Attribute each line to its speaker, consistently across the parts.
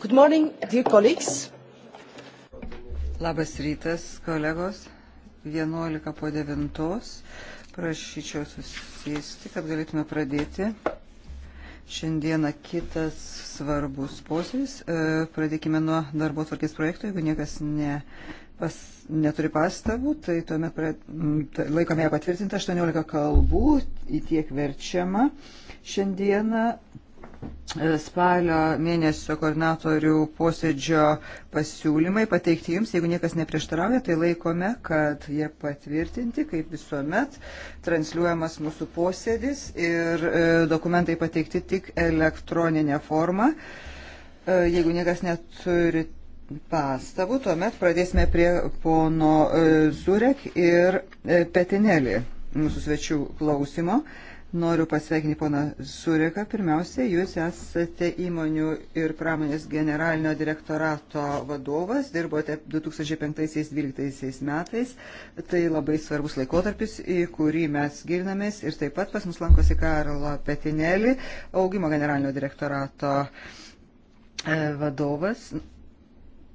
Speaker 1: Good morning, dear colleagues. Labas rytas, kolegos. 11 po 9. Prašyčiau susėsti, kad galėtume pradėti. Šiandieną kitas svarbus posėdis. E, pradėkime nuo darbo tvarkės projekto, jeigu niekas ne pas, neturi pastabų, tai tuomet pra, tai laikome ją patvirtintą 18 kalbų, į tiek verčiama. Šiandieną e, spalio mėnesio koordinatorių posėdžio pasiūlymai pateikti jums, jeigu niekas neprieštarauja, tai laikome, kad jie patvirtinti, kaip visuomet, transliuojamas mūsų posėdis ir e, dokumentai pateikti tik elektroninė forma. E, jeigu niekas neturi pastabų, tuomet pradėsime prie pono e, Zurek ir e, Petinelį mūsų svečių klausimo. Noriu pasveikinti poną Zureką. Pirmiausia, jūs esate įmonių ir pramonės generalinio direktorato vadovas, dirbote 2005-2012 metais. Tai labai svarbus laikotarpis, į kurį mes gilinamės ir taip pat pas mus lankosi Karlo Petinelį, augimo generalinio direktorato e, vadovas.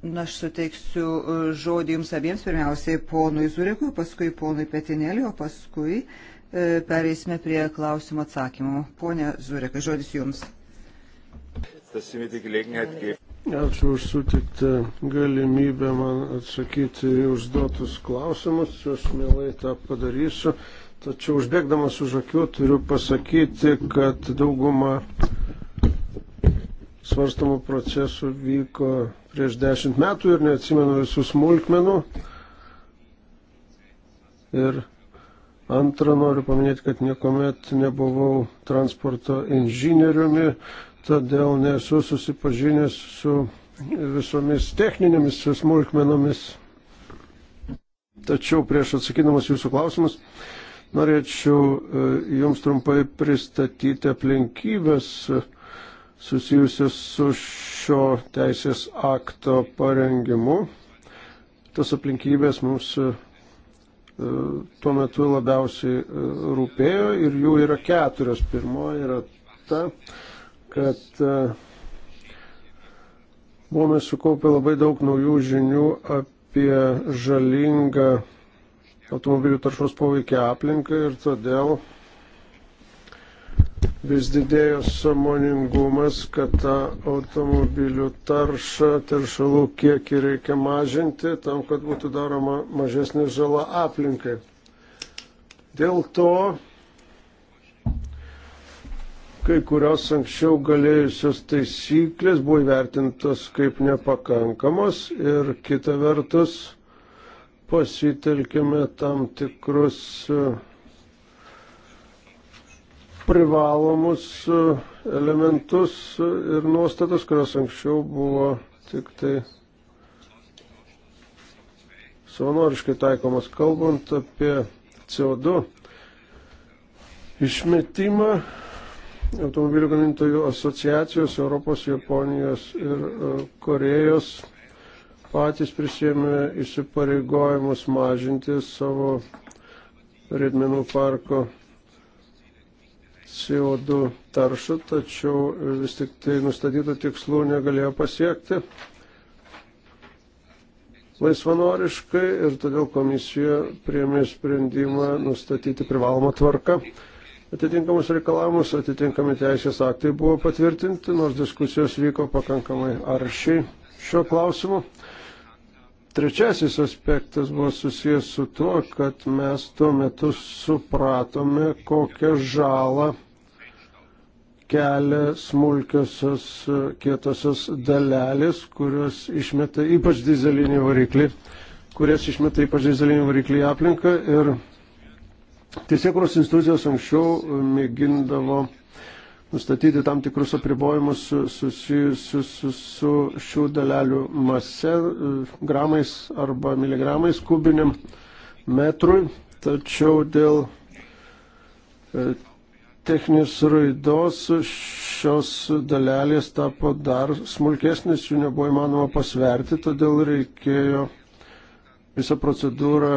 Speaker 1: Na, aš suteiksiu e, žodį jums abiems, pirmiausiai ponui Zurekui, paskui ponui Petinėliui, o paskui e, pereisime prie klausimų atsakymų. Pone Zurekai, žodis jums. Ačiū
Speaker 2: už sutiktą galimybę man atsakyti į užduotus klausimus, aš mielai tą padarysiu. Tačiau užbėgdamas už akių turiu pasakyti, kad dauguma svarstamų procesų vyko prieš dešimt metų ir neatsimenu visų smulkmenų. Ir antra, noriu paminėti, kad niekuomet nebuvau transporto inžinieriumi, todėl nesu susipažinęs su visomis techninėmis su smulkmenomis. Tačiau prieš atsakydamas jūsų klausimus, norėčiau e, jums trumpai pristatyti aplinkybės, susijusius su šio teisės akto parengimu. Tas aplinkybės mums e, tuo metu labiausiai e, rūpėjo ir jų yra keturios. Pirmoji yra ta, kad e, buvome sukaupę labai daug naujų žinių apie žalingą automobilių taršos poveikį aplinką ir todėl vis didėjo samoningumas, kad tą automobilių taršą, teršalų kiekį reikia mažinti tam, kad būtų daroma mažesnė žala aplinkai. Dėl to kai kurios anksčiau galėjusios taisyklės buvo įvertintos kaip nepakankamos ir kita vertus pasitelkime tam tikrus uh, privalomus e, elementus ir nuostatas, kurios anksčiau buvo tik tai savanoriškai taikomas. Kalbant apie CO2 išmetimą, automobilių gamintojų asociacijos Europos, Japonijos ir e, Korejos patys prisėmė įsipareigojimus mažinti savo riedmenų parko CO2 taršą, tačiau vis tik tai nustatytų tikslų negalėjo pasiekti laisvanoriškai ir todėl komisija priemė sprendimą nustatyti privalomą tvarką. Atitinkamus reikalavimus, atitinkami teisės aktai buvo patvirtinti, nors diskusijos vyko pakankamai aršiai šiuo klausimu. Trečiasis aspektas buvo susijęs su tuo, kad mes tuo metu supratome, kokią žalą kelia smulkiosios kietosios dalelės, kurios išmeta ypač dizelinį variklį, kurias išmeta ypač dizelinį variklį į aplinką ir tiesiekros institucijos anksčiau mėgindavo nustatyti tam tikrus apribojimus susijusius su, su, su šių dalelių mase, gramais arba miligramais kubiniam metrui, tačiau dėl techninės raidos šios dalelės tapo dar smulkesnės, jų nebuvo įmanoma pasverti, todėl reikėjo visą procedūrą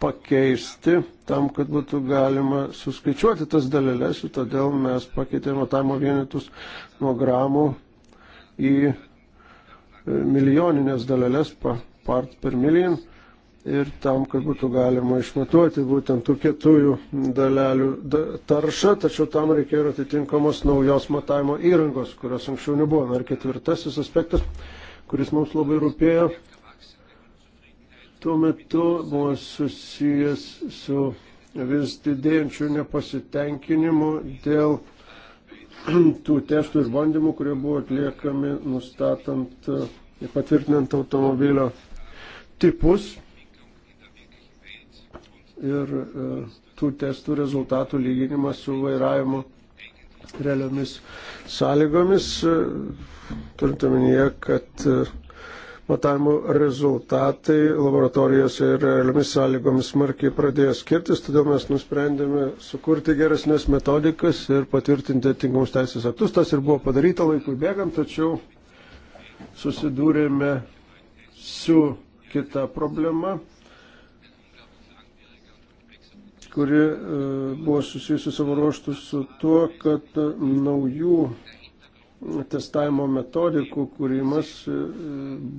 Speaker 2: pakeisti tam, kad būtų galima suskaičiuoti tas dalelės ir todėl mes pakeitėme matavimo vienetus nuo gramų į milijoninės dalelės pa, part per milijon ir tam, kad būtų galima išmatuoti būtent tų kietųjų dalelių taršą, tačiau tam reikėjo atitinkamos naujos matavimo įrangos, kurios anksčiau nebuvo. Na ir ketvirtasis aspektas, kuris mums labai rūpėjo, tuo metu buvo susijęs su vis didėjančiu nepasitenkinimu dėl tų testų ir bandymų, kurie buvo atliekami nustatant ir patvirtinant automobilio tipus ir e, tų testų rezultatų lyginimas su vairavimu realiomis sąlygomis, e, turint omenyje, kad e, matavimų rezultatai laboratorijose ir realiomis sąlygomis smarkiai pradėjo skirtis, todėl mes nusprendėme sukurti geresnės metodikas ir patvirtinti tinkamus teisės aktus. Tas ir buvo padaryta laikui bėgant, tačiau susidūrėme su kita problema kuri e, buvo susijusi savo ruoštų su tuo, kad e, naujų testavimo metodikų kūrimas e,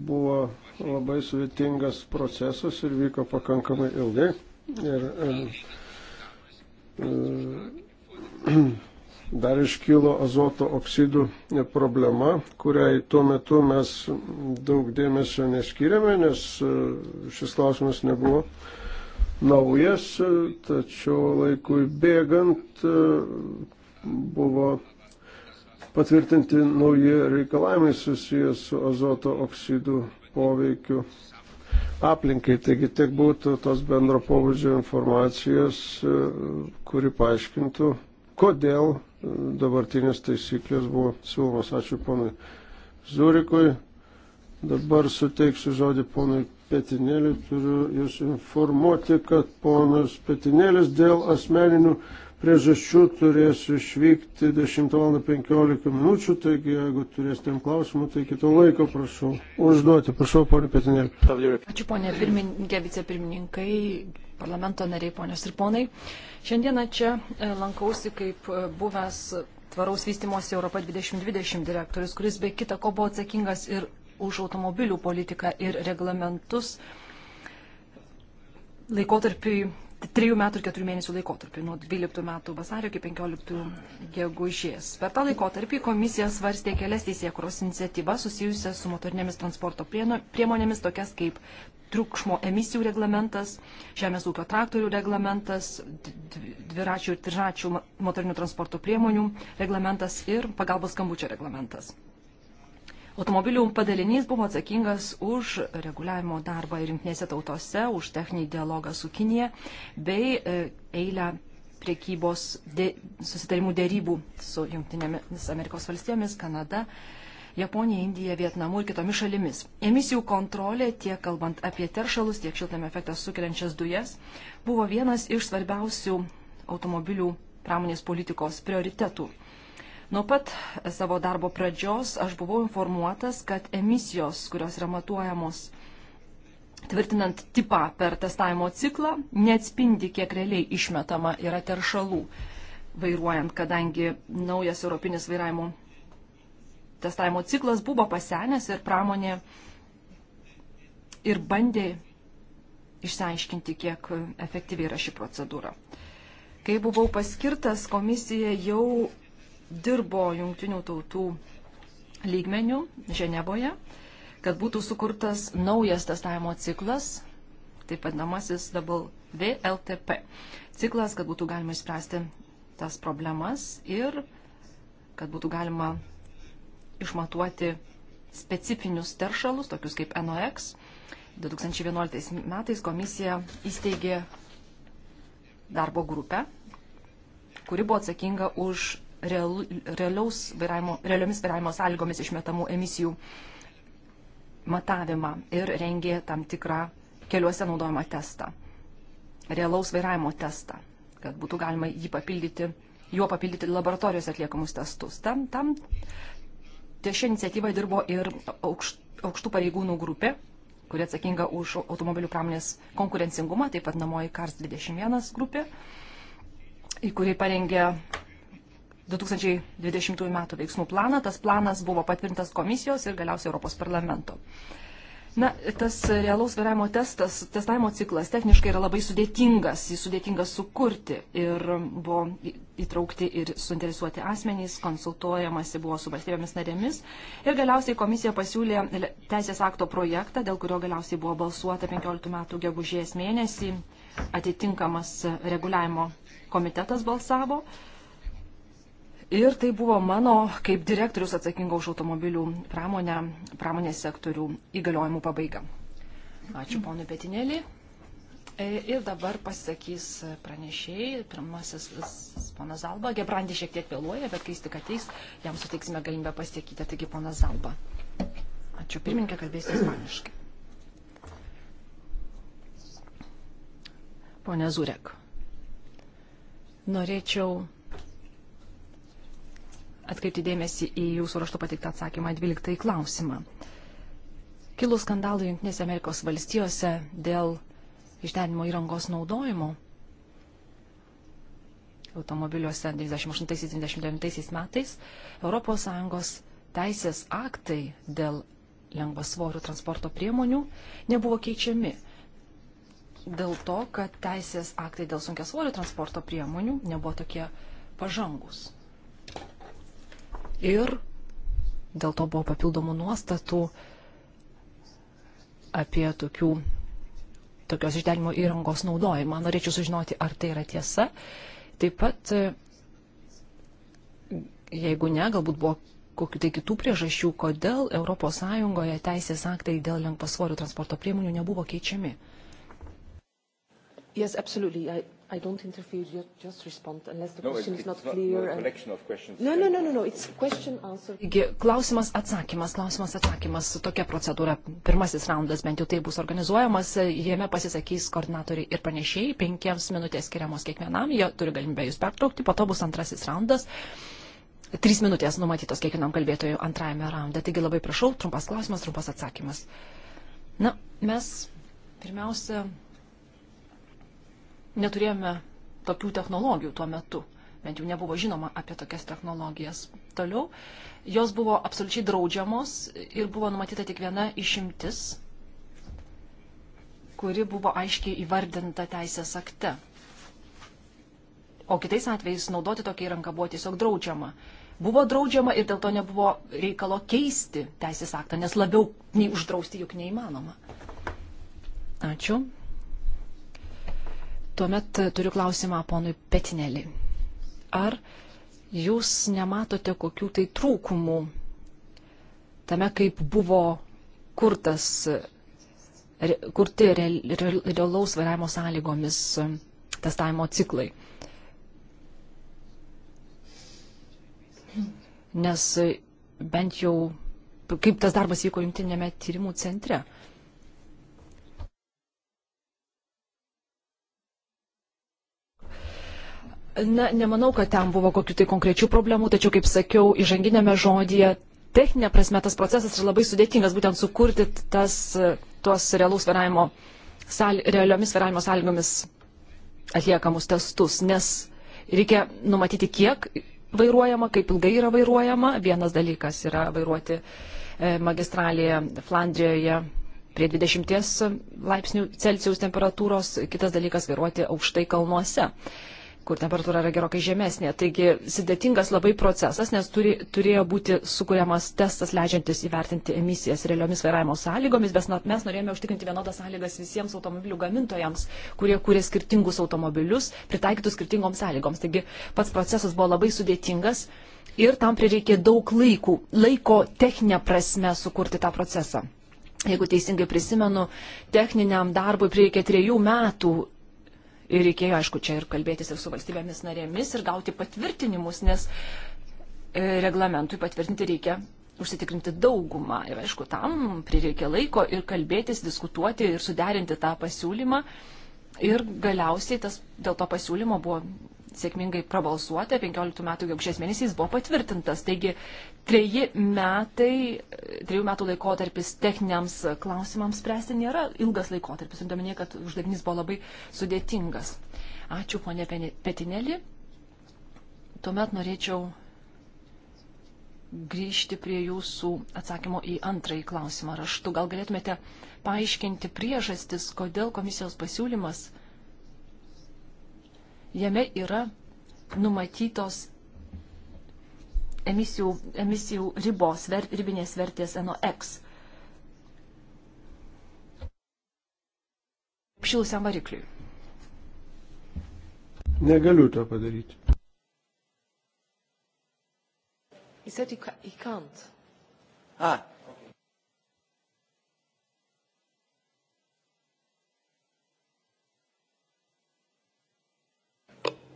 Speaker 2: buvo labai sudėtingas procesas ir vyko pakankamai ilgai. Ir, dar iškilo azoto oksidų problema, kuriai tuo metu mes daug dėmesio neskiriame, nes šis klausimas nebuvo uh, naujas, tačiau laikui bėgant buvo patvirtinti nauji reikalavimai susijęs su azoto oksidų poveikiu aplinkai. Taigi tiek būtų tos bendro pobūdžio informacijos, kuri paaiškintų, kodėl dabartinės taisyklės buvo siūlomos. Ačiū ponui Zurikui. Dabar suteiksiu žodį ponui Petinėlį turiu jūs informuoti, kad ponas Petinėlis dėl asmeninių priežasčių turės išvykti 10.15 minučių, taigi jeigu turės tiem klausimų, tai kito laiko prašau užduoti. Prašau, ponė Petinėlį.
Speaker 3: Ačiū, ponė pirmininkė, vicepirmininkai, parlamento nariai, ponios ir ponai. Šiandieną čia e, lankausi kaip e, buvęs tvaraus vystimosi Europa 2020 direktorius, kuris be kita ko buvo atsakingas ir už automobilių politiką ir reglamentus laikotarpiui, 3 metų ir 4 mėnesių laikotarpiui, nuo 12 metų vasario iki 15 gegužės. Per tą laikotarpį komisija svarstė kelias teisėkuros iniciatyvas susijusias su motorinėmis transporto priemonėmis, tokias kaip triukšmo emisijų reglamentas, žemės ūkio traktorių reglamentas, dviračių ir triračių motorinių transporto priemonių reglamentas ir pagalbos skambučio reglamentas automobilių padalinys buvo atsakingas už reguliavimo darbą ir jungtinėse tautose, už techninį dialogą su Kinija bei e, eilę priekybos dė, susitarimų dėrybų su Junktinėmis Amerikos valstybėmis, Kanada, Japonija, Indija, Vietnamu ir kitomis šalimis. Emisijų kontrolė, tiek kalbant apie teršalus, tiek šiltame efektą sukeliančias dujas, buvo vienas iš svarbiausių automobilių pramonės politikos prioritetų. Nuo pat savo darbo pradžios aš buvau informuotas, kad emisijos, kurios yra matuojamos tvirtinant tipą per testavimo ciklą, neatspindi, kiek realiai išmetama yra teršalų vairuojant, kadangi naujas europinis vairavimo testavimo ciklas buvo pasenęs ir pramonė ir bandė išsiaiškinti, kiek efektyviai yra ši procedūra. Kai buvau paskirtas, komisija jau dirbo jungtinių tautų lygmenių Ženeboje, kad būtų sukurtas naujas testavimo ciklas, taip vadinamasis dabar VLTP. Ciklas, kad būtų galima išspręsti tas problemas ir kad būtų galima išmatuoti specifinius teršalus, tokius kaip NOX. 2011 metais komisija įsteigė darbo grupę, kuri buvo atsakinga už real, vairavimo, realiomis vairavimo sąlygomis išmetamų emisijų matavimą ir rengė tam tikrą keliuose naudojamą testą, realaus vairavimo testą, kad būtų galima jį papildyti, juo papildyti laboratorijos atliekamus testus. Tam, tam ties šią iniciatyvą dirbo ir aukšt, aukštų pareigūnų grupė, kuri atsakinga už automobilių pramonės konkurencingumą, taip pat namoji Kars 21 grupė, į kurį parengė 2020 m. veiksmų planą. Tas planas buvo patvirtintas komisijos ir galiausiai Europos parlamento. Na, tas realaus vairavimo testas, testavimo ciklas techniškai yra labai sudėtingas, jis sudėtingas sukurti ir buvo įtraukti ir suinteresuoti asmenys, konsultuojamasi buvo su valstybėmis narėmis ir galiausiai komisija pasiūlė teisės akto projektą, dėl kurio galiausiai buvo balsuota 15 metų gegužės mėnesį, atitinkamas reguliavimo komitetas balsavo Ir tai buvo mano, kaip direktorius atsakingo už automobilių pramonę, pramonės sektorių įgaliojimų pabaiga. Ačiū mhm. ponui Petinėlį. E, ir dabar pasakys pranešėjai, pirmasis ponas Zalba, Gebrandi šiek tiek vėluoja, bet kai jis tik ateis, jam suteiksime galimybę pasakyti, taigi ponas Zalba. Ačiū pirmininkė, kalbėsiu ispaniškai. Pone Zurek, norėčiau atkreipti dėmesį į jūsų raštu pateiktą atsakymą 12 klausimą. Kilus skandalui Junktinėse Amerikos valstijose dėl išdenimo įrangos naudojimo automobiliuose 98-99 metais ES teisės aktai dėl lengvasvorių transporto priemonių nebuvo keičiami. Dėl to, kad teisės aktai dėl sunkiasvorių transporto priemonių nebuvo tokie pažangus ir dėl to buvo papildomų nuostatų apie tokių, tokios išdegimo įrangos naudojimą. Norėčiau sužinoti, ar tai yra tiesa. Taip pat, jeigu ne, galbūt buvo kokiu tai kitų priežasčių, kodėl ES teisės aktai dėl lengvasvorių transporto priemonių nebuvo keičiami. Yes, absolutely. I... I don't interfere. Just, just respond, unless the no, question it's, is not it's clear. Not, not collection of questions. No, no, no, no, no. It's question answer. Taigi, klausimas atsakymas, klausimas atsakymas. Tokia procedūra. Pirmasis raundas bent jau tai bus organizuojamas. Jame pasisakys koordinatoriai ir pranešėjai. Penkiams minutės skiriamos kiekvienam. Jie turi galimybę jūs pertraukti. Po to bus antrasis raundas. Trys minutės numatytos kiekvienam kalbėtojui antrajame raunde. Taigi labai prašau, trumpas klausimas, trumpas atsakymas. Na, mes pirmiausia neturėjome tokių technologijų tuo metu, bent jau nebuvo žinoma apie tokias technologijas. Toliau, jos buvo absoliučiai draudžiamos ir buvo numatyta tik viena išimtis, kuri buvo aiškiai įvardinta teisės akte. O kitais atvejais naudoti tokią įrangą buvo tiesiog draudžiama. Buvo draudžiama ir dėl to nebuvo reikalo keisti teisės aktą, nes labiau nei uždrausti juk neįmanoma. Ačiū. Tuomet e, turiu klausimą ponui Petinelį. Ar jūs nematote kokių tai trūkumų tame, kaip buvo kurtas, kurti realaus vairavimo sąlygomis e, testavimo ciklai? Nes e, bent jau kaip tas darbas vyko jungtinėme tyrimų centre. Na, nemanau, kad ten buvo kokių tai konkrečių problemų, tačiau, kaip sakiau, įžanginėme žodėje, techninė prasme tas procesas yra labai sudėtingas, būtent sukurti tas, tuos realaus vairavimo, sal, realiomis vairavimo sąlygomis atliekamus testus, nes reikia numatyti, kiek vairuojama, kaip ilgai yra vairuojama. Vienas dalykas yra vairuoti e, magistralėje Flandrijoje prie 20 laipsnių Celsijaus temperatūros, kitas dalykas vairuoti aukštai kalnuose kur temperatūra yra gerokai žemesnė. Taigi sudėtingas labai procesas, nes turi, turėjo būti sukūriamas testas leidžiantis įvertinti emisijas realiomis vairavimo sąlygomis, bet mes norėjome užtikrinti vienodas sąlygas visiems automobilių gamintojams, kurie kūrė skirtingus automobilius, pritaikytus skirtingoms sąlygoms. Taigi pats procesas buvo labai sudėtingas ir tam prireikė daug laikų, laiko techninę prasme sukurti tą procesą. Jeigu teisingai prisimenu, techniniam darbui prireikė trejų metų Ir reikėjo, aišku, čia ir kalbėtis ir su valstybėmis narėmis ir gauti patvirtinimus, nes e, reglamentui patvirtinti reikia užsitikrinti daugumą. Ir aišku, tam prireikė laiko ir kalbėtis, diskutuoti ir suderinti tą pasiūlymą. Ir galiausiai tas dėl to pasiūlymo buvo sėkmingai prabalsuota, 15 metų gegužės mėnesiais buvo patvirtintas. Taigi treji metai, trejų metų laikotarpis techniniams klausimams spręsti nėra ilgas laikotarpis. Ir domenė, kad uždavinys buvo labai sudėtingas. Ačiū, ponė Petinėlį. Tuomet norėčiau grįžti prie jūsų atsakymo į antrąjį klausimą raštu. Gal galėtumėte paaiškinti priežastis, kodėl komisijos pasiūlymas jame yra numatytos emisijų, emisijų ribos, ver, ribinės vertės NOx. Šilusiam varikliui.
Speaker 2: Negaliu to padaryti.
Speaker 3: He said he, he can't.
Speaker 1: Ah,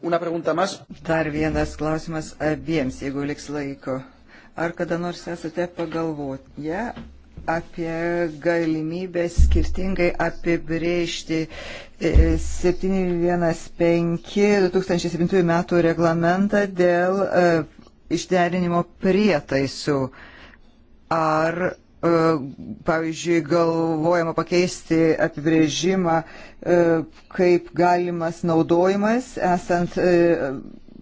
Speaker 1: una pregunta más. Dar vienas klausimas abiems, jeigu liks laiko. Ar kada nors esate pagalvoję apie galimybę skirtingai apibrėžti 715-2007 e, metų reglamentą dėl e, išderinimo prietaisų? Ar E, pavyzdžiui, galvojama pakeisti apibrėžimą e, kaip galimas naudojimas, esant e,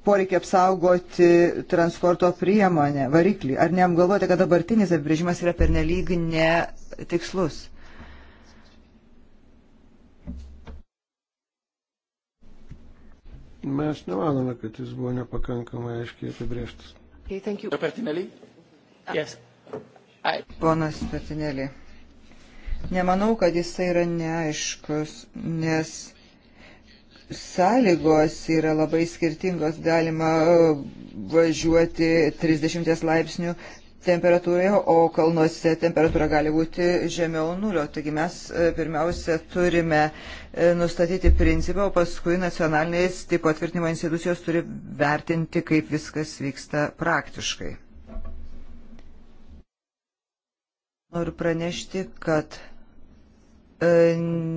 Speaker 1: poreikia apsaugoti transporto priemonę, variklį. Ar neapgalvojate, kad dabartinis apibrėžimas yra pernelyg netikslus?
Speaker 2: Mes nemanome, kad jis buvo nepakankamai
Speaker 1: aiškiai apibrėžtas.
Speaker 3: Okay, thank you. Ah. Yes.
Speaker 1: Ponas Petinėlė, nemanau, kad jisai yra neaiškus, nes sąlygos yra labai skirtingos. Galima uh, važiuoti 30 laipsnių temperatūroje, o kalnuose temperatūra gali būti žemiau nulio. Taigi mes uh, pirmiausia turime uh, nustatyti principą, o paskui nacionalinės tipo atvirtinimo institucijos turi vertinti, kaip viskas vyksta praktiškai. Noriu pranešti, kad e,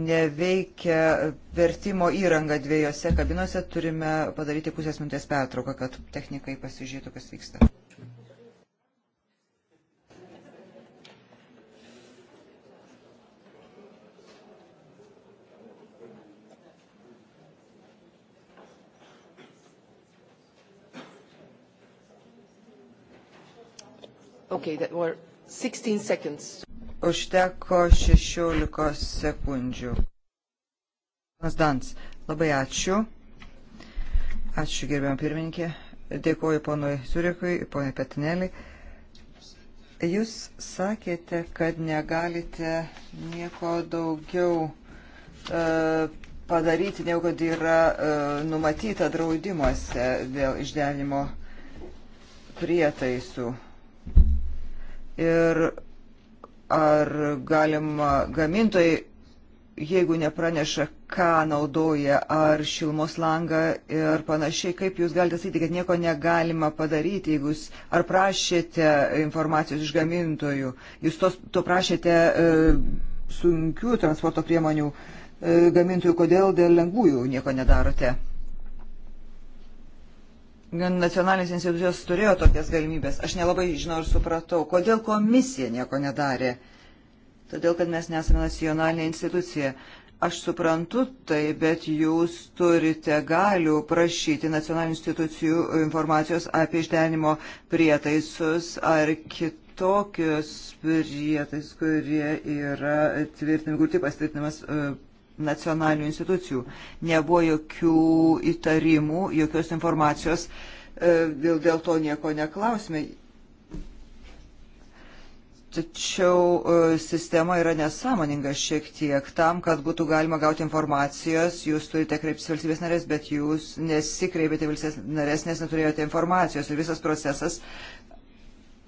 Speaker 1: neveikia vertimo įranga dviejose kabinose, turime padaryti pusės minutės pertrauką, kad technikai pasižiūrėtų, kas vyksta.
Speaker 3: Okay, that were 16 seconds.
Speaker 1: Užteko 16 sekundžių. Nasdans, labai ačiū. Ačiū gerbiam pirmininkė. Dėkuoju ponui Zurikui, ponui Petinėlį. Jūs sakėte, kad negalite nieko daugiau e, padaryti, negu kad yra e, numatyta draudimuose dėl išdenimo prietaisų ir ar galima gamintojai, jeigu nepraneša, ką naudoja, ar šilmos langą ir panašiai, kaip jūs galite sakyti, kad nieko negalima padaryti, jeigu jūs ar prašėte informacijos iš gamintojų, jūs tos, to prašėte e, sunkių transporto priemonių e, gamintojų, kodėl dėl lengvųjų nieko nedarote? nacionalinės institucijos turėjo tokias galimybės. Aš nelabai žinau ir supratau, kodėl komisija nieko nedarė. Todėl, kad mes nesame nacionalinė institucija. Aš suprantu tai, bet jūs turite galių prašyti nacionalinių institucijų informacijos apie išdenimo prietaisus ar kitokius prietaisus, kurie yra tvirtinami, kur taip pastvirtinamas e, nacionalinių institucijų. Nebuvo jokių įtarimų, jokios informacijos, e, dėl, dėl to nieko neklausime. Tačiau e, sistema yra nesąmoninga šiek tiek. Tam, kad būtų galima gauti informacijos, jūs turite kreiptis valstybės narės, bet jūs nesikreipėte valstybės narės, nes neturėjote informacijos. Ir visas procesas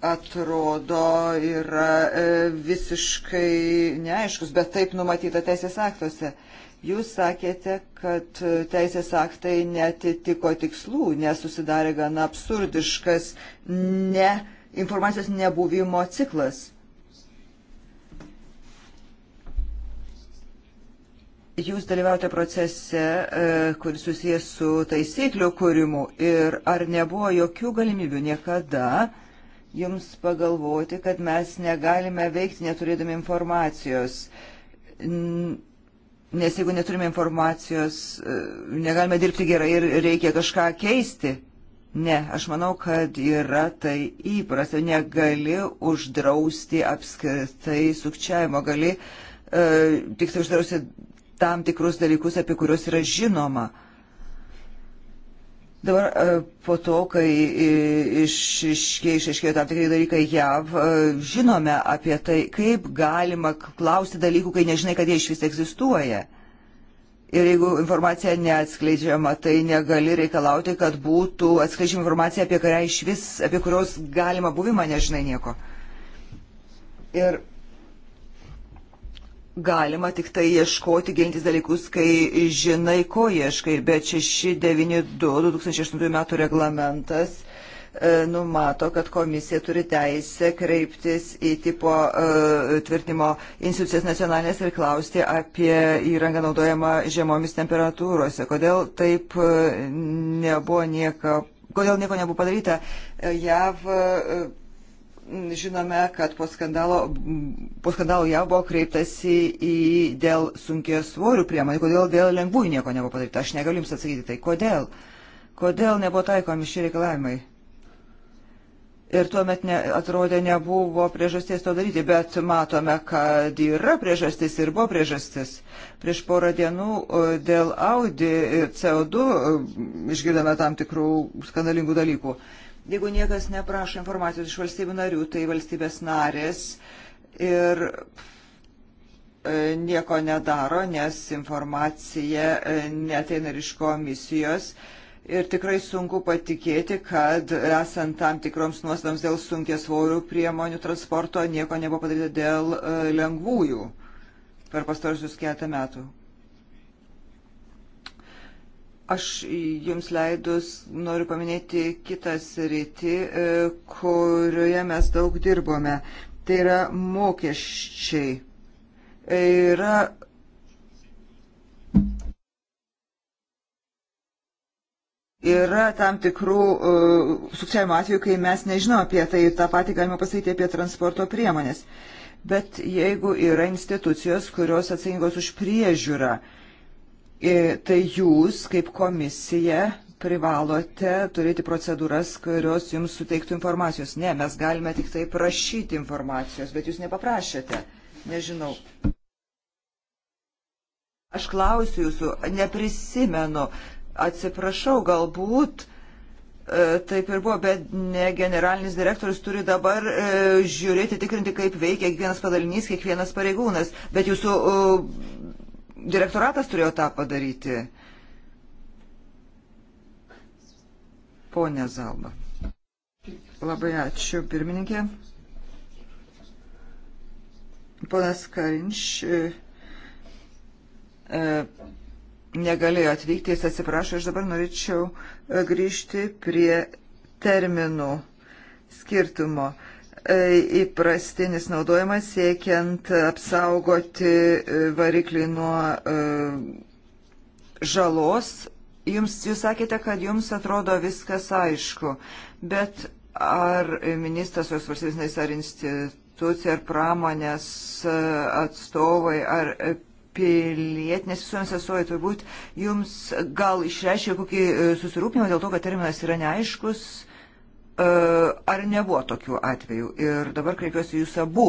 Speaker 1: atrodo yra e, visiškai neaiškus, bet taip numatyta teisės aktuose. Jūs sakėte, kad teisės aktai netitiko tikslų, nes susidarė gana absurdiškas ne, informacijos nebuvimo ciklas. Jūs dalyvaujate procese, e, kuris susijęs su taisyklių kūrimu ir ar nebuvo jokių galimybių niekada uh, jums pagalvoti, kad mes negalime veikti neturėdami informacijos. Nes jeigu neturime informacijos, e, negalime dirbti gerai ir reikia kažką keisti. Ne, aš manau, kad yra tai įprasta. Negali uždrausti apskritai sukčiavimo, gali e, tik tai uždrausti tam tikrus dalykus, apie kuriuos yra žinoma. E, Dabar e, po to, kai išaiškėjo iš, tam tikrai dalykai JAV, e, žinome apie tai, kaip galima klausti dalykų, kai nežinai, kad jie iš vis egzistuoja. Ir jeigu informacija neatskleidžiama, tai negali reikalauti, kad būtų atskleidžiama informacija, apie kurią iš vis, apie kurios galima buvimą nežinai nieko. Ir Galima tik tai ieškoti, gilintis dalykus, kai žinai, ko ieškai, bet 692-2008 metų reglamentas e, numato, kad komisija turi teisę kreiptis į tipo e, tvirtinimo institucijas nacionalinės ir klausti apie įrangą naudojamą žemomis temperatūrose. Kodėl taip e, nebuvo nieko, kodėl nieko nebuvo padaryta? JAV žinome, kad po skandalo, po skandalo jav buvo kreiptasi į dėl sunkės svorių priemonių, kodėl dėl lengvųjų nieko nebuvo padaryta. Aš negaliu Jums atsakyti tai. Kodėl? Kodėl nebuvo taikomi šie reikalavimai? ir tuomet ne, atrodė nebuvo priežasties to daryti, bet matome, kad yra priežastis ir buvo priežastis. Prieš porą dienų e, dėl Audi CO2 e, išgirdome tam tikrų skandalingų dalykų. Jeigu niekas neprašo informacijos iš valstybių narių, tai valstybės narės ir e, nieko nedaro, nes informacija e, neteina ir iš komisijos. Ir tikrai sunku patikėti, kad esant tam tikroms nuostams dėl sunkės svorių priemonių transporto nieko nebuvo padaryta dėl e, lengvųjų per pastarusius keletą metų. Aš jums leidus noriu paminėti kitą sritį, e, kurioje mes daug dirbome. Tai yra mokesčiai. E, yra Yra tam tikrų uh, sukčiavimo atvejų, kai mes nežinom apie tai ir tą patį galima pasakyti apie transporto priemonės. Bet jeigu yra institucijos, kurios atsakingos už priežiūrą, uh, E, tai jūs kaip komisija privalote turėti procedūras, kurios jums suteiktų informacijos. Ne, mes galime tik tai prašyti informacijos, bet jūs nepaprašėte. Nežinau. Aš klausiu jūsų, neprisimenu, atsiprašau, galbūt e, taip ir buvo, bet ne generalinis direktorius turi dabar e, žiūrėti, tikrinti, kaip veikia kiekvienas padalinys, kiekvienas pareigūnas. Bet jūsų direktoratas turėjo tą padaryti. Pone Zalba. Labai ačiū, pirmininkė. Ponas Karinš e, e, negalėjo atvykti, jis atsiprašo, aš dabar norėčiau e, grįžti prie terminų skirtumo. E, įprastinis naudojimas siekiant apsaugoti e, variklį nuo e, žalos. Jums, jūs sakėte, kad jums atrodo viskas aišku, bet ar ministras, jos valstybės ar institucija, ar pramonės atstovai, ar pilietinės visuomenės atstovai turbūt jums gal išreiškia kokį susirūpinimą dėl to, kad terminas yra neaiškus E, ar nebuvo tokių atvejų? Ir dabar kreipiuosi jūs abu.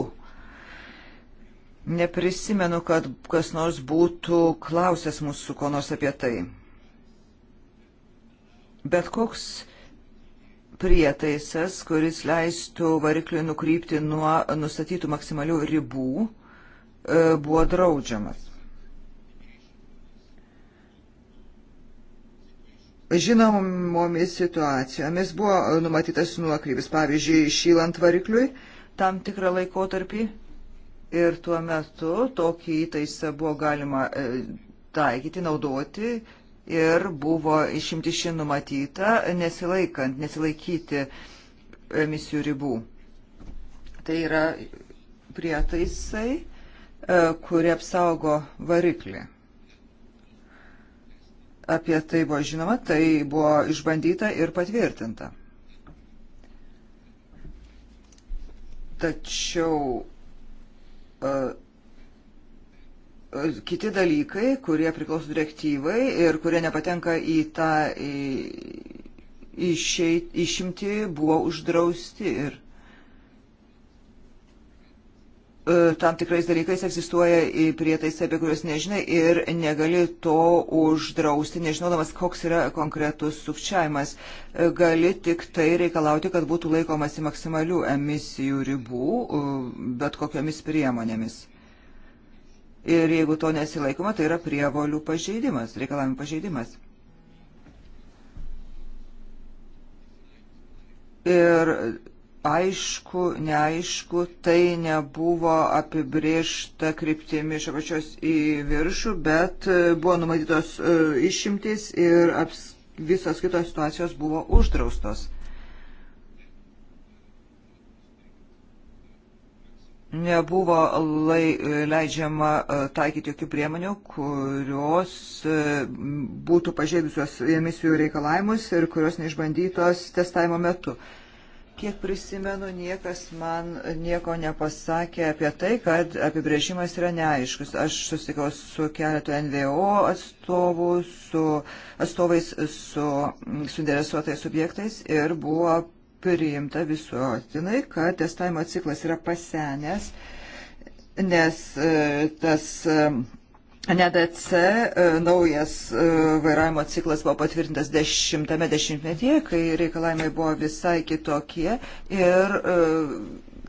Speaker 1: Neprisimenu, kad kas nors būtų klausęs mūsų ko nors apie tai. Bet koks prietaisas, kuris leistų varikliui nukrypti nuo nustatytų maksimalių ribų, e, buvo draudžiamas. žinomomis situacijomis buvo numatytas nuokrypis, pavyzdžiui, šylant varikliui tam tikrą laikotarpį ir tuo metu tokį įtaisą buvo galima e, taikyti, naudoti ir buvo išimti ši numatyta, nesilaikant, nesilaikyti emisijų ribų. Tai yra prietaisai, e, kurie apsaugo variklį apie tai buvo žinoma, tai buvo išbandyta ir patvirtinta. Tačiau uh, kiti dalykai, kurie priklauso direktyvai ir kurie nepatenka į tą į, išeit, išimti, buvo uždrausti. Ir E, tam tikrais dalykais egzistuoja prietaisai, apie kuriuos nežinai ir negali to uždrausti, nežinodamas, koks yra konkretus sukčiavimas. E, gali tik tai reikalauti, kad būtų laikomasi maksimalių emisijų ribų, e, bet kokiamis priemonėmis. Ir jeigu to nesilaikoma, tai yra prievolių pažeidimas, reikalavimų pažeidimas. Ir aišku, neaišku, tai nebuvo apibriešta kryptimi iš apačios į viršų, bet e, buvo numatytos e, išimtis ir aps, visos kitos situacijos buvo uždraustos. Nebuvo lai, leidžiama e, taikyti jokių priemonių, kurios būtų pažeidusios emisijų reikalavimus ir kurios neišbandytos testavimo metu. Kiek prisimenu, niekas man nieko nepasakė apie tai, kad apibrėžimas yra neaiškus. Aš susikau su keletu NVO atstovų, su atstovais, su suinteresuotais subjektais ir buvo priimta visuotinai, kad testavimo ciklas yra pasenęs, nes e, tas e, NDC e, naujas e, vairavimo ciklas buvo patvirtintas dešimtame dešimtmetyje, kai reikalavimai buvo visai kitokie ir e,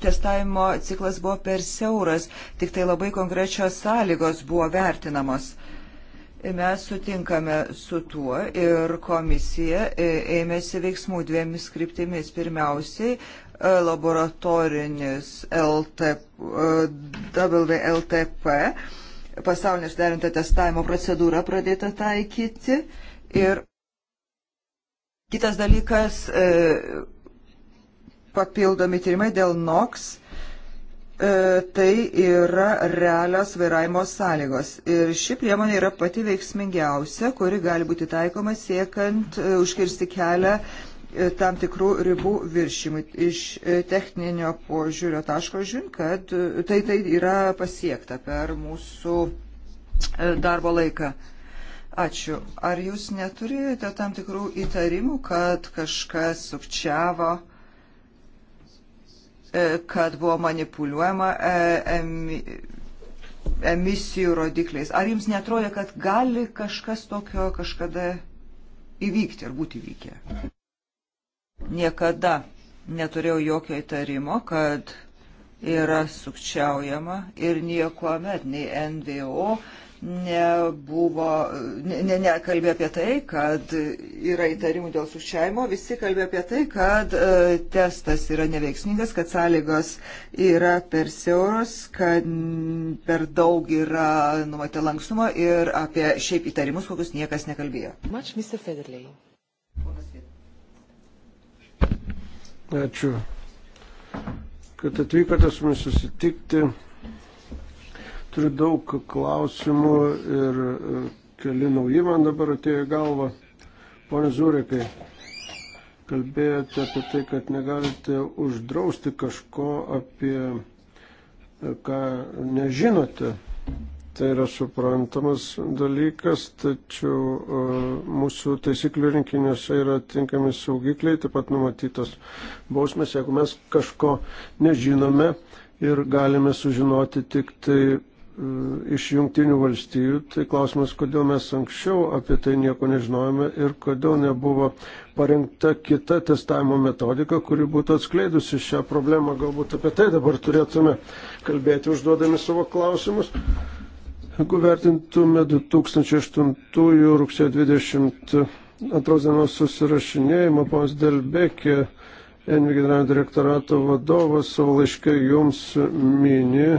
Speaker 1: testavimo ciklas buvo per siauras, tik tai labai konkrečios sąlygos buvo vertinamos. Mes sutinkame su tuo ir komisija ėmėsi veiksmų dviemis kryptimis. Pirmiausiai, laboratorinis LTP, WLTP pasaulinė sudarinta testavimo procedūra pradėta taikyti. Ir kitas dalykas, e, papildomi tyrimai dėl NOX e, tai yra realios vairavimo sąlygos. Ir ši priemonė yra pati veiksmingiausia, kuri gali būti taikoma siekant e, užkirsti kelią E, tam tikrų ribų viršimui. Iš e, techninio požiūrio taško žin, kad e, tai, tai yra pasiekta per mūsų darbo laiką. Ačiū. Ar jūs neturėjote tam tikrų įtarimų, kad kažkas sukčiavo, kad buvo manipuliuojama emisijų rodikliais? Ar jums netrodė, kad gali kažkas tokio kažkada įvykti ar būti įvykę? Niekada neturėjau jokio įtarimo, kad yra sukčiaujama ir nieko met nei NVO nebuvo, ne, nekalbė ne apie tai, kad yra įtarimų dėl sukčiavimo, visi kalbė apie tai, kad e, testas yra neveiksmingas, kad sąlygos yra per siauros, kad per daug yra numatę lankstumo ir apie šiaip įtarimus, kokius niekas nekalbėjo.
Speaker 3: Much,
Speaker 2: Ačiū, kad atvykote su mumis susitikti. Turiu daug klausimų ir e, keli nauji man dabar atėjo galva. Pone Zurekai, kalbėjote apie tai, kad negalite uždrausti kažko, apie e, ką nežinote tai yra suprantamas dalykas, tačiau e, mūsų taisyklių rinkiniuose yra tinkami saugikliai, taip pat numatytos bausmės, jeigu mes kažko nežinome ir galime sužinoti tik tai e, iš jungtinių valstybių, tai klausimas, kodėl mes anksčiau apie tai nieko nežinojome ir kodėl nebuvo parengta kita testavimo metodika, kuri būtų atskleidusi šią problemą. Galbūt apie tai dabar turėtume kalbėti užduodami savo klausimus. Jeigu vertintume 2008 rugsėjo 22 dienos susirašinėjimą, ponas Delbekė, Envi generalinio direktorato vadovas savo laiške jums mini,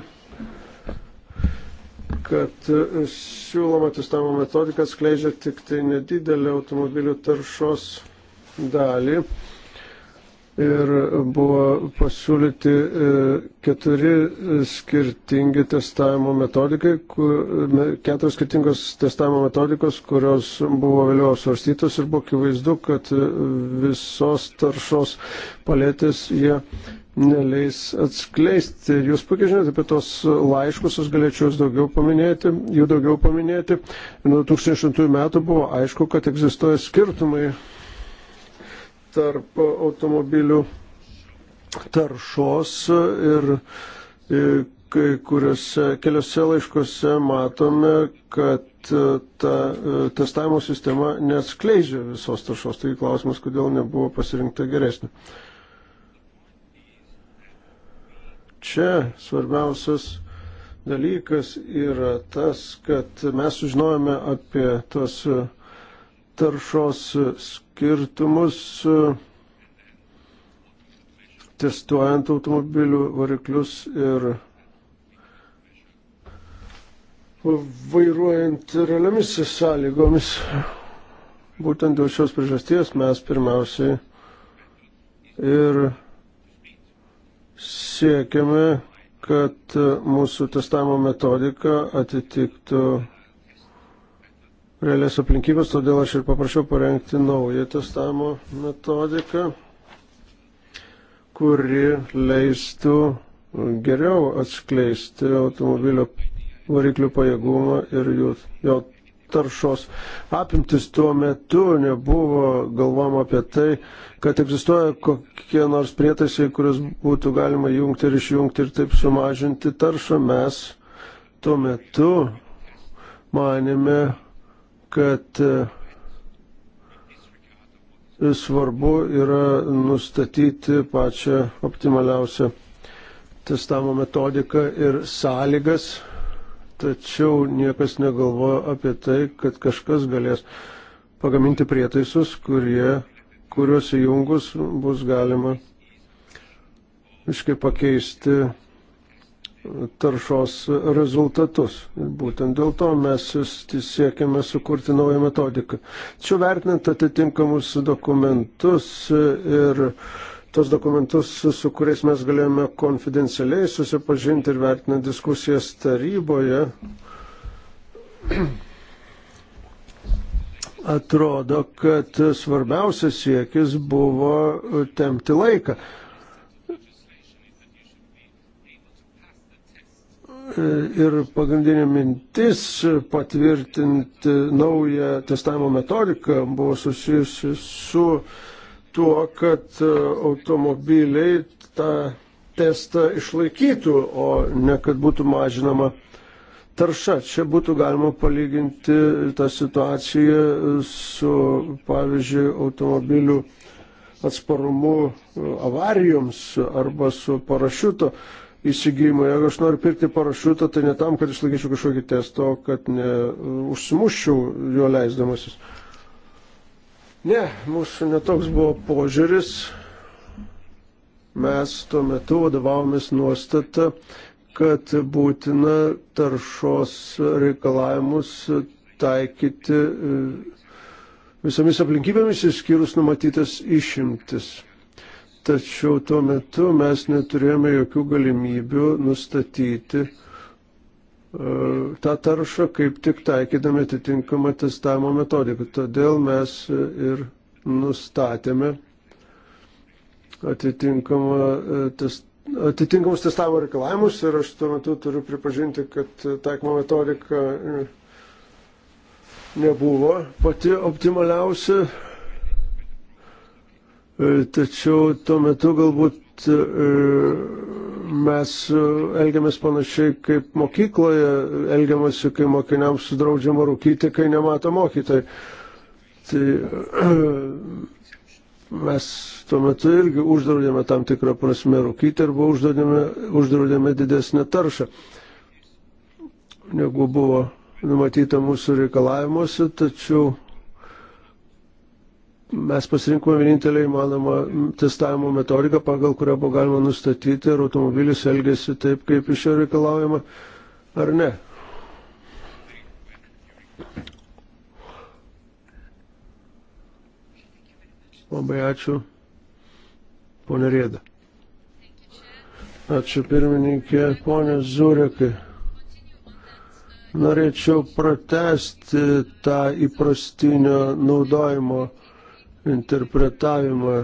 Speaker 2: kad siūloma testavimo metodika skleidžia tik tai nedidelį automobilių taršos dalį ir buvo pasiūlyti e, keturi skirtingi testavimo metodikai, keturios skirtingos testavimo metodikos, kurios buvo vėliau apsvarstytos ir buvo akivaizdu, kad visos taršos palėtės jie neleis atskleisti. Jūs puikiai žinote apie tos laiškus, aš galėčiau jūs daugiau paminėti, jų daugiau paminėti. Nuo 2008 metų buvo aišku, kad egzistuoja skirtumai tarp automobilių taršos ir e, kai kuriuose keliose laiškose matome, kad e, ta e, testavimo sistema neatskleidžia visos taršos. Tai klausimas, kodėl nebuvo pasirinkta geresnė. Čia svarbiausias dalykas yra tas, kad mes sužinojame apie tos uh, taršos skirtumus testuojant automobilių variklius ir vairuojant realiomis sąlygomis. Būtent dėl šios priežasties mes pirmiausiai ir siekiame, kad mūsų testavimo metodika atitiktų realias aplinkybės, todėl aš ir paprašiau parengti naują testavimo metodiką, kuri leistų geriau atskleisti automobilio variklių pajėgumą ir jų, jo taršos apimtis tuo metu nebuvo galvama apie tai, kad egzistuoja kokie nors prietaisai, kuriuos būtų galima jungti ir išjungti ir taip sumažinti taršą. Mes tuo metu manėme, kad e, svarbu yra nustatyti pačią optimaliausią testavimo metodiką ir sąlygas, tačiau niekas negalvoja apie tai, kad kažkas galės pagaminti prietaisus, kurie, kuriuos įjungus bus galima iškai pakeisti taršos rezultatus. Būtent dėl to mes siekiame sukurti naują metodiką. Čia vertinant atitinkamus dokumentus ir tos dokumentus, su kuriais mes galėjome konfidencialiai susipažinti ir vertinant diskusijas taryboje, atrodo, kad svarbiausias siekis buvo temti laiką ir pagrindinė mintis patvirtinti naują testavimo metodiką buvo susijusi su tuo, kad e, automobiliai tą testą išlaikytų, o ne kad būtų mažinama tarša. Čia būtų galima palyginti tą situaciją su, pavyzdžiui, automobilių atsparumu e, avarijoms arba su parašiuto įsigijimo. Jeigu aš noriu pirkti parašiutą, tai ne tam, kad išlaikyčiau kažkokį testą, o kad ne, užsimuščiau juo leisdamasis. Ne, mūsų netoks buvo požiūris. Mes tuo metu vadovavomės nuostatą, kad būtina taršos reikalavimus taikyti e, visomis aplinkybėmis išskyrus numatytas išimtis. Tačiau tuo metu mes neturėjome jokių galimybių nustatyti e, tą taršą, kaip tik taikydami atitinkamą testavimo metodiką. Todėl mes ir nustatėme e, test, atitinkamus testavimo reikalavimus ir aš tuo metu turiu pripažinti, kad taikymo metodika e, nebuvo pati optimaliausia E, tačiau tuo metu galbūt e, mes e, elgiamės panašiai kaip mokykloje, elgiamasi, kai mokiniams draudžiama rūkyti, kai nemato mokytojai. Tai mes tuo metu irgi uždraudėme tam tikrą prasme rūkyti arba uždraudėme, uždraudėme didesnę taršą negu buvo numatyta mūsų reikalavimuose, tačiau Mes pasirinkome vienintelį įmanomą testavimo metodiką, pagal kurią buvo galima nustatyti, ar automobilis elgėsi taip, kaip iš jo reikalaujama, ar ne. Labai ačiū, ponė Rėda. Ačiū pirmininkė, ponė Zurekai. Norėčiau pratesti tą įprastinio naudojimo interpretavimą.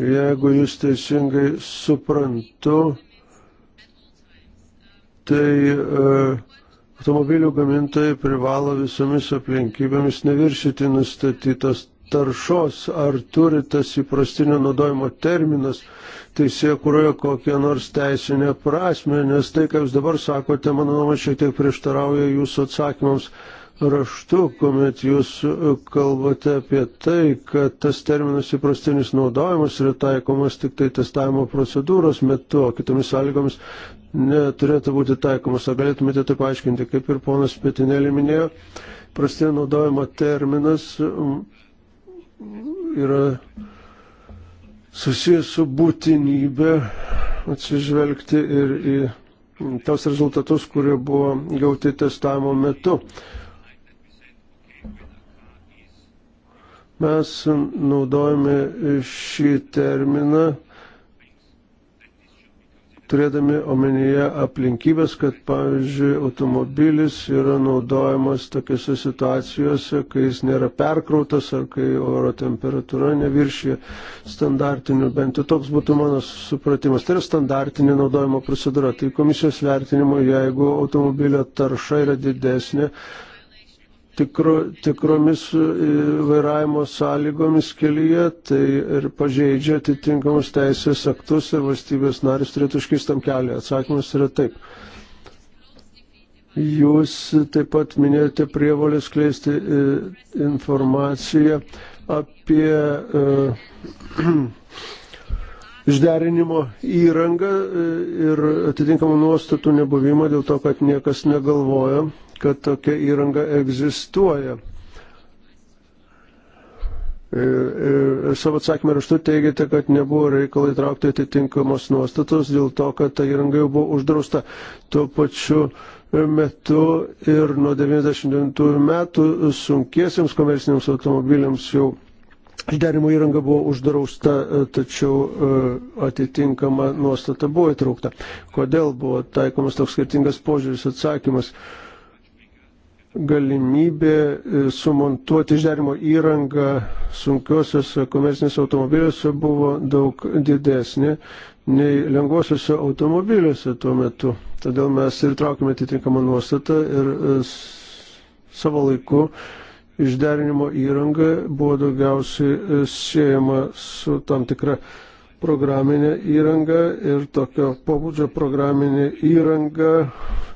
Speaker 2: Jeigu jūs teisingai suprantu, tai e, automobilių gamintojai privalo visomis aplinkybėmis neviršyti nustatytos taršos. Ar turi tas įprastinio naudojimo terminas teisėje, kurioje kokią nors teisinę prasme, nes tai, ką jūs dabar sakote, mano nuomonė, šiek tiek prieštarauja jūsų atsakymams raštu, kuomet jūs kalbate apie tai, kad tas terminas įprastinis naudojimas yra taikomas tik tai testavimo procedūros metu, o kitomis sąlygomis neturėtų būti taikomas. Ar galėtumėte tai paaiškinti, kaip ir ponas Pietinėlį minėjo, prastinio naudojimo terminas um, yra susijęs su būtinybė atsižvelgti ir į tos rezultatus, kurie buvo gauti testavimo metu. Uh, Mes naudojame šį terminą turėdami omenyje aplinkybės, kad pavyzdžiui automobilis yra naudojamas tokiuose situacijose, kai jis nėra perkrautas ar kai oro temperatūra neviršyje standartinių, bent jau toks būtų mano supratimas. Tai yra standartinė naudojimo procedūra. Tai komisijos vertinimo, jeigu automobilio tarša yra didesnė, tikro, tikromis e, vairavimo sąlygomis kelyje, tai ir pažeidžia atitinkamus teisės aktus ir valstybės narys turėtų iškist tam kelią. Atsakymas yra taip. Jūs taip pat minėjote prievolės kleisti e, informaciją apie uh, išderinimo įrangą ir atitinkamų nuostatų nebuvimą dėl to, kad niekas negalvoja kad tokia įranga egzistuoja. Ir, ir savo atsakymą raštu teigiate, kad nebuvo reikalai traukti atitinkamos nuostatos dėl to, kad ta įranga jau buvo uždrausta. Tuo pačiu metu ir nuo 99 metų sunkiesiams komerciniams automobiliams jau išderimo įranga buvo uždrausta, tačiau e, atitinkama nuostata buvo įtraukta. Kodėl buvo taikomas toks skirtingas požiūris atsakymas? galimybė e, sumontuoti išderimo įrangą sunkiosiuose komercinėse automobiliuose buvo daug didesnė nei lengvosiuose automobiliuose tuo metu. Todėl mes ir traukime atitinkamą nuostatą ir e, savo laiku išderinimo įranga buvo daugiausiai e, siejama su tam tikra programinę įrangą ir tokio pobūdžio programinė įranga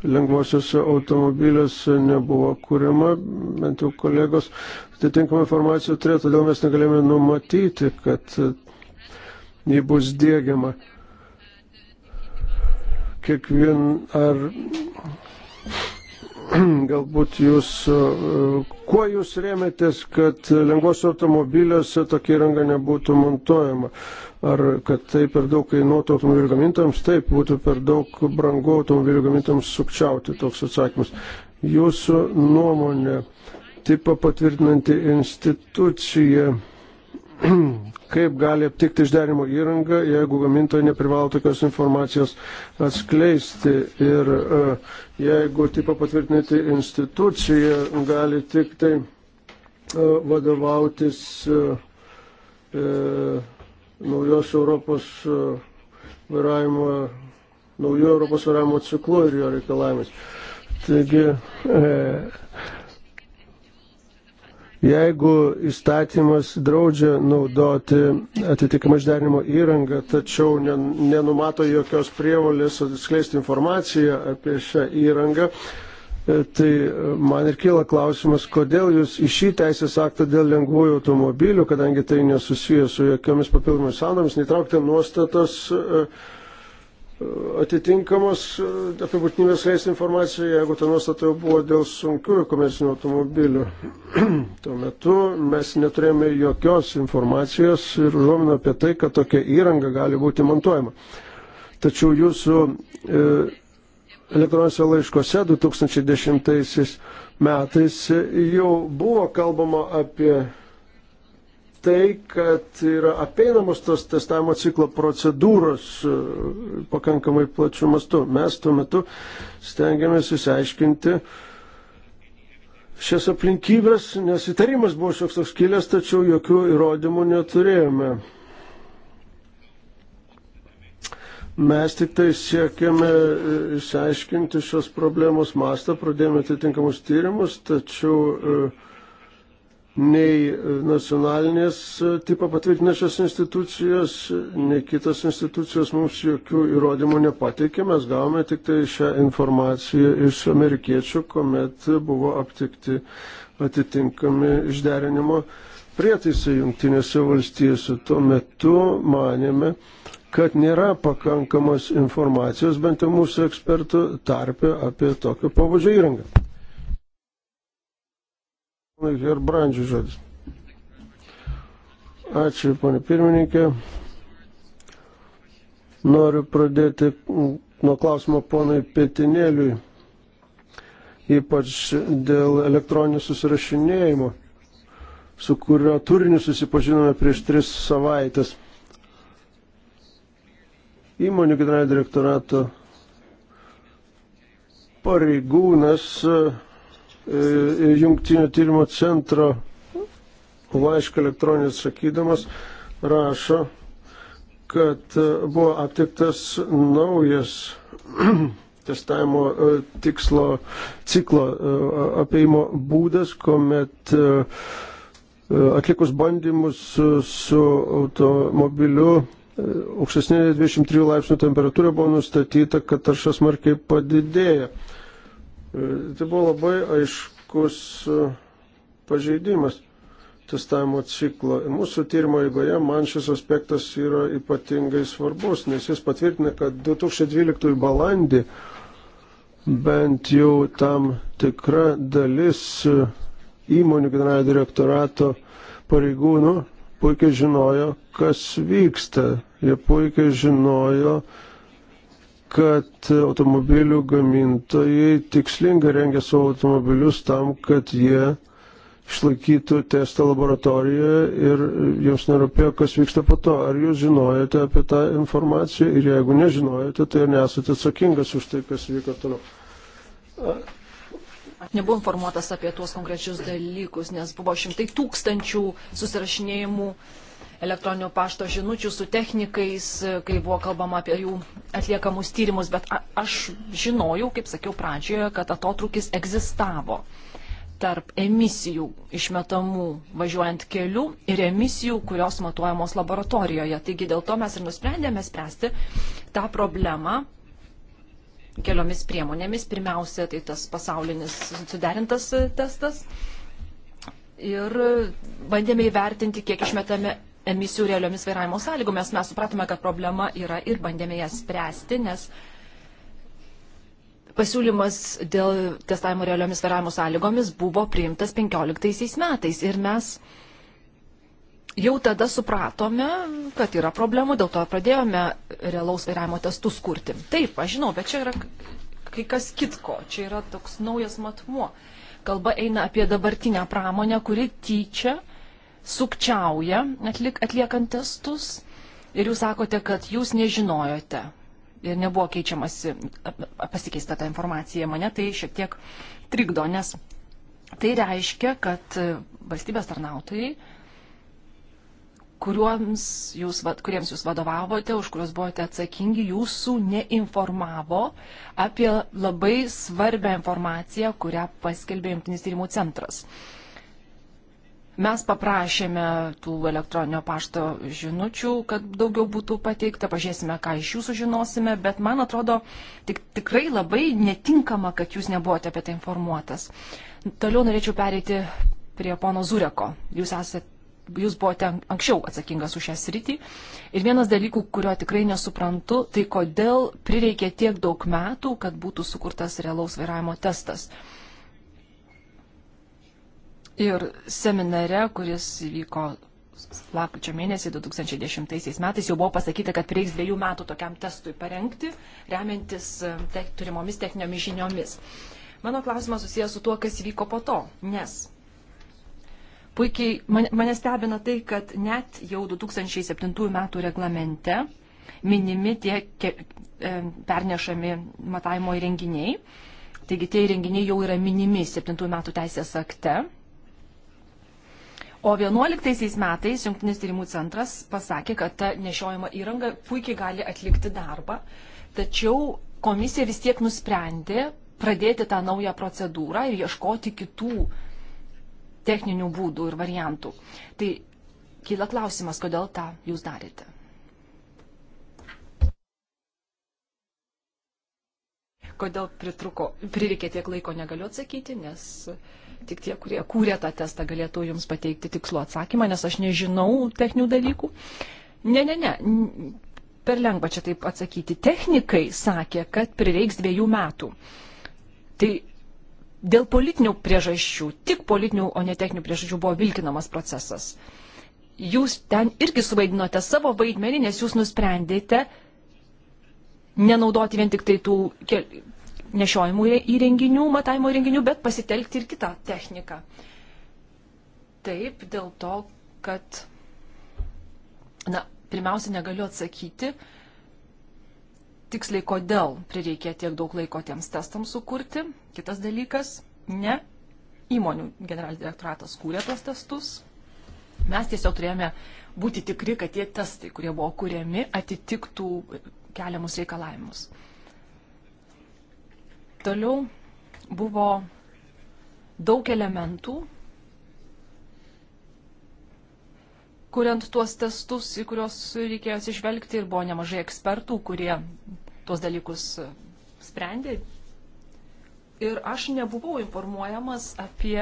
Speaker 2: lengvosiuose automobiliuose nebuvo kuriama, bent jau kolegos atitinkamą informaciją turėjo, todėl mes negalėjome numatyti, kad jį bus dėgiama. Kiekvien ar galbūt jūs, kuo jūs rėmėtės, kad lengvos automobiliuose tokia įranga nebūtų montuojama? Ar kad tai per daug kainuotų automobilių gamintams? Taip, būtų per daug brangu automobilių gamintams sukčiauti toks atsakymas. Jūsų nuomonė, tipo patvirtinanti institucija, kaip gali aptikti išderimo įrangą, jeigu gamintojai neprivalo tokios informacijos atskleisti ir e, jeigu tipo patvirtinanti institucija gali tik tai e, vadovautis e, naujos Europos e, vairavimo, naujų Europos vairavimo ciklu ir jo reikalavimais. Taigi, e, jeigu įstatymas draudžia naudoti atitikimą išderinimo įrangą, tačiau nenumato jokios prievolės atskleisti informaciją apie šią įrangą, e, E, tai e, man ir kyla klausimas, kodėl jūs į šį teisės aktą dėl lengvųjų automobilių, kadangi tai nesusijęs su jokiomis papildomis sąnaudomis, netraukti nuostatos e, atitinkamos apie būtinybės leisti informaciją, jeigu ta nuostata jau buvo dėl sunkiųjų komercinių automobilių. Tuo metu mes neturėjome jokios informacijos ir žomino apie tai, kad tokia įranga gali būti montuojama. Tačiau jūsų e, elektroniniuose laiškose 2010 metais jau buvo kalbama apie tai, kad yra apeinamos tos testavimo ciklo procedūros e, pakankamai plačiu mastu. Mes tuo metu stengiamės įsiaiškinti šias aplinkybės, nes įtarimas buvo šioks toks kilęs, tačiau jokių įrodymų neturėjome. Mes tik tai siekėme e, išsiaiškinti šios problemos mastą, pradėjome atitinkamus tyrimus, tačiau e, nei e, nacionalinės tipo patvirtinęs institucijos, nei kitos institucijos mums jokių įrodymų nepateikė. Mes gavome tik tai šią informaciją iš amerikiečių, kuomet buvo aptikti atitinkami išderinimo prietaisai jungtinėse valstijose. Tuo metu manėme, kad nėra pakankamos informacijos bent jau mūsų ekspertų tarpė apie tokio pobūdžio įrangą. Ir brandžių žodis. Ačiū, panė pirmininkė. Noriu pradėti nuo klausimo ponai Pietinėliui, ypač dėl elektroninio susirašinėjimo, su kurio turiniu susipažinome prieš tris savaitės įmonių generalinio direktorato pareigūnas e, e, jungtinio tyrimo centro laišką elektroninį sakydamas rašo, kad e, buvo aptiktas naujas testavimo tikslo ciklo apeimo būdas, kuomet atlikus bandymus su automobiliu aukštesnė 23 laipsnių temperatūra buvo nustatyta, kad tarša smarkiai padidėja. E, tai buvo labai aiškus e, pažeidimas testavimo ciklo. Ir mūsų tyrimo eigoje man šis aspektas yra ypatingai svarbus, nes jis patvirtina, kad 2012 balandį bent jau tam tikra dalis e, įmonių generalinio direktorato pareigūnų puikiai žinojo, kas vyksta. Jie puikiai žinojo, kad automobilių gamintojai tikslingai rengia savo automobilius tam, kad jie išlaikytų testą laboratorijoje ir jums nerūpėjo, kas vyksta po to. Ar jūs žinojate apie tą informaciją ir jeigu nežinojate, tai nesate atsakingas už tai, kas vyko toliau
Speaker 3: nebuvau informuotas apie tuos konkrečius dalykus, nes buvo šimtai tūkstančių susirašinėjimų elektroninio pašto žinučių su technikais, kai buvo kalbama apie jų atliekamus tyrimus, bet aš žinojau, kaip sakiau pradžioje, kad atotrukis egzistavo tarp emisijų išmetamų važiuojant keliu ir emisijų, kurios matuojamos laboratorijoje. Taigi dėl to mes ir nusprendėme spręsti tą problemą keliomis priemonėmis. Pirmiausia, tai tas pasaulinis suderintas testas. Ir bandėme įvertinti, kiek išmetame emisijų realiomis vairavimo sąlygomis. Mes supratome, kad problema yra ir bandėme ją spręsti, nes pasiūlymas dėl testavimo realiomis vairavimo sąlygomis buvo priimtas 15 metais. Ir mes jau tada supratome, kad yra problemų, dėl to pradėjome realaus vairavimo testus kurti. Taip, aš žinau, bet čia yra kai kas kitko, čia yra toks naujas matmuo. Kalba eina apie dabartinę pramonę, kuri tyčia sukčiauja atlik, atliekant testus ir jūs sakote, kad jūs nežinojote ir nebuvo keičiamasi, pasikeista ta informacija. Mane tai šiek tiek trikdo, nes tai reiškia, kad valstybės tarnautojai jūs, kuriems jūs vadovavote, už kuriuos buvote atsakingi, jūsų neinformavo apie labai svarbią informaciją, kurią paskelbė Jungtinis tyrimų centras. Mes paprašėme tų elektroninio pašto žinučių, kad daugiau būtų pateikta, pažiūrėsime, ką iš jūsų žinosime, bet man atrodo tik, tikrai labai netinkama, kad jūs nebuvote apie tai informuotas. Toliau norėčiau pereiti prie pono Zureko. Jūs esate jūs buvote anksčiau atsakingas už šią sritį. Ir vienas dalykų, kurio tikrai nesuprantu, tai kodėl prireikė tiek daug metų, kad būtų sukurtas realaus vairavimo testas. Ir seminare, kuris vyko lapkričio mėnesį 2010 metais jau buvo pasakyta, kad prieiks dviejų metų tokiam testui parengti, remiantis te, turimomis techniniomis žiniomis. Mano klausimas susijęs su tuo, kas vyko po to, nes Puikiai man, mane stebina tai, kad net jau 2007 metų reglamente minimi tie ke, e, pernešami matavimo įrenginiai. Taigi tie įrenginiai jau yra minimi 7 metų teisės akte. O 11 metais Junktinis tyrimų centras pasakė, kad ta nešiojama įranga puikiai gali atlikti darbą, tačiau komisija vis tiek nusprendė pradėti tą naują procedūrą ir ieškoti kitų techninių būdų ir variantų. Tai kyla klausimas, kodėl tą jūs darėte. Kodėl pritruko, prireikė tiek laiko, negaliu atsakyti, nes tik tie, kurie kūrė tą testą, galėtų jums pateikti tikslų atsakymą, nes aš nežinau techninių dalykų. Ne, ne, ne, per lengva čia taip atsakyti. Technikai sakė, kad prireiks dviejų metų. Tai dėl politinių priežasčių, tik politinių, o ne techninių priežasčių buvo vilkinamas procesas. Jūs ten irgi suvaidinote savo vaidmenį, nes jūs nusprendėte nenaudoti vien tik tai tų nešiojimų įrenginių, matavimo įrenginių, bet pasitelkti ir kitą techniką. Taip, dėl to, kad, na, pirmiausia, negaliu atsakyti, uh, tiksliai, kodėl prireikė tiek daug laiko tiems testams sukurti. Kitas dalykas, ne įmonių generalinis direktoratas kūrė tuos testus. Mes tiesiog turėjome būti tikri, kad tie testai, kurie buvo kuriami, atitiktų keliamus reikalavimus. Toliau buvo daug elementų, kuriant tuos testus, į kuriuos reikėjo atsižvelgti ir buvo nemažai ekspertų, kurie tuos dalykus e, sprendė. Ir aš nebuvau informuojamas apie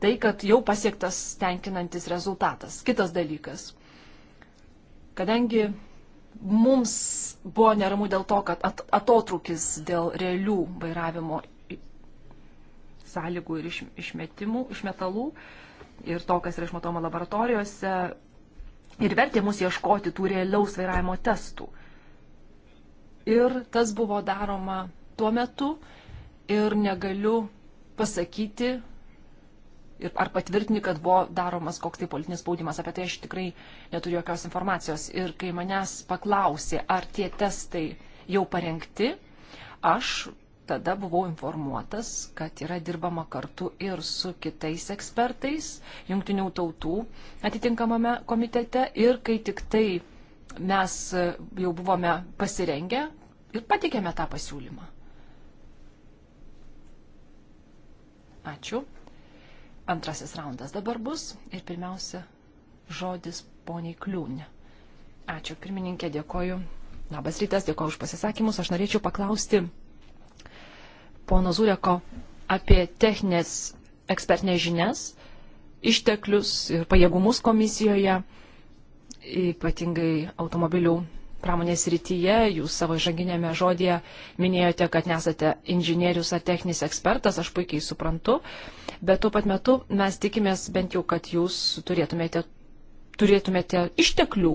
Speaker 3: tai, kad jau pasiektas tenkinantis rezultatas. Kitas dalykas. Kadangi mums buvo neramu dėl to, kad at, atotrukis dėl realių vairavimo sąlygų ir iš, išmetimų, išmetalų ir to, kas yra išmatoma laboratorijose, ir vertė mus ieškoti tų realiaus vairavimo testų ir tas buvo daroma tuo metu ir negaliu pasakyti ir ar patvirtinti, kad buvo daromas koks tai politinis spaudimas. Apie tai aš tikrai neturiu jokios informacijos. Ir kai manęs paklausė, ar tie testai jau parengti, aš tada buvau informuotas, kad yra dirbama kartu ir su kitais ekspertais, jungtinių tautų atitinkamame komitete. Ir kai tik tai mes jau buvome pasirengę, ir patikėme tą pasiūlymą. Ačiū. Antrasis raundas dabar bus ir pirmiausia žodis poniai Kliūnė. Ačiū pirmininkė, dėkoju. Labas rytas, dėkoju už pasisakymus. Aš norėčiau paklausti pono Zureko apie techninės ekspertinės žinias, išteklius ir pajėgumus komisijoje, ypatingai automobilių pramonės rytyje. Jūs savo žanginėme žodėje minėjote, kad nesate inžinierius ar techninis ekspertas, aš puikiai suprantu, bet tuo pat metu mes tikimės bent jau, kad jūs turėtumėte, turėtumėte išteklių,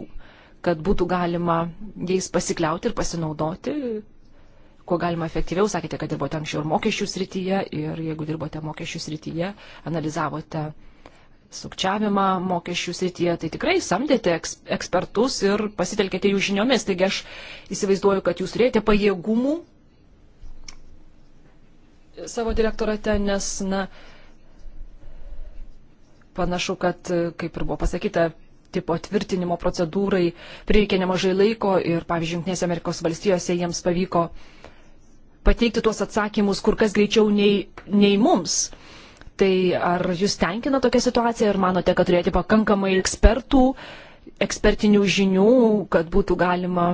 Speaker 3: kad būtų galima jais pasikliauti ir pasinaudoti, kuo galima efektyviau. Sakėte, kad dirbote anksčiau ir mokesčių srityje ir jeigu dirbote mokesčių srityje, analizavote sukčiavimą mokesčių srityje, tai tikrai samdėte eks, ekspertus ir pasitelkėte jų žiniomis. Taigi aš įsivaizduoju, kad jūs turėjote pajėgumų savo direktorate, nes, na, panašu, kad, kaip ir buvo pasakyta, tipo tvirtinimo procedūrai prireikė nemažai laiko ir, pavyzdžiui, Junktinėse Amerikos valstijose jiems pavyko pateikti tuos atsakymus kur kas greičiau nei, nei mums. Tai ar jūs tenkina tokia situacija ir manote, kad turėti pakankamai ekspertų, ekspertinių žinių, kad būtų galima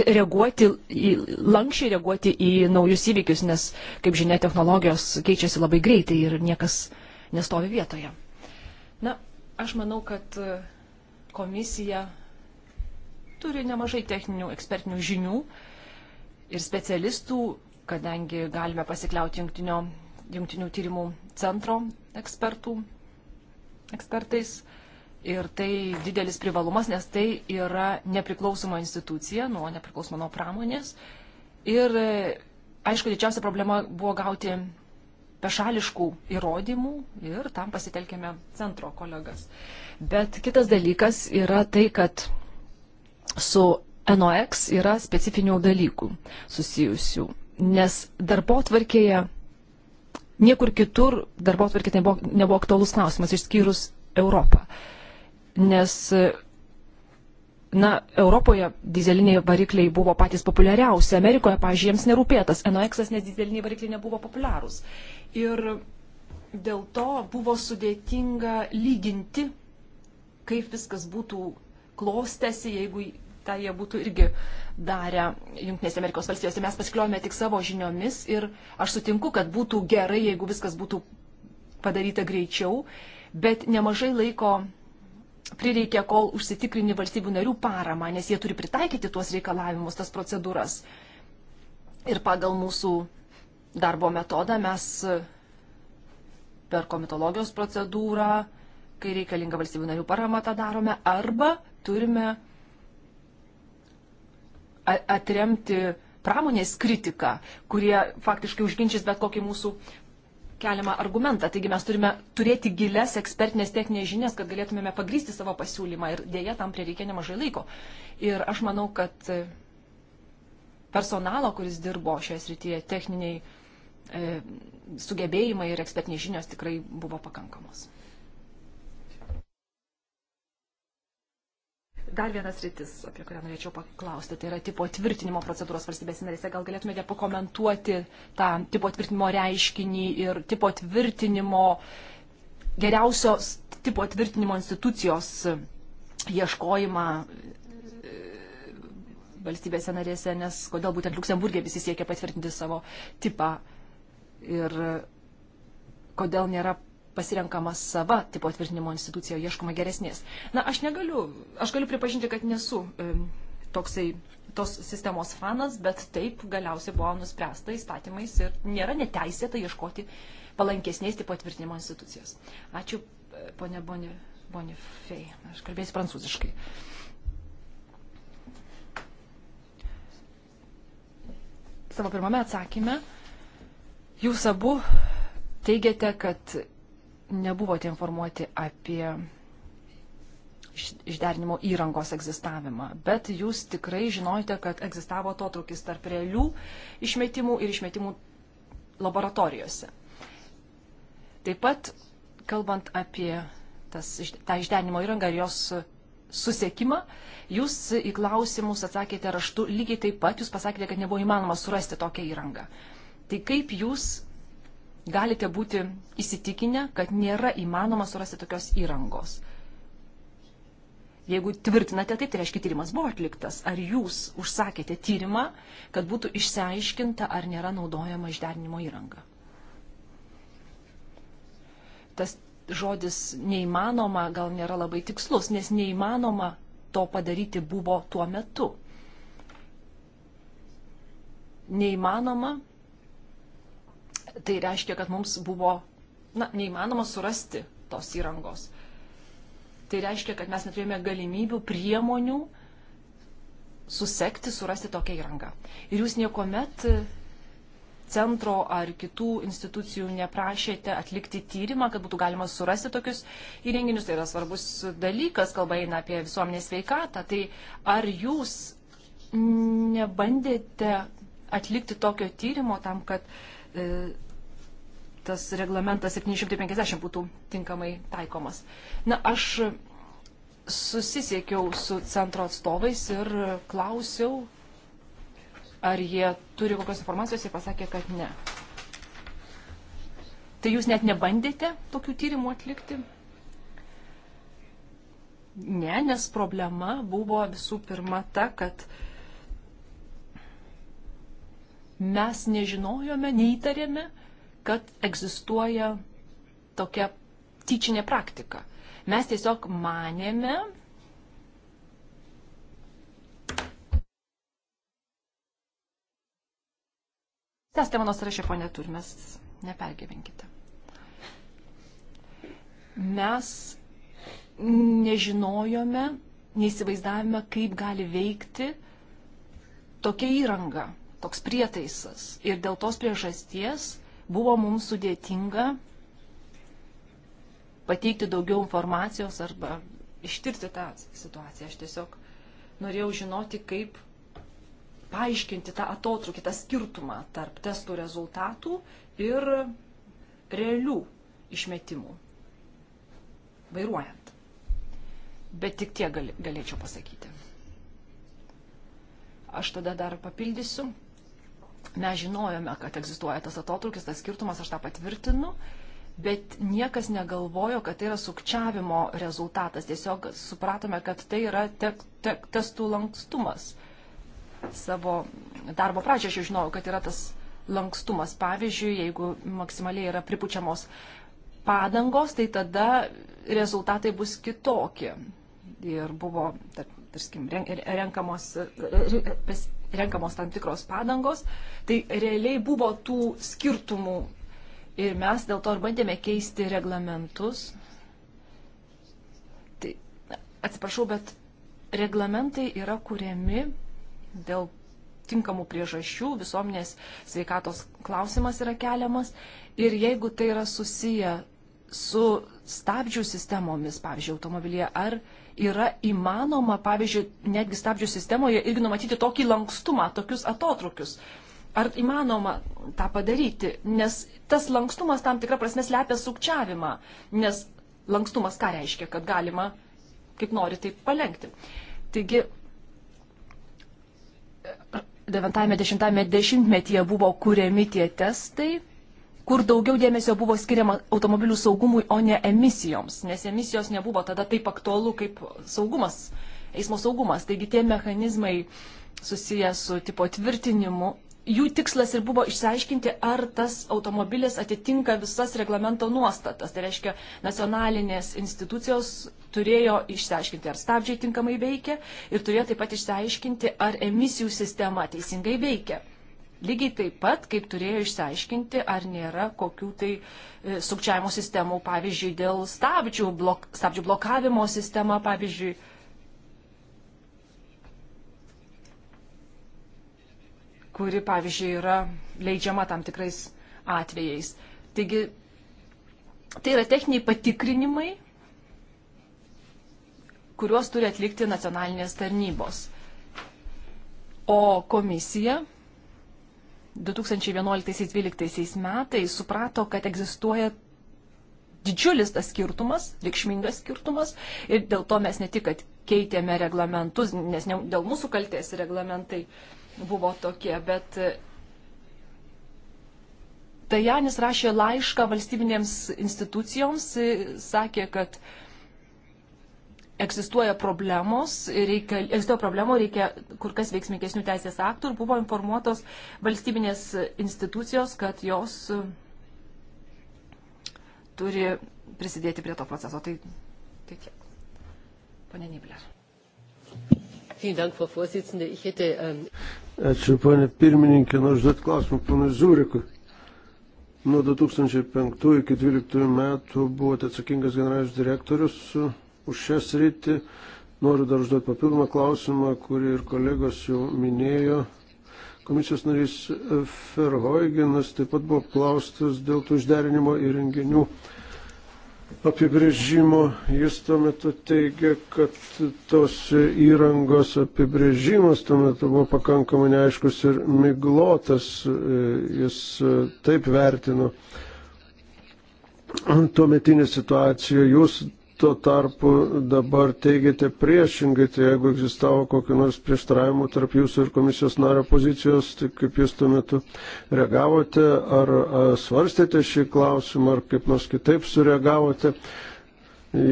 Speaker 3: reaguoti, lankščiai reaguoti į naujus įvykius, nes, kaip žinia, technologijos keičiasi labai greitai ir niekas nestovi vietoje. Na, aš manau, kad e, komisija turi nemažai techninių ekspertinių žinių ir specialistų, kadangi galime pasikliauti jungtinio jungtinių tyrimų centro ekspertų, ekspertais. Ir tai didelis privalumas, nes tai yra nepriklausoma institucija, nuo nepriklausoma nuo pramonės. Ir e, aišku, didžiausia problema buvo gauti bešališkų įrodymų ir tam pasitelkėme centro kolegas. Bet kitas dalykas yra tai, kad su NOX yra specifinių dalykų susijusių, nes darbo tvarkėje niekur kitur darbo atvarkė nebuvo, nebuvo aktualus klausimas, išskyrus Europą. Nes, na, Europoje dizeliniai varikliai buvo patys populiariausi, Amerikoje, pažiūrėjau, jiems nerūpėtas NOX, nes dizeliniai varikliai nebuvo populiarūs. Ir dėl to buvo sudėtinga lyginti, kaip viskas būtų klostėsi, jeigu tą jie būtų irgi darę Junktinėse Amerikos valstijose. Mes pasikliojame tik savo žiniomis ir aš sutinku, kad būtų gerai, jeigu viskas būtų padaryta greičiau, bet nemažai laiko prireikia, kol užsitikrini valstybių narių paramą, nes jie turi pritaikyti tuos reikalavimus, tas procedūras. Ir pagal mūsų darbo metodą mes per komitologijos procedūrą, kai reikalinga valstybių narių parama, tą darome, arba turime atremti pramonės kritiką, kurie faktiškai užginčys bet kokį mūsų keliamą argumentą. Taigi mes turime turėti giles ekspertinės techninės žinias, kad galėtumėme pagrysti savo pasiūlymą ir dėja tam prireikė nemažai laiko. Ir aš manau, kad personalo, kuris dirbo šioje srityje, techniniai e, sugebėjimai ir ekspertinės žinios tikrai buvo pakankamos. Dar vienas rytis, apie kurią norėčiau paklausti, tai yra tipo tvirtinimo procedūros valstybės narėse. Gal galėtumėte pakomentuoti tą tipo tvirtinimo reiškinį ir tipo tvirtinimo geriausios tipo tvirtinimo institucijos ieškojimą e, valstybėse narėse, nes kodėl būtent Luksemburgė visi siekia patvirtinti savo tipą ir kodėl nėra pasirenkama sava tipo tvirtinimo institucija, ieškoma geresnės. Na, aš negaliu, aš galiu pripažinti, kad nesu e, toksai tos sistemos fanas, bet taip galiausiai buvo nuspręsta įstatymais ir nėra neteisėta ieškoti palankesnės tipo tvirtinimo institucijos. Ačiū, e, ponė Bonifei. Boni aš kalbėsiu prancūziškai. Savo pirmame atsakyme jūs abu teigiate, kad nebuvote informuoti apie išderinimo įrangos egzistavimą, bet jūs tikrai žinojate, kad egzistavo atotrukis tarp realių išmetimų ir išmetimų laboratorijose. Taip pat, kalbant apie tas, tą išderinimo įrangą ir jos susiekimą, jūs į klausimus atsakėte raštu lygiai taip pat, jūs pasakėte, kad nebuvo įmanoma surasti tokią įrangą. Tai kaip jūs galite būti įsitikinę, kad nėra įmanoma surasti tokios įrangos. Jeigu tvirtinate taip, tai reiškia tyrimas buvo atliktas. Ar jūs užsakėte tyrimą, kad būtų išsiaiškinta, ar nėra naudojama išderinimo įranga? Tas žodis neįmanoma gal nėra labai tikslus, nes neįmanoma to padaryti buvo tuo metu. Neįmanoma tai reiškia, kad mums buvo na, neįmanoma surasti tos įrangos. Tai reiškia, kad mes neturėjome galimybių, priemonių susekti, surasti tokią įrangą. Ir jūs niekuomet centro ar kitų institucijų neprašėte atlikti tyrimą, kad būtų galima surasti tokius įrenginius. Tai yra svarbus dalykas, kalba eina apie visuomenės veikatą. Tai ar jūs nebandėte atlikti tokio tyrimo tam, kad e, tas reglamentas 750 būtų tinkamai taikomas. Na, aš susisiekiau su centro atstovais ir klausiau, ar jie turi kokios informacijos ir pasakė, kad ne. Tai jūs net nebandėte tokių tyrimų atlikti? Ne, nes problema buvo visų pirma ta, kad mes nežinojome, neįtarėme, kad egzistuoja tokia tyčinė praktika. Mes tiesiog manėme, Tęsite mano sąrašę, ponė Turmes, nepergyvenkite. Mes nežinojome, neįsivaizdavome, kaip gali veikti tokia įranga, toks prietaisas. Ir dėl tos priežasties Buvo mums sudėtinga pateikti daugiau informacijos arba ištirti tą situaciją. Aš tiesiog norėjau žinoti, kaip paaiškinti tą atotrukį, tą skirtumą tarp testų rezultatų ir realių išmetimų vairuojant. Bet tik tiek galėčiau pasakyti. Aš tada dar papildysiu. Mes žinojome, kad egzistuoja tas atotrukis, tas skirtumas, aš tą patvirtinu, bet niekas negalvojo, kad tai yra sukčiavimo rezultatas. Tiesiog supratome, kad tai yra tek, tek, testų lankstumas. Savo darbo pradžioje aš jau žinojau, kad yra tas lankstumas. Pavyzdžiui, jeigu maksimaliai yra pripučiamos padangos, tai tada rezultatai bus kitokie. Ir buvo, tarkim, renkamos, renkamos tam tikros padangos, tai realiai buvo tų skirtumų ir mes dėl to ir bandėme keisti reglamentus. Tai, atsiprašau, bet reglamentai yra kuriami dėl tinkamų priežasčių, visuomenės sveikatos klausimas yra keliamas ir jeigu tai yra susiję su stabdžių sistemomis, pavyzdžiui, automobilyje ar yra įmanoma, pavyzdžiui, netgi stabdžių sistemoje irgi numatyti tokį lankstumą, tokius atotrukius. Ar įmanoma tą padaryti? Nes tas lankstumas tam tikrą prasme slepia sukčiavimą, nes lankstumas ką reiškia, kad galima kaip nori taip palengti. Taigi, 90-metyje buvo kuriami tie testai kur daugiau dėmesio buvo skiriama automobilių saugumui, o ne emisijoms, nes emisijos nebuvo tada taip aktualu kaip saugumas, eismo saugumas. Taigi tie mechanizmai susiję su tipo tvirtinimu, jų tikslas ir buvo išsiaiškinti, ar tas automobilis atitinka visas reglamento nuostatas. Tai reiškia, nacionalinės institucijos turėjo išsiaiškinti, ar stabdžiai tinkamai veikia ir turėjo taip pat išsiaiškinti, ar emisijų sistema teisingai veikia. Lygiai taip pat, kaip turėjo išsiaiškinti, ar nėra kokių tai e, sukčiavimo sistemų, pavyzdžiui, dėl stabdžių, blok, stabdžių blokavimo sistema, pavyzdžiui. kuri, pavyzdžiui, yra leidžiama tam tikrais atvejais. Taigi, tai yra techniniai patikrinimai, kuriuos turi atlikti nacionalinės tarnybos. O komisija 2011-2012 metais suprato, kad egzistuoja didžiulis tas skirtumas, reikšmingas skirtumas ir dėl to mes ne tik, kad keitėme reglamentus, nes ne, dėl mūsų kalties reglamentai buvo tokie, bet e, Tajanis rašė laišką valstybinėms institucijoms, e, sakė, kad uh, egzistuoja problemos, reikia, egzistuoja problemų, reikia kur kas veiksmingesnių teisės aktų ir buvo informuotos valstybinės institucijos, kad jos e, turi prisidėti prie to proceso. Tai, tai tiek. Ähm, pane Nibler.
Speaker 2: Ačiū, ponė pirmininkė, nors duot klausimą ponui Zūrikui. Nuo 2005 iki 2012 metų buvote atsakingas generalinis direktorius už šią sritį. Noriu dar užduoti papildomą klausimą, kurį ir kolegos jau minėjo. Komisijos narys Ferhoigenas taip pat buvo klaustas dėl tų išderinimo įrenginių apibrėžimo. Jis tuo metu teigia, kad tos įrangos apibrėžimas tuo metu buvo pakankamai neaiškus ir miglotas. Jis taip vertino tuometinė situacija, jūs Tuo tarpu dabar teigiate priešingai, tai jeigu egzistavo kokiu nors prieštaravimu tarp jūsų ir komisijos nario pozicijos, tai kaip jūs tuo metu reagavote, ar svarstėte šį klausimą, ar kaip nors kitaip sureagavote,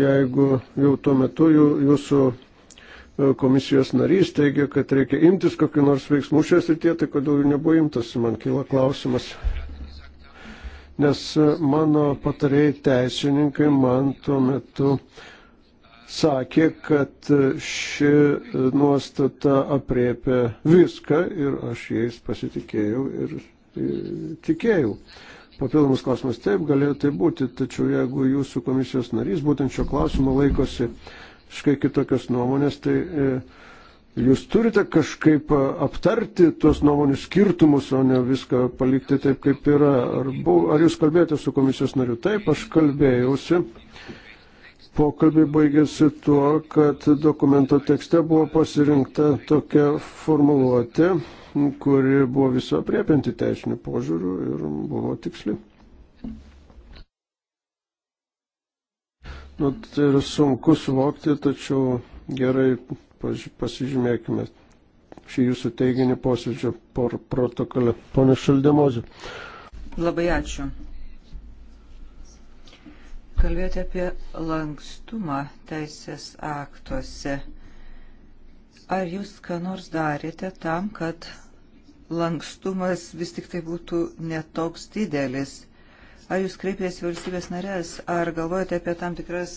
Speaker 2: jeigu jau tuo metu jūsų e, komisijos narys teigia, kad reikia imtis kokiu nors veiksmu šią srityje, tai kodėl jų nebuvo imtas, man kyla klausimas nes e, mano patarėjai teisininkai man tuo metu sakė, kad e, ši e, nuostata apriepia viską ir aš jais pasitikėjau ir tikėjau. Papildomas klausimas taip galėjo tai būti, tačiau jeigu jūsų komisijos narys būtent šio klausimo laikosi iškai kitokios nuomonės, tai e, Jūs turite kažkaip aptarti tuos nuomonių skirtumus, o ne viską palikti taip, kaip yra. Ar, buvo, ar jūs kalbėjote su komisijos nariu? Taip, aš kalbėjausi. Pokalbį baigėsi tuo, kad dokumento tekste buvo pasirinkta tokia formuluotė, kuri buvo viso priepinti teisinių požiūrių ir buvo tiksli. Nu, tai yra sunku suvokti, tačiau gerai pasižymėkime šį jūsų teiginį posėdžio por protokolę. Pone Šaldemozė.
Speaker 1: Labai ačiū. Kalbėjote apie lankstumą teisės aktuose. Ar jūs ką nors darėte tam, kad lankstumas vis tik tai būtų netoks didelis? Ar jūs kreipėtės valstybės narės, ar galvojate apie tam tikras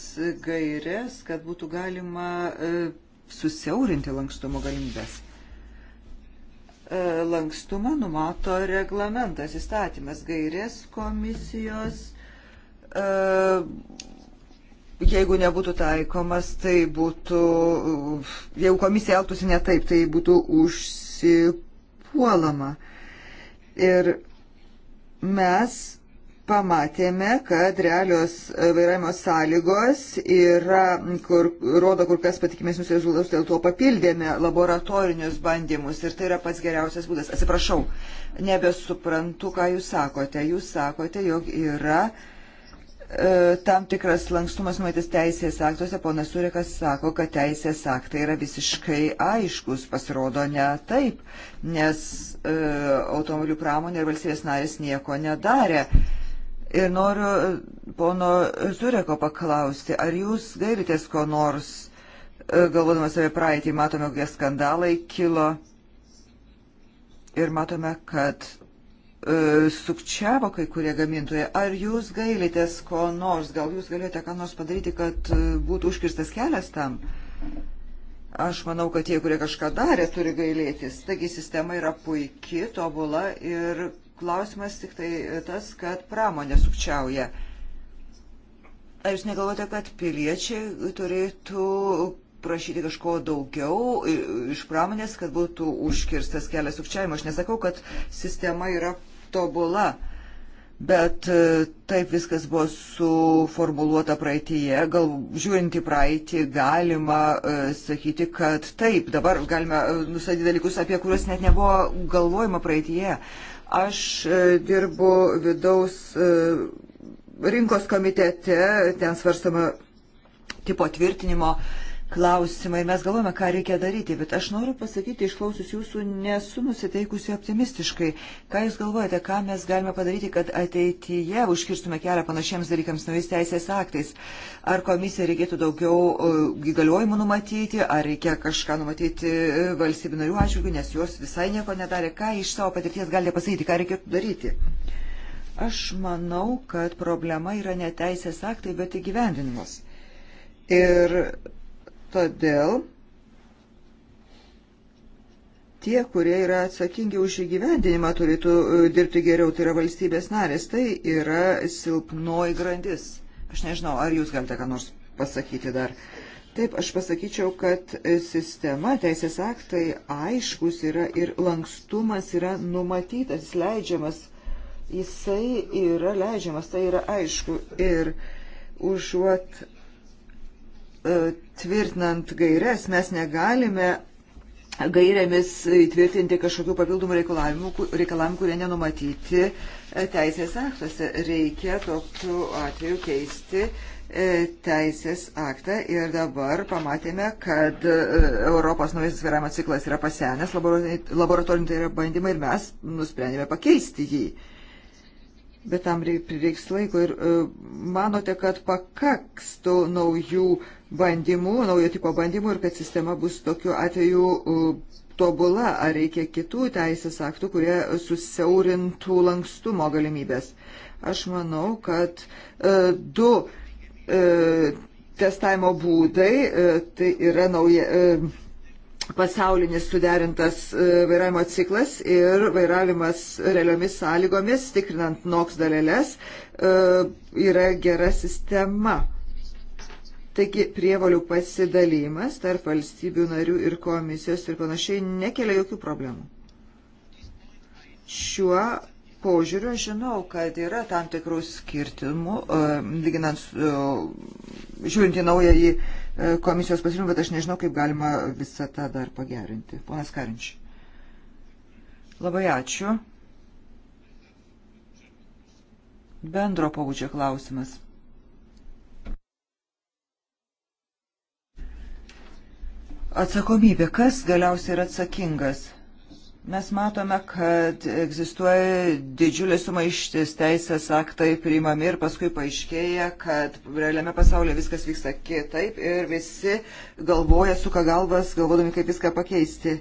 Speaker 1: gairias, kad būtų galima e, susiaurinti lankstumo galimybės. E, lankstumą numato reglamentas, įstatymas, gairės komisijos. E, jeigu nebūtų taikomas, tai būtų, jeigu komisija elgtųsi ne taip, tai būtų užsipuolama. Ir mes pamatėme, kad realios e, vairavimo sąlygos yra, kur, rodo kur kas patikimesnius rezultatus, dėl to papildėme laboratorinius bandymus ir tai yra pats geriausias būdas. Atsiprašau, nebesuprantu, ką jūs sakote. Jūs sakote, jog yra e, tam tikras lankstumas numatytas teisės aktuose, ponas Surikas sako, kad teisės aktai yra visiškai aiškus, pasirodo ne taip, nes e, automobilių pramonė ir valstybės narės nieko nedarė. E, Ir noriu e, pono Zureko paklausti, ar jūs gailitės ko nors, e, galvodamas apie praeitį, matome, kokie skandalai kilo ir matome, kad e, sukčiavo kai kurie gamintojai. Ar jūs gailitės ko nors, gal jūs galėjote ką nors padaryti, kad e, būtų užkirstas kelias tam? Aš manau, kad tie, kurie kažką darė, turi gailėtis. Taigi sistema yra puikia, tobula ir Klausimas tik tai e, tas, kad pramonė sukčiauja. Ar jūs negalvote, kad piliečiai turėtų prašyti kažko daugiau iš pramonės, kad būtų užkirstas kelias sukčiavimo? Aš nesakau, kad sistema yra tobula, bet e, taip viskas buvo suformuluota praeitie. Gal žiūrint į praeitį galima e, sakyti, kad taip, dabar galime nusadyti dalykus, apie kuriuos net nebuvo galvojama praeitie. Aš e, dirbu vidaus e, rinkos komitete, ten svarstama tipo tvirtinimo klausimai. Mes galvojame, ką reikia daryti, bet aš noriu pasakyti, išklausus jūsų, nesu nusiteikusi optimistiškai. Ką jūs galvojate, ką mes galime padaryti, kad ateityje užkirstume kelią panašiems dalykams naujais teisės aktais? Ar komisija reikėtų daugiau e, įgaliojimų numatyti, ar reikia kažką numatyti e, valstybių narių atžvilgių, nes jos visai nieko nedarė. Ką iš savo patirties galite pasakyti, ką reikėtų daryti? Aš manau, kad problema yra ne teisės aktai, bet įgyvendinimas. Ir Todėl tie, kurie yra atsakingi už įgyvendinimą, turėtų e, dirbti geriau, tai yra valstybės narės, tai yra silpnoji grandis. Aš nežinau, ar jūs galite ką nors pasakyti dar. Taip, aš pasakyčiau, kad sistema, teisės aktai aiškus yra ir lankstumas yra numatytas, leidžiamas, jisai yra leidžiamas, tai yra aišku. Ir užuot E, tvirtinant gairias mes negalime gairėmis įtvirtinti kažkokių papildomų reikalavimų, reikalavimų kurie nenumatyti e, teisės aktuose. Reikia tokiu atveju keisti e, teisės aktą ir dabar pamatėme, kad Europos naujasis vairavimo ciklas yra pasenęs, laboratoriniai tai yra bandymai ir mes nusprendėme pakeisti jį. Bet tam prireiks laiko ir manote, kad pakaks tų naujų uh, bandymų, naujo tipo bandymų ir kad sistema bus tokiu atveju tobula, ar reikia kitų teisės aktų, kurie susiaurintų lankstumo galimybės. Aš manau, kad e, du e, testavimo būdai, e, tai yra nauja. E, pasaulinis suderintas e, vairavimo ciklas ir vairavimas realiomis sąlygomis, tikrinant NOX daleles, e, yra gera sistema. Taigi prievalių pasidalymas tarp valstybių narių ir komisijos ir panašiai nekelia jokių problemų. Šiuo požiūriu žinau, kad yra tam tikrų skirtimų, e, lyginant, e, žiūrint į naują į e, komisijos pasiūlymą, bet aš nežinau, kaip galima visą tą dar pagerinti. Ponas Karinčiai. Labai ačiū. Bendro pabudžio klausimas. Atsakomybė. Kas galiausiai yra atsakingas? Mes matome, kad egzistuoja didžiulė sumaištis, teisės aktai priimami ir paskui paaiškėja, kad realiame pasaulyje viskas vyksta kitaip ir visi galvoja, suka galvas, galvodami, kaip viską pakeisti.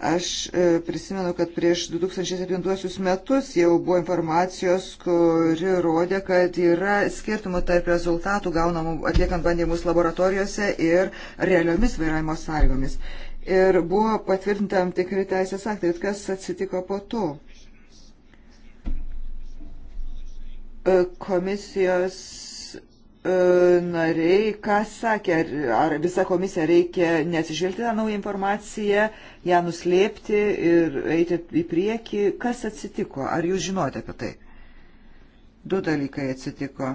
Speaker 1: Aš e, prisimenu, kad prieš 2007 metus jau buvo informacijos, kuri rodė, kad yra skirtumų tarp rezultatų gaunamų atliekant bandymus laboratorijose ir realiomis vairavimo sąlygomis. Ir buvo patvirtinta tam tikri teisės aktai, kas atsitiko po to. E, komisijos E, nariai, ką sakė, ar, ar visą komisiją reikia nesižvelgti tą naują informaciją, ją nuslėpti ir eiti į priekį. Kas atsitiko? Ar jūs žinote apie tai? Du dalykai atsitiko.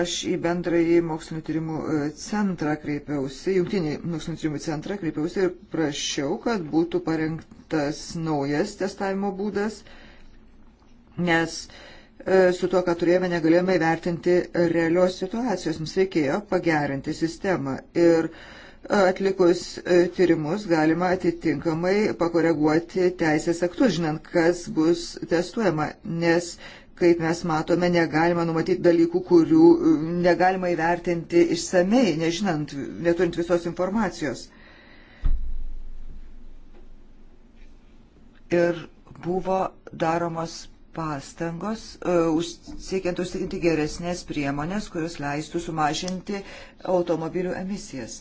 Speaker 1: Aš į bendrąjį mokslinio tyrimų e, centrą kreipiausi, jungtinį mokslinio tyrimų centrą kreipiausi ir prašiau, kad būtų parengtas naujas testavimo būdas, nes uh, E, su tuo, ką turėjome, negalėjome įvertinti realios situacijos. Mums reikėjo pagerinti sistemą. Ir e, atlikus e, tyrimus galima atitinkamai pakoreguoti teisės aktus, žinant, kas bus testuojama. Nes, kaip mes matome, negalima numatyti dalykų, kurių negalima įvertinti išsamei, nežinant, neturint visos informacijos. Ir buvo daromos pastangos e, siekiant užtikrinti geresnės priemonės, kurios leistų sumažinti automobilių emisijas.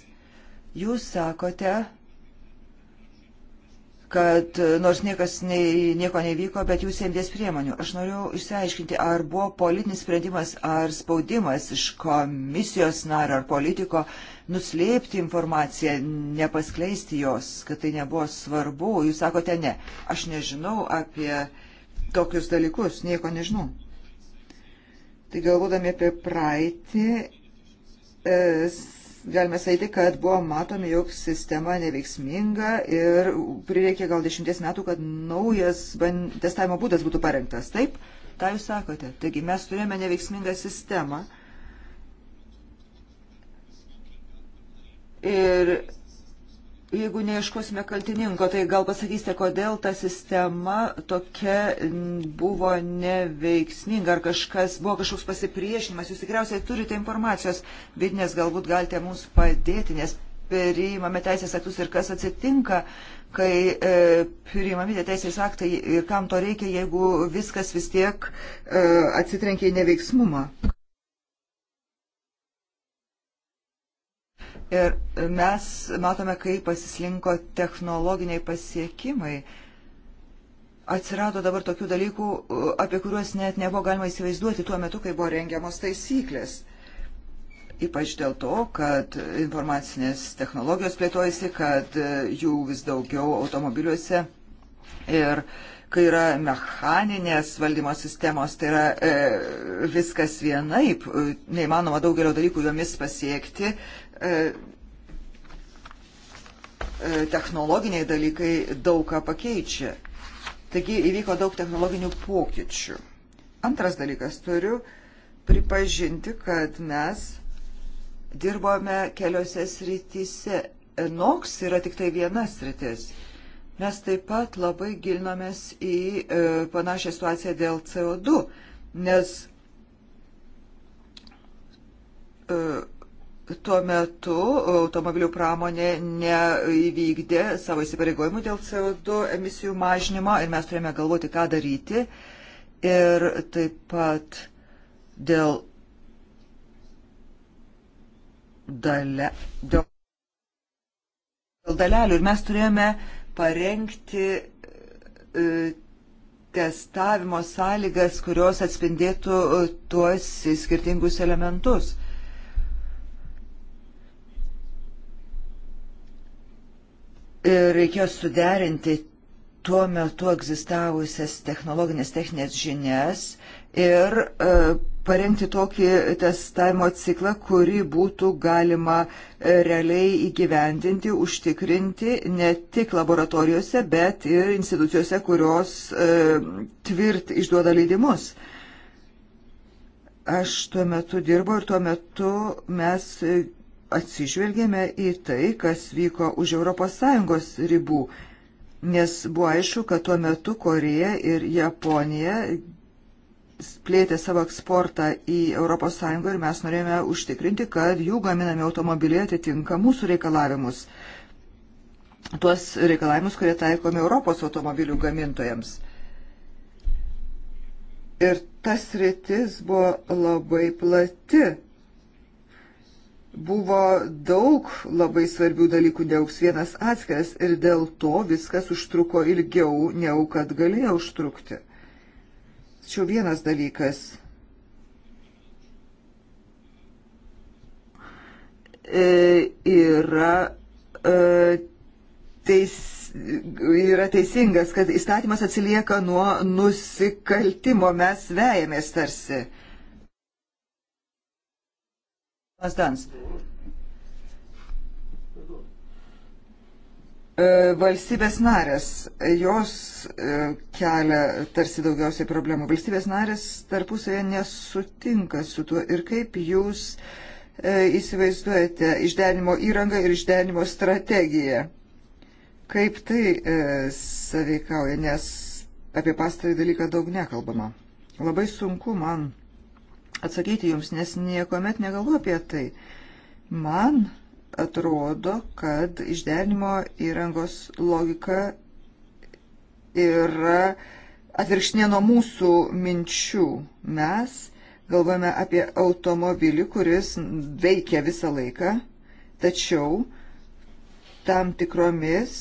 Speaker 1: Jūs sakote, kad e, nors niekas nei, nieko nevyko, bet jūs ėmės priemonių. Aš noriu išsiaiškinti, ar buvo politinis sprendimas, ar spaudimas iš komisijos nario ar politiko nuslėpti informaciją, nepaskleisti jos, kad tai nebuvo svarbu. Jūs sakote ne. Aš nežinau apie uh, tokius dalykus, nieko nežinau. Tai galvodami apie praeitį, e, galime sakyti, kad buvo matomi, jog sistema neveiksminga ir prireikė gal dešimties metų, kad naujas testavimo būdas būtų parengtas. Taip, tą jūs sakote. Taigi mes turėjome neveiksmingą sistemą. Ir Jeigu neieškosime kaltininko, tai gal pasakysite, kodėl ta sistema tokia buvo neveiksminga, ar kažkas buvo kažkoks pasipriešinimas. Jūs tikriausiai turite informacijos, bet nes galbūt galite mums padėti, nes priimame teisės aktus ir kas atsitinka, kai e, priimami teisės aktai ir kam to reikia, jeigu viskas vis tiek e, atsitrenkia į neveiksmumą. Ir mes matome, kaip pasislinko technologiniai pasiekimai. Atsirado dabar tokių dalykų, apie kuriuos net nebuvo galima įsivaizduoti tuo metu, kai buvo rengiamos taisyklės. Ypač dėl to, kad informacinės technologijos plėtojasi, kad jų vis daugiau automobiliuose. Ir kai yra mechaninės valdymo sistemos, tai yra e, viskas vienaip, neįmanoma daugelio dalykų jomis pasiekti, E, e, technologiniai dalykai daug ką pakeičia. Taigi įvyko daug technologinių pokyčių. Antras dalykas, turiu pripažinti, kad mes dirbome keliose srityse. NOX yra tik tai viena sritis. Mes taip pat labai gilinomės į e, panašią situaciją dėl CO2, nes e, Tuo metu automobilių pramonė neįvykdė savo įsipareigojimų dėl CO2 emisijų mažinimo ir mes turėjome galvoti, ką daryti. Ir taip pat dėl dalė, dėl, dėl dalelių. Ir mes turėjome parengti e, testavimo sąlygas, kurios atspindėtų tuos skirtingus elementus. E, reikėjo suderinti tuo metu egzistavusias technologinės techninės žinias ir e, parengti tokį testavimo ciklą, kurį būtų galima e, realiai įgyvendinti, užtikrinti ne tik laboratorijose, bet ir institucijose, kurios e, tvirt išduoda leidimus. Aš tuo metu dirbu ir tuo metu mes atsižvelgėme į tai, kas vyko už ES ribų, nes buvo aišku, kad tuo metu Koreja ir Japonija plėtė savo eksportą į ES ir mes norėjome užtikrinti, kad jų gaminami automobiliai atitinka mūsų reikalavimus, tuos reikalavimus, kurie taikomi Europos automobilių gamintojams. Ir tas rytis buvo labai plati buvo daug labai svarbių dalykų, neauks vienas atskiras ir dėl to viskas užtruko ilgiau, negu kad galėjo užtrukti. Tačiau vienas dalykas. E, yra, e, teis, yra teisingas, kad įstatymas atsilieka nuo nusikaltimo, mes vejamės tarsi. E, Lasdans. E, valstybės narės, jos e, kelia tarsi daugiausiai problemų. Valstybės narės tarpusavėje nesutinka su tuo. Ir kaip jūs e, įsivaizduojate išdenimo įrangą ir išdenimo strategiją? Kaip tai saveikauja, nes apie pastarį dalyką daug nekalbama. Labai sunku man atsakyti jums, nes niekuomet negalvoju apie tai. Man atrodo, kad išderinimo įrangos logika yra atvirkštinė nuo mūsų minčių. Mes galvojame apie automobilį, kuris veikia visą laiką, tačiau tam tikromis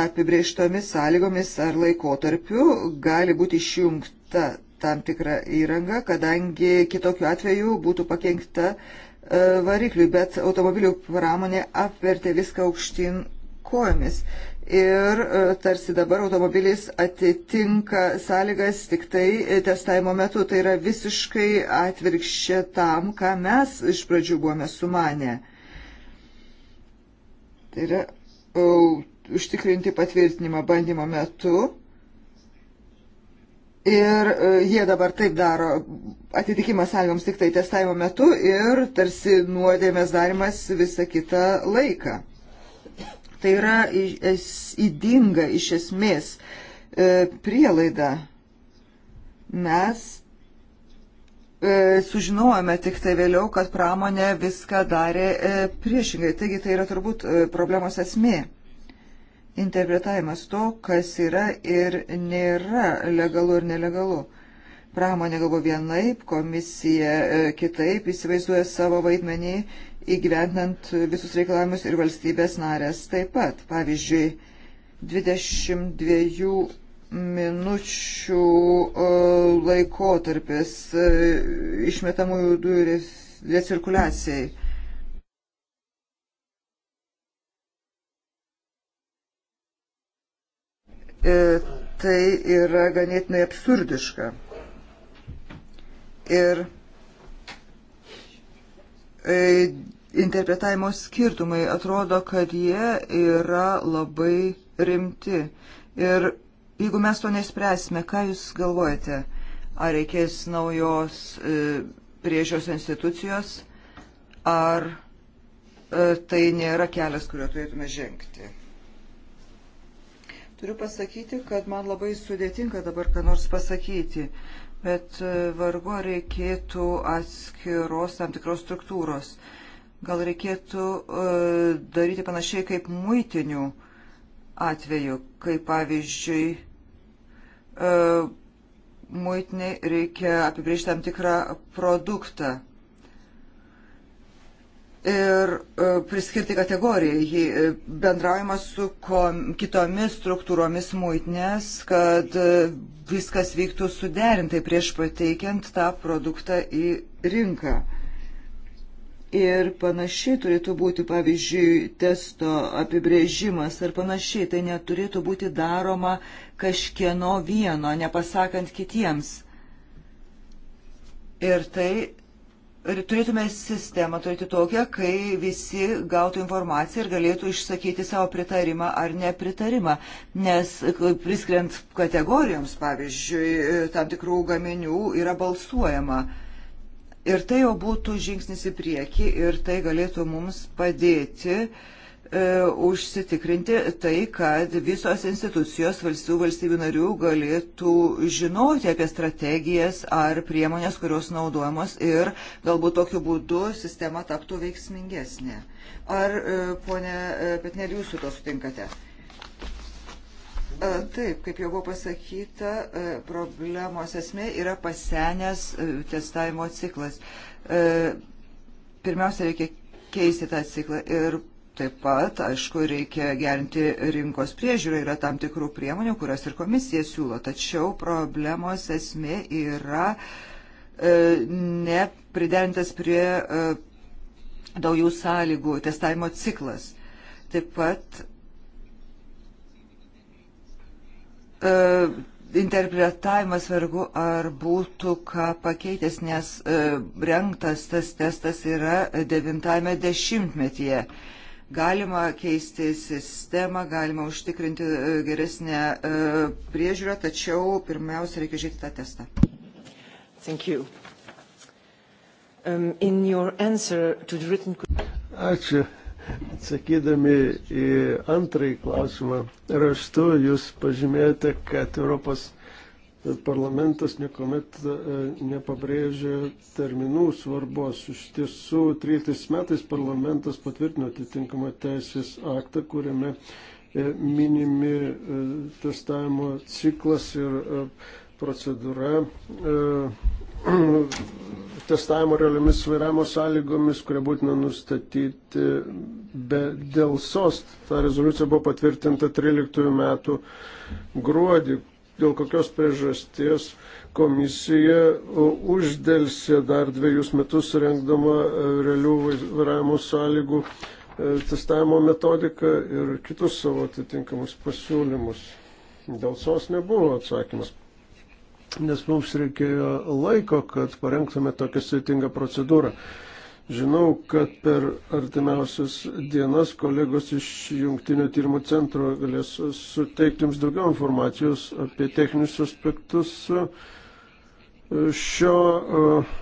Speaker 1: apibrieštomis sąlygomis ar laikotarpiu gali būti išjungta tam tikrą įrangą, kadangi kitokiu atveju būtų pakengta e, varikliui, bet automobilių pramonė apvertė viską aukštyn kojomis. Ir e, tarsi dabar automobilis atitinka sąlygas tik tai testavimo metu. Tai yra visiškai atvirkščia tam, ką mes iš pradžių buvome sumanę. Tai yra o, užtikrinti patvirtinimą bandymo metu Ir e, jie dabar taip daro atitikimas sąlygoms tik tai testavimo metu ir tarsi nuodėmės darimas visą kitą laiką. Tai yra įdinga iš esmės e, prielaida. Mes e, sužinojome tik tai vėliau, kad pramonė viską darė priešingai. Taigi tai yra turbūt problemos esmė interpretavimas to, kas yra ir nėra legalu ir nelegalu. Pramonė galvo vienaip, komisija e, kitaip įsivaizduoja savo vaidmenį įgyventinant visus reikalavimus ir valstybės narės taip pat. Pavyzdžiui, 22 minučių e, laikotarpis e, išmetamųjų dujų recirkuliacijai. E, tai yra ganėtinai absurdiška. Ir e, interpretavimo skirtumai atrodo, kad jie yra labai rimti. Ir jeigu mes to nespręsime, ką Jūs galvojate, ar reikės naujos e, priežios institucijos, ar tai nėra kelias, kuriuo turėtume žengti? Turiu pasakyti, kad man labai sudėtinga dabar ką nors pasakyti, bet e, vargu reikėtų atskiros tam tikros struktūros. Gal reikėtų uh, daryti panašiai kaip muitinių atveju, kaip pavyzdžiui uh, e, muitiniai reikia apibriežti tam tikrą produktą ir e, priskirti kategorijai. Jį e, bendraujama su kom, kitomis struktūromis muitinės, kad e, viskas vyktų suderintai prieš pateikiant tą produktą į rinką. Ir panašiai turėtų būti, pavyzdžiui, testo apibrėžimas ar panašiai. Tai neturėtų būti daroma kažkieno vieno, nepasakant kitiems. Ir tai turėtume sistemą turėti tokią, kai visi gautų informaciją ir galėtų išsakyti savo pritarimą ar nepritarimą. Nes priskiriant kategorijoms, pavyzdžiui, tam tikrų gaminių yra balsuojama. Ir tai jau būtų žingsnis į priekį ir tai galėtų mums padėti uh, E, užsitikrinti tai, kad visos institucijos valstybių valstybių narių galėtų žinoti apie strategijas ar priemonės, kurios naudojamos ir galbūt tokiu būdu sistema taptų veiksmingesnė. Ar, e, ponė e, Petnelį, jūs su to sutinkate? Taip, kaip jau buvo pasakyta, problemos esmė yra pasenęs testavimo ciklas. Pirmiausia, reikia keisti tą ciklą ir Taip pat, aišku, reikia gerinti rinkos priežiūrą, yra tam tikrų priemonių, kurias ir komisija siūlo, tačiau problemos esmė yra e, nepriderintas prie e, daugiau sąlygų testavimo ciklas. Taip pat e, interpretavimas vargu ar būtų ką pakeitęs, nes e, rengtas tas testas yra devintame dešimtmetyje. E, Galima keisti sistemą, galima užtikrinti e, geresnę e, priežiūrą, tačiau pirmiausia reikia žiūrėti tą testą. Thank you. Um, in your answer
Speaker 2: to the written... Ačiū. Atsakydami į antrąjį klausimą raštu, jūs pažymėjote, kad Europos parlamentas niekuomet e, nepabrėžė terminų svarbos. Iš tiesų, 13 metais parlamentas patvirtino atitinkamą teisės aktą, kuriame e, minimi e, testavimo ciklas ir procedūra testavimo realiomis vairavimo sąlygomis, kurie būtina nustatyti be dėl sos. Ta rezoliucija buvo patvirtinta 13 metų gruodį, dėl kokios priežasties komisija uždėlsė dar dviejus metus rengdama e, realių vairavimo sąlygų e, testavimo metodiką ir kitus savo atitinkamus pasiūlymus. Dėl sos nebuvo atsakymas, nes mums reikėjo laiko, kad parengtume tokią sėtingą procedūrą. Žinau, kad per artimiausias dienas kolegos iš Jungtinio tyrimų centro galės suteikti jums daugiau informacijos apie techninius aspektus šio uh,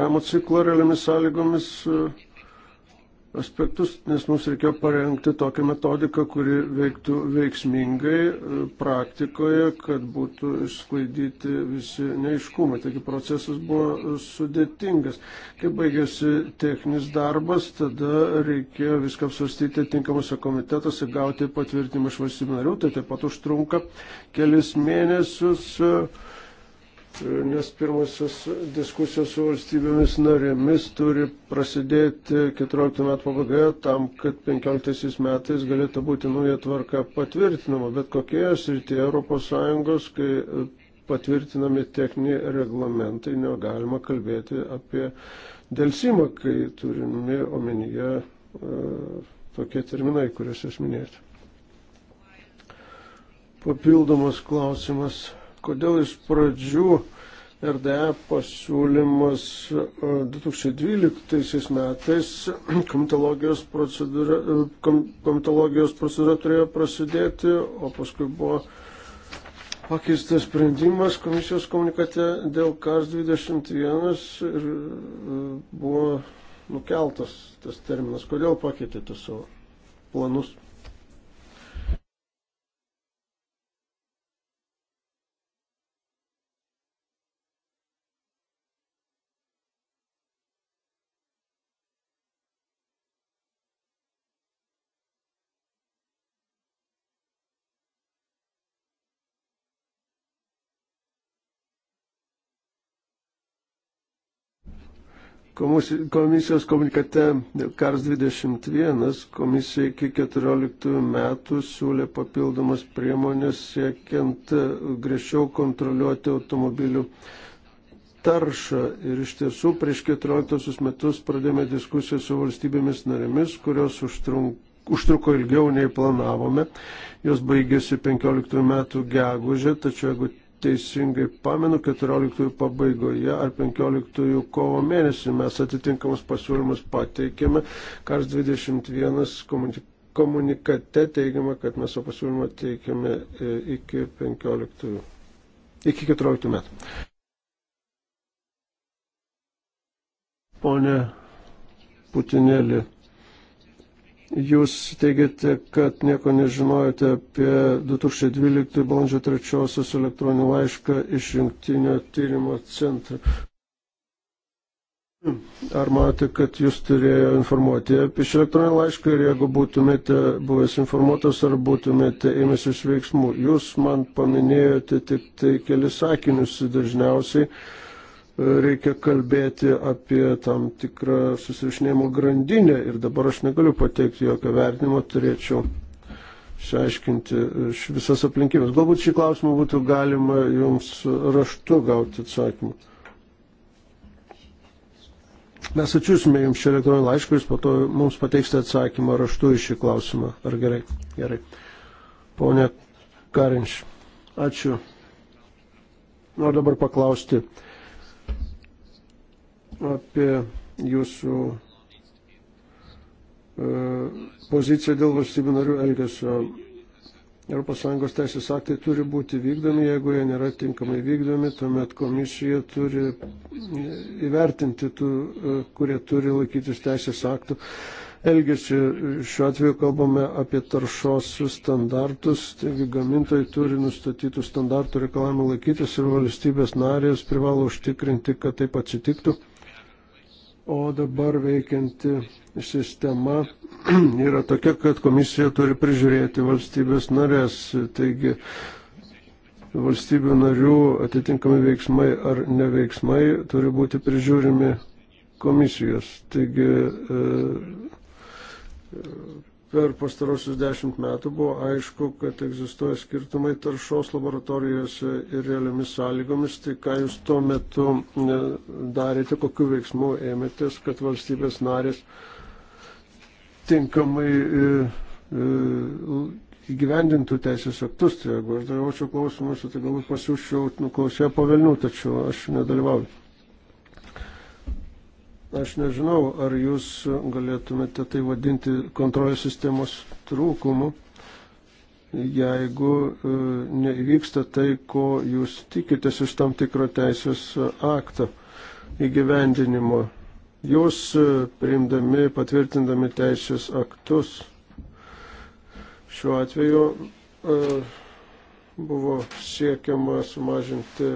Speaker 2: ramo ciklo realiomis sąlygomis uh, aspektus, nes mums reikėjo parengti tokią metodiką, kuri veiktų veiksmingai e, praktikoje, kad būtų išsklaidyti visi neiškumai. Taigi procesas buvo sudėtingas. Kai baigėsi techninis darbas, tada reikėjo viską apsvarstyti tinkamuose komitetuose, gauti patvirtinimą iš valstybių narių, tai taip pat užtrunka kelis mėnesius. Uh, nes pirmasis diskusijos su valstybėmis narėmis turi prasidėti 14 metų pabaigoje tam, kad 15 metais galėtų būti nauja tvarka patvirtinama, bet kokioje srityje ES, kai patvirtinami techniniai reglamentai, negalima kalbėti apie dėlsimą, kai turimi omenyje e, tokie terminai, kuriuos aš minėjau. Papildomas klausimas kodėl iš pradžių RDE pasiūlymas 2012 e, metais komitologijos procedūra, e, komitologijos procedūra turėjo prasidėti, o paskui buvo pakeistas sprendimas komisijos komunikate dėl KAS 21 ir e, buvo nukeltas tas terminas. Kodėl pakeitėte savo planus? Komisijos komunikate Kars 21 komisija iki 14 metų siūlė papildomas priemonės siekiant e, griežčiau kontroliuoti automobilių taršą. Ir iš tiesų prieš 14 metus pradėjome diskusiją su valstybėmis narėmis, kurios užtrunk, užtruko ilgiau nei planavome. Jos baigėsi 15 metų gegužė, tačiau jeigu teisingai pamenu, 14 pabaigoje ar 15 kovo mėnesį mes atitinkamus pasiūlymus pateikėme. Kars 21 komunikate teigiama, kad mes savo pasiūlymą teikiame e, iki 15, iki 14 metų. Pone Putinėlį. Jūs teigiate, kad nieko nežinojote apie 2012 balandžio 3-osios elektroninį laišką iš jungtinio tyrimo centro. Ar matote, kad jūs turėjo informuoti apie šį elektroninį laišką ir jeigu būtumėte buvęs informuotas ar būtumėte ėmėsis veiksmų? Jūs man paminėjote tik tai kelis sakinius dažniausiai reikia kalbėti apie tam tikrą susirašinėjimo grandinę ir dabar aš negaliu pateikti jokio vertinimo, turėčiau išaiškinti e, visas aplinkybės. Galbūt šį klausimą būtų galima jums raštu gauti atsakymą. Mes atsiūsime jums šią elektroninį laišką, jūs po to mums pateiksite atsakymą raštu į šį klausimą. Ar gerai? Gerai. Pone Karinš, ačiū. Noriu dabar paklausti apie jūsų e, poziciją dėl valstybių narių elgesio. ES teisės aktai turi būti vykdomi, jeigu jie nėra tinkamai vykdomi, tuomet komisija turi įvertinti tų, e, kurie turi laikytis teisės aktų. Elgesi, šiuo atveju kalbame apie taršos standartus, taigi gamintojai turi nustatytų standartų reikalavimų laikytis ir valstybės narės privalo užtikrinti, kad taip atsitiktų. O dabar veikianti sistema yra tokia, kad komisija turi prižiūrėti valstybės narės. Taigi valstybių narių atitinkami veiksmai ar neveiksmai turi būti prižiūrimi komisijos. Taigi e, per pastarosius dešimt metų buvo aišku, kad egzistuoja skirtumai taršos laboratorijose ir realiamis sąlygomis. Tai ką jūs tuo metu e, darėte, kokiu veiksmu ėmėtės, kad valstybės narės tinkamai e, e, įgyvendintų teisės aktus. Tai jeigu aš dalyvaučiau klausimuose, tai galbūt pasiūščiau nuklausę pavelnių, tačiau aš nedalyvauju. Aš nežinau, ar jūs galėtumėte tai vadinti kontrolės sistemos trūkumu, jeigu e, nevyksta tai, ko jūs tikitės iš tam tikro teisės akto įgyvendinimo. Jūs e, priimdami, patvirtindami teisės aktus, šiuo atveju e, buvo siekiama sumažinti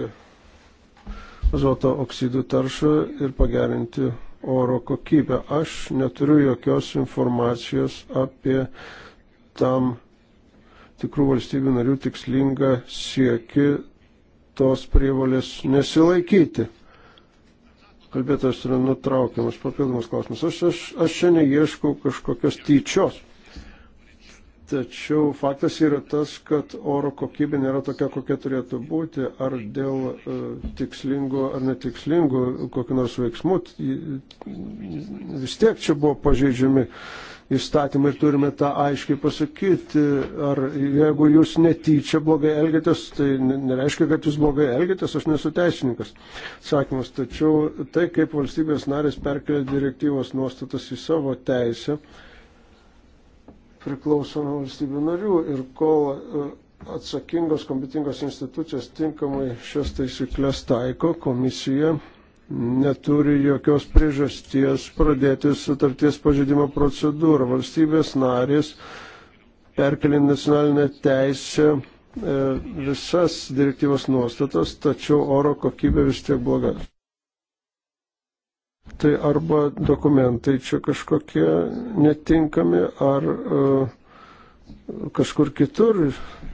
Speaker 2: azoto oksidų taršą ir pagerinti oro kokybę. Aš neturiu jokios informacijos apie tam tikrų valstybių narių tikslingą sieki tos prievalės nesilaikyti. Kalbėtojas yra nutraukiamas, papildomas klausimas. Aš, aš, aš čia neieškau kažkokios tyčios. Tačiau faktas yra tas, kad oro kokybė nėra tokia, kokia turėtų būti, ar dėl e, tikslingų ar netikslingų kokių nors veiksmų. Vis tiek čia buvo pažeidžiami įstatymai ir turime tą aiškiai pasakyti. Ar jeigu jūs netyčia blogai elgėtės, tai nereiškia, kad jūs blogai elgėtės, aš nesu teisininkas. Sakymas, tačiau tai, kaip valstybės narės perkelia direktyvos nuostatas į savo teisę, priklauso nuo valstybių narių ir kol e, atsakingos kompetingos institucijos tinkamai šias taisyklės taiko, komisija neturi jokios priežasties pradėti sutarties pažeidimo procedūrą. Valstybės narės perkelint nacionalinę teisę e, visas direktyvos nuostatas, tačiau oro kokybė vis tiek bloga tai arba dokumentai čia kažkokie netinkami, ar e, kažkur kitur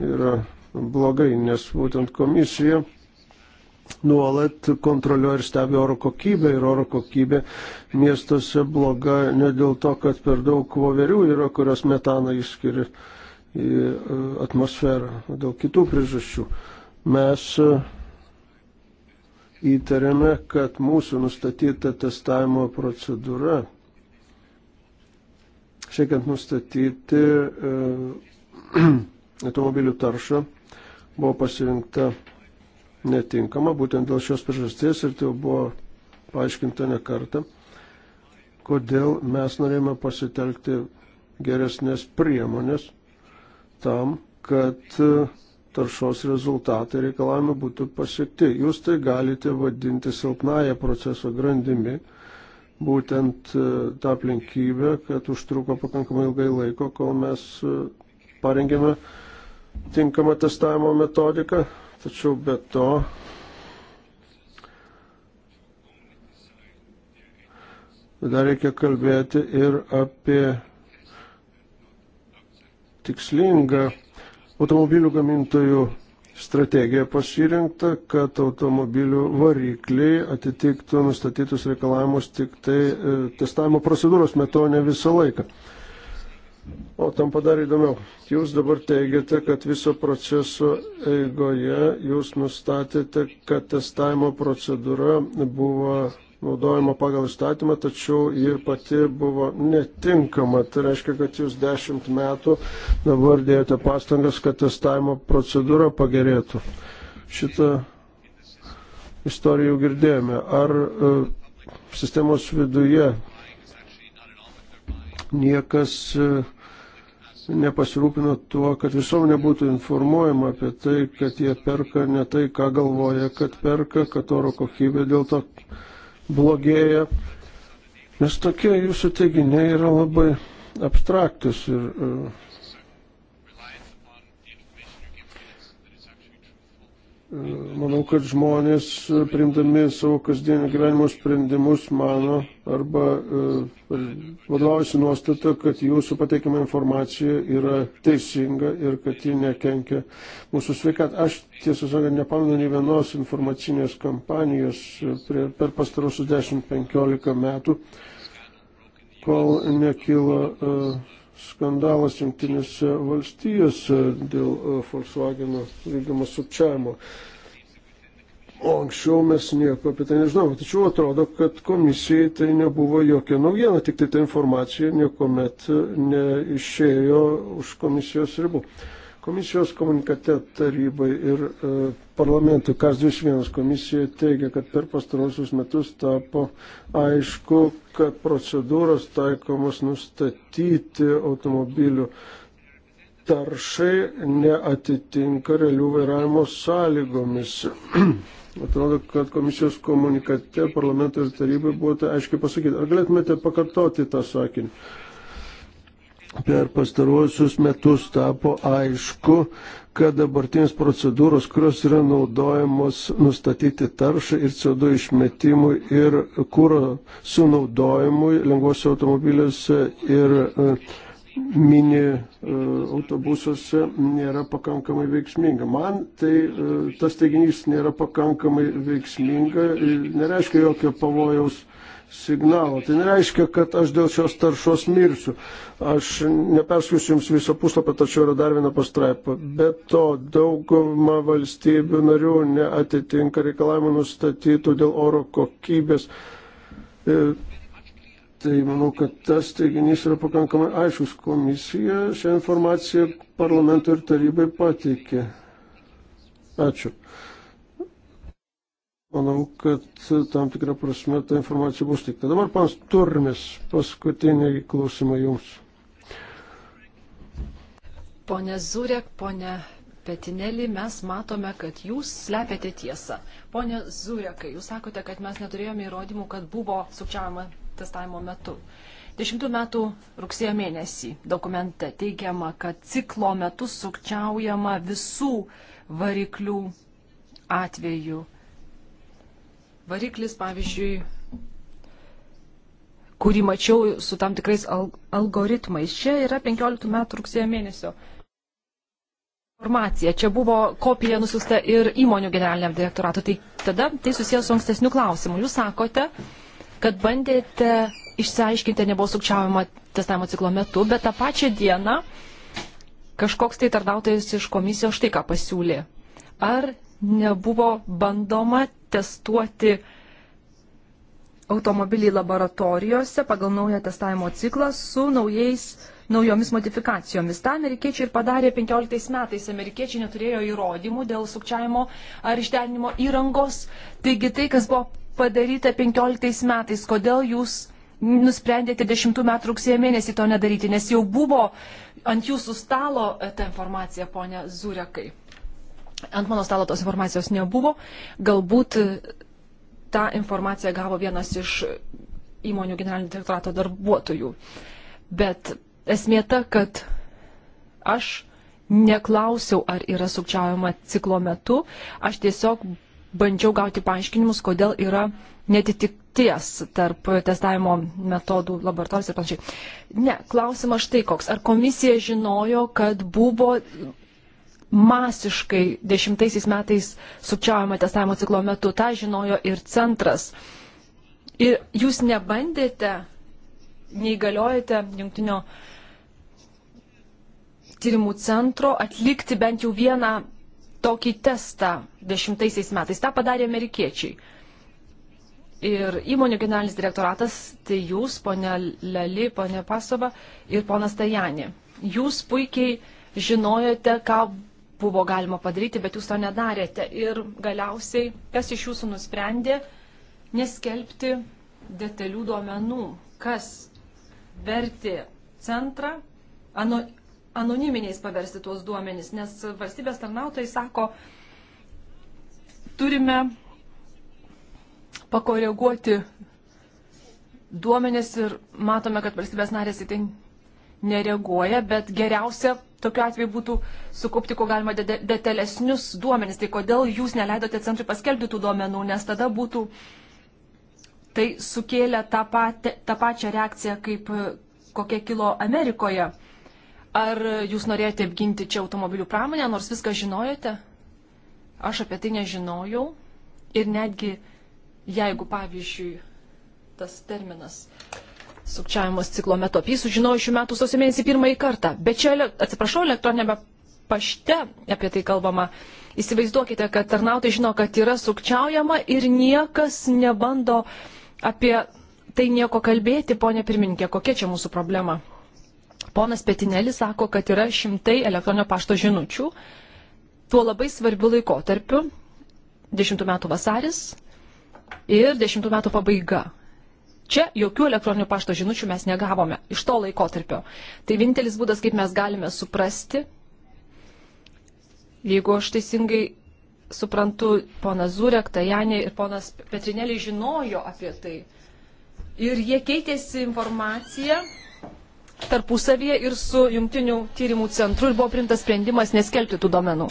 Speaker 2: yra blogai, nes būtent komisija nuolat kontroliuoja ir stebi oro kokybę ir oro kokybė miestuose bloga ne dėl to, kad per daug voverių yra, kurios metaną išskiria į e, atmosferą, dėl kitų priežasčių. Mes uh, įtariame, kad mūsų nustatyta testavimo procedūra, siekiant nustatyti e, automobilių taršą, buvo pasirinkta netinkama, būtent dėl šios priežasties ir tai buvo paaiškinta ne kartą, kodėl mes norėjome pasitelkti geresnės priemonės tam, kad e, taršos rezultatai reikalavimai būtų pasiekti. Jūs tai galite vadinti silpnąją proceso grandimi, būtent e, tą aplinkybę, kad užtruko pakankamai ilgai laiko, kol mes e, parengėme tinkamą testavimo metodiką, tačiau be to dar reikia kalbėti ir apie tikslingą automobilių gamintojų strategija pasirinkta, kad automobilių varikliai atitiktų nustatytus reikalavimus tik tai e, testavimo procedūros metu, ne visą laiką. O tam padarė įdomiau. Jūs dabar teigiate, kad viso proceso eigoje jūs nustatėte, kad testavimo procedūra buvo naudojimo pagal įstatymą, tačiau ji pati buvo netinkama. Tai reiškia, kad jūs dešimt metų dabar dėjote pastangas, kad testavimo procedūra pagerėtų. Šitą istoriją jau girdėjome. Ar uh, sistemos viduje niekas uh, nepasirūpino tuo, kad visuomenė būtų informuojama apie tai, kad jie perka ne tai, ką galvoja, kad perka, kad oro kokybė dėl to blogėja, nes tokie jūsų teiginiai yra labai abstraktus ir uh, Manau, kad žmonės, e, priimdami savo kasdienio gyvenimo sprendimus, mano arba e, vadovaujasi nuostata, kad jūsų pateikiama informacija yra teisinga ir kad ji nekenkia mūsų sveikatą. Aš tiesą sakant, nepamenu nei vienos informacinės kampanijos e, prie, per pastarosius 10-15 metų, kol nekilo. Uh, skandalas jungtinėse valstijose dėl e, Volkswagen vykdomo sukčiavimo. O anksčiau mes nieko apie tai nežinome. Tačiau atrodo, kad komisijai tai nebuvo jokia naujiena, tik tai ta informacija niekuomet e, neišėjo už komisijos ribų. Uh, Komisijos komunikate tarybai ir e, parlamentui KAS21 komisija teigia, kad per pastarosius metus tapo aišku, kad procedūros taikomos nustatyti automobilių taršai neatitinka realių vairavimo sąlygomis. Atrodo, kad komisijos komunikate parlamento ir tarybai buvo tai aiškiai pasakyti. Ar galėtumėte pakartoti tą sakinį? per pastaruosius metus tapo aišku, kad dabartinės procedūros, kurios yra naudojamos nustatyti taršą ir CO2 išmetimui ir kūro sunaudojimui lengvosios automobiliuose ir e, mini e, autobusuose nėra pakankamai veiksminga. Man tai e, tas teiginys nėra pakankamai veiksminga, nereiškia jokio pavojaus signalą. Tai nereiškia, kad aš dėl šios taršos mirsiu. Aš neperskaičiu jums viso puslapio, tačiau yra dar viena pastraipa. Be to, dauguma valstybių narių neatitinka reikalavimų nustatytų dėl oro kokybės. E, tai manau, kad tas teiginys yra pakankamai aiškus. Komisija šią informaciją parlamentui ir tarybai pateikė. Ačiū. Manau, kad tam tikrą prasme ta informacija bus tik. Dabar pans Turmis, paskutiniai klausimai jums.
Speaker 3: Pone Zurek, pone Petinėlį, mes matome, kad jūs slepiate tiesą. Pone Zurekai, jūs sakote, kad mes neturėjome įrodymų, kad buvo sukčiavimo testavimo metu. 10 metų rugsėjo mėnesį dokumente teigiama, kad ciklo metu sukčiaujama visų variklių atveju variklis, pavyzdžiui, kurį mačiau su tam tikrais al algoritmais. Čia yra 15 metų rugsėjo mėnesio informacija. Čia buvo kopija nusiusta ir įmonių generaliniam direktoratui. Tai tada tai susijęs su ankstesniu klausimu. Jūs sakote, kad bandėte išsiaiškinti, nebuvo sukčiavimo testavimo ciklo metu, bet tą pačią dieną kažkoks tai tarnautojas iš komisijos štai ką pasiūlė. Ar nebuvo bandoma testuoti automobilį laboratorijose pagal naują testavimo ciklą su naujais, naujomis modifikacijomis. Ta amerikiečiai ir padarė 15 metais. Amerikiečiai neturėjo įrodymų dėl sukčiavimo ar išdenimo įrangos. Taigi tai, kas buvo padaryta 15 metais, kodėl jūs nusprendėte 10 metų rugsėjo mėnesį to nedaryti, nes jau buvo ant jūsų stalo ta informacija, ponia Zurekai. Ant mano stalo tos informacijos nebuvo. Galbūt e, tą informaciją gavo vienas iš įmonių generalinio direktorato darbuotojų. Bet esmė ta, kad aš neklausiau, ar yra sukčiaujama ciklo metu, aš tiesiog bandžiau gauti paaiškinimus, kodėl yra netitikties tarp testavimo metodų laboratorijos ir panašiai. Ne, klausimas štai koks. Ar komisija žinojo, kad buvo masiškai dešimtaisiais metais sukčiaujama testavimo ciklo metu. Ta žinojo ir centras. Ir jūs nebandėte, neįgaliojate jungtinio tyrimų centro atlikti bent jau vieną tokį testą dešimtaisiais metais. Ta padarė amerikiečiai. Ir įmonių generalinis direktoratas, tai jūs, ponia Lali, ponia Pasova ir ponas Tajani. Jūs puikiai žinojote, ką buvo galima padaryti, bet jūs to nedarėte. Ir galiausiai, kas iš jūsų nusprendė neskelbti detalių duomenų, kas verti centrą, ano, anoniminiais paversti tuos duomenys, nes valstybės tarnautojai sako, turime pakoreguoti duomenis ir matome, kad valstybės narės į tai nereaguoja, bet geriausia tokiu atveju būtų sukaupti, kuo galima detalesnius duomenis. Tai kodėl jūs neleidote centrui paskelbti tų duomenų, nes tada būtų tai sukėlė tą, patę, tą pačią reakciją, kaip e, kokia kilo Amerikoje. Ar jūs norėjote apginti čia automobilių pramonę, nors viską žinojote? Aš apie tai nežinojau. Ir netgi jeigu, pavyzdžiui, tas terminas uh, sukčiavimas ciklo metu. Apie jį sužinojau šių metų sausio mėnesį pirmąjį kartą. Bet čia, atsiprašau, elektroninėme pašte apie tai kalbama. Įsivaizduokite, kad tarnautai žino, kad yra sukčiaujama ir niekas nebando apie tai nieko kalbėti, ponė pirmininkė. Kokia čia mūsų problema? Ponas Petinelis sako, kad yra šimtai elektroninio pašto žinučių. Tuo labai svarbiu laikotarpiu - 10 metų vasaris ir 10 metų pabaiga. Čia jokių elektroninių pašto žinučių mes negavome iš to laikotarpio. Tai vienintelis būdas, kaip mes galime suprasti, jeigu aš teisingai suprantu, ponas Zurek, Tajanė ir ponas Petrinėlė žinojo apie tai. Ir jie keitėsi informaciją tarpusavyje ir su jungtiniu tyrimų centru ir buvo primtas sprendimas neskelbti tų domenų.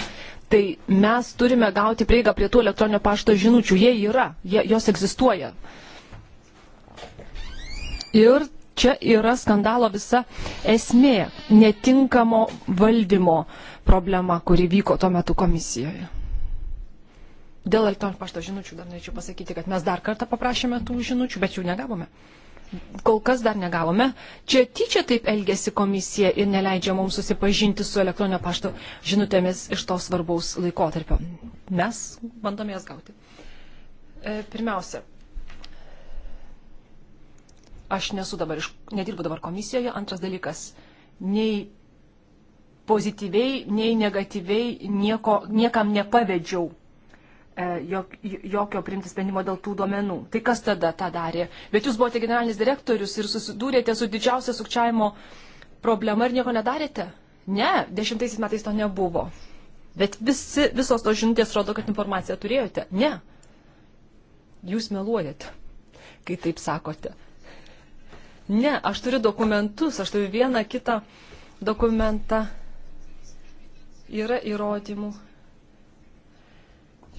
Speaker 3: Tai mes turime gauti prieigą prie tų elektroninio pašto žinučių. Jie yra, jie, jos egzistuoja. Uh, Ir čia yra skandalo visa esmė - netinkamo valdymo problema, kuri vyko tuo metu komisijoje. Dėl elektroninio pašto žinučių dar norėčiau pasakyti, kad mes dar kartą paprašėme tų žinučių, bet jų negavome. Kol kas dar negavome. Čia tyčia taip elgesi komisija ir neleidžia mums susipažinti su elektroninio pašto žinutėmis iš to svarbaus laikotarpio. Mes bandome jas gauti. E, pirmiausia, aš nesu dabar, iš, nedirbu dabar komisijoje. Antras dalykas, nei pozityviai, nei negatyviai nieko, niekam nepavedžiau e, jokio priimti sprendimo dėl tų duomenų. Tai kas tada tą darė? Bet jūs buvote generalinis direktorius ir susidūrėte su didžiausia sukčiavimo problema ir nieko nedarėte? Ne, dešimtaisiais metais to nebuvo. Bet visi, visos tos žinutės rodo, kad informaciją turėjote. Ne. Jūs meluojate, kai taip sakote. Ne, aš turiu dokumentus, aš turiu vieną kitą dokumentą. Yra įrodymų.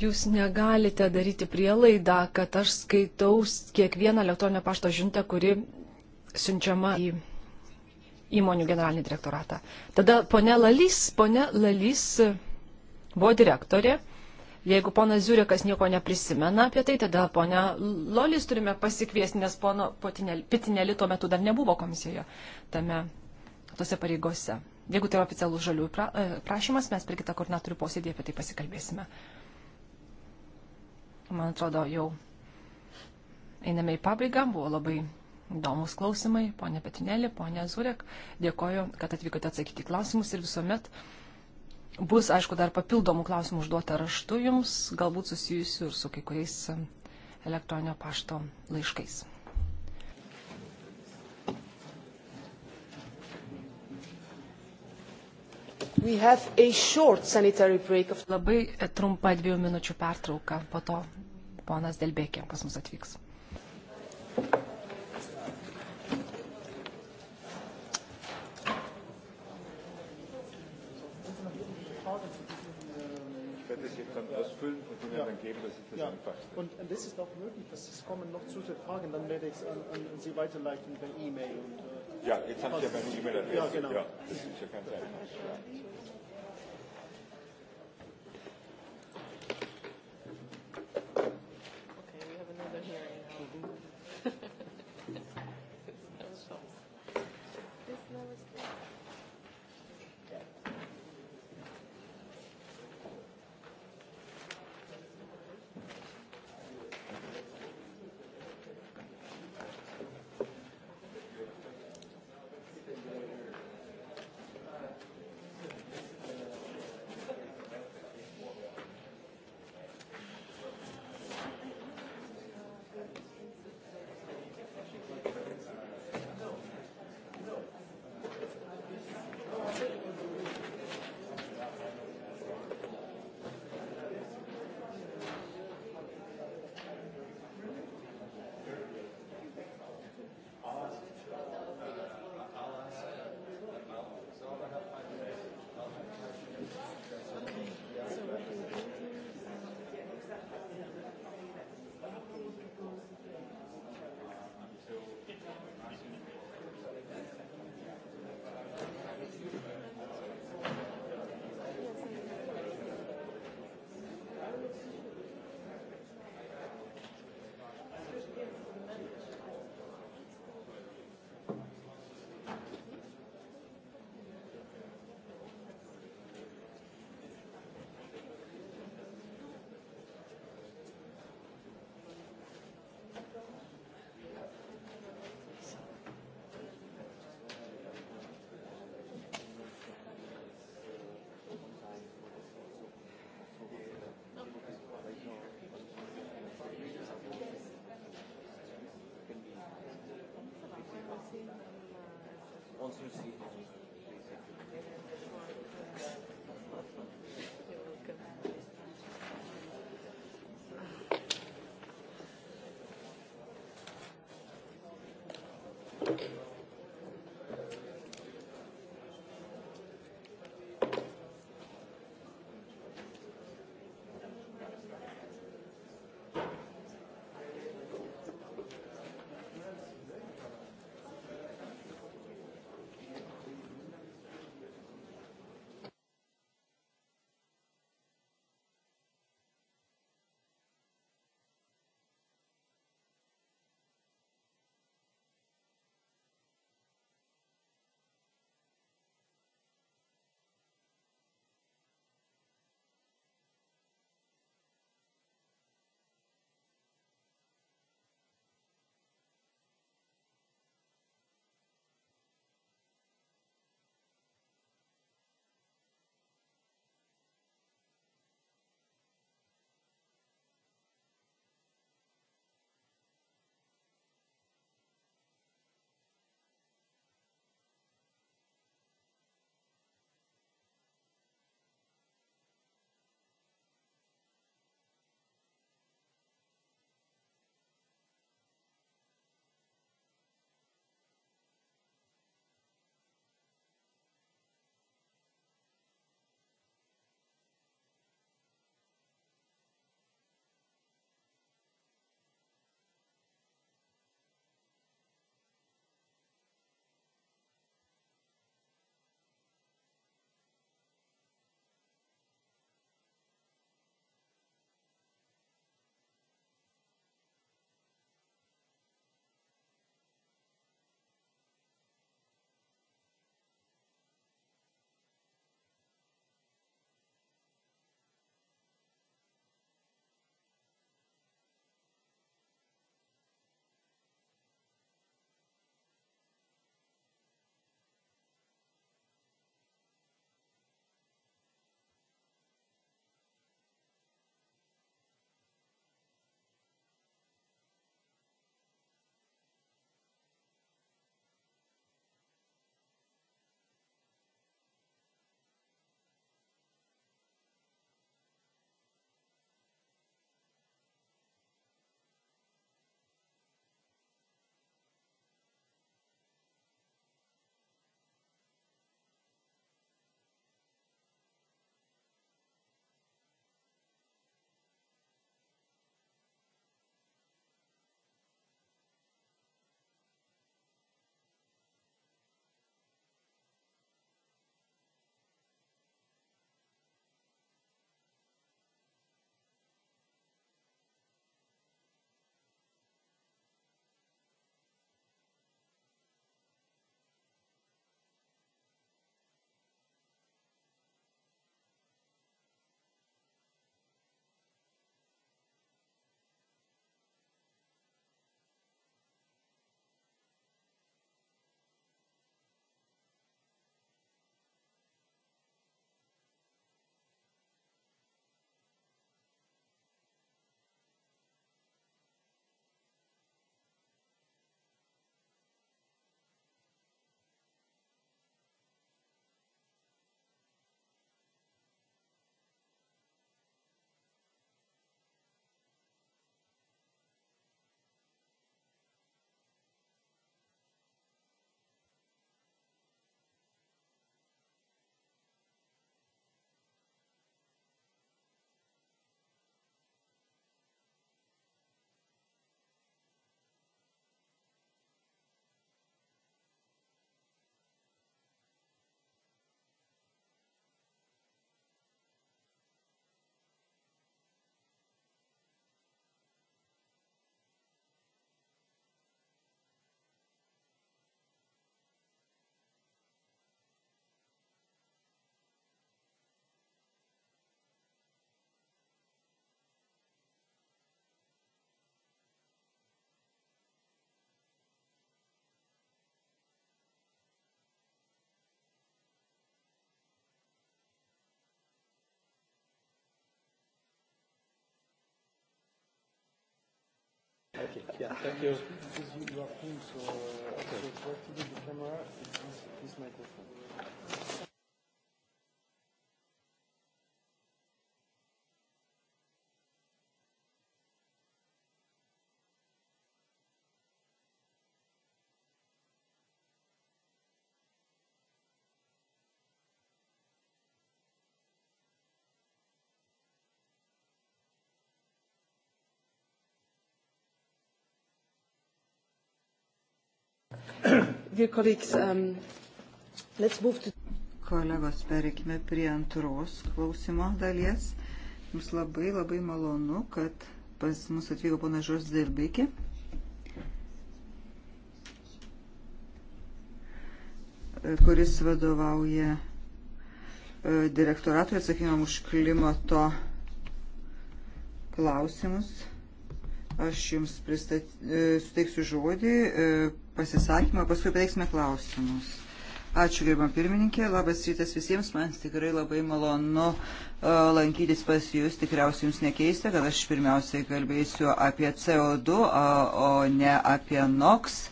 Speaker 3: Jūs negalite daryti prielaidą, kad aš skaitau kiekvieną elektroninę pašto žintę, kuri siunčiama į įmonių generalinį direktoratą. Tada ponė Lalys, ponė Lalys buvo direktorė Jeigu ponas Ziurikas nieko neprisimena apie tai, tada ponia Lolis turime pasikviesti, nes pono Pitinelį tuo metu dar nebuvo komisijoje tame, tose pareigose. Jeigu tai yra oficialus žalių pra, e, prašymas, mes per kitą koordinatorių posėdį apie tai pasikalbėsime. Man atrodo, jau einame į pabaigą. Buvo labai įdomus klausimai. Pone Petinėlė, pone Zurek, dėkoju, kad atvykote atsakyti klausimus ir visuomet Bus, aišku, dar papildomų klausimų užduota raštu jums, galbūt susijusių ir su kai kuriais elektroninio pašto laiškais. Of... Labai e, trumpa dviejų minučių pertrauka, po to ponas Delbėkė pas mus atvyks. Thank you.
Speaker 2: sich jetzt dann ausfüllen und Ihnen ja. dann geben, das ist das ja. Einfachste.
Speaker 3: Und, und das ist auch möglich, dass es kommen noch zu den Fragen, dann werde ich es an, an, an Sie weiterleiten per E-Mail. Und,
Speaker 1: äh, ja, jetzt haben Sie ja meine E-Mail-Adresse. Ja, genau. Ja, das ist ja ganz einfach. Ja.
Speaker 3: Councillor Seaton.
Speaker 2: Okay, yeah, thank you. Because you, you are playing, so, uh, okay. so to activate the camera, it's this, this microphone.
Speaker 1: Dear colleagues, um, let's move to... Kolegos, pereikime prie antros klausimo dalies. Jums labai labai malonu, kad pas mus atvyko pana Žors Dirbikė. kuris vadovauja e, direktoratui atsakingam už klimato klausimus Aš Jums pristat, e, suteiksiu žodį, e, pasisakymą, paskui pateiksime klausimus. Ačiū, gerbam pirmininkė, labas rytas visiems, man tikrai labai malonu e, lankytis pas Jūs, tikriausiai Jums nekeista, kad aš pirmiausiai kalbėsiu apie CO2, o ne apie NOX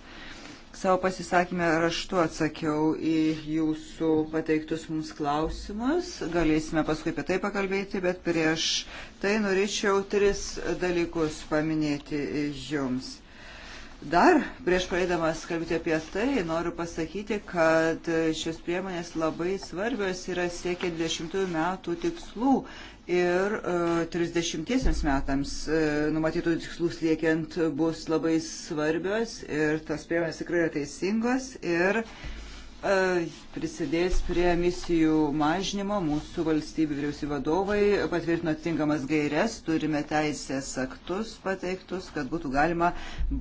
Speaker 1: Savo pasisakymę raštu atsakiau į jūsų pateiktus mums klausimus. Galėsime paskui apie tai pakalbėti, bet prieš tai norėčiau tris dalykus paminėti jums. Dar prieš praeidamas kalbėti apie tai, noriu pasakyti, kad šios priemonės labai svarbios yra siekia 20 metų tikslų ir 30 e, metams e, numatytų tikslų siekiant bus labai svarbios ir tas priemonės tikrai yra teisingos ir uh, E, prisidės prie emisijų mažinimo. Mūsų valstybių vyriausybių vadovai patvirtino atitinkamas gairias, turime teisės aktus pateiktus, kad būtų galima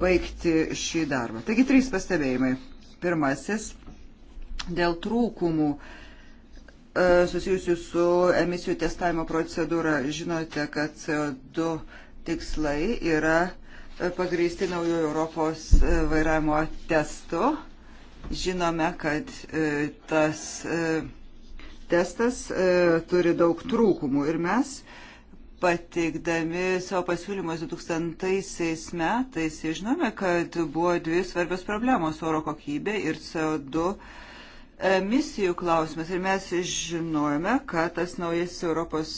Speaker 1: baigti šį darbą. Taigi trys pastebėjimai. Pirmasis - dėl trūkumų e, susijusių su emisijų testavimo procedūra. Žinote, kad CO2 tikslai yra e, pagrįsti naujojo Europos vairavimo testu Žinome, kad e, tas e, testas e, turi daug trūkumų ir mes pateikdami savo pasiūlymus 2000 metais žinome, kad buvo dvi svarbios problemos - oro kokybė ir CO2 emisijų klausimas. Ir mes žinojome, kad tas naujas Europos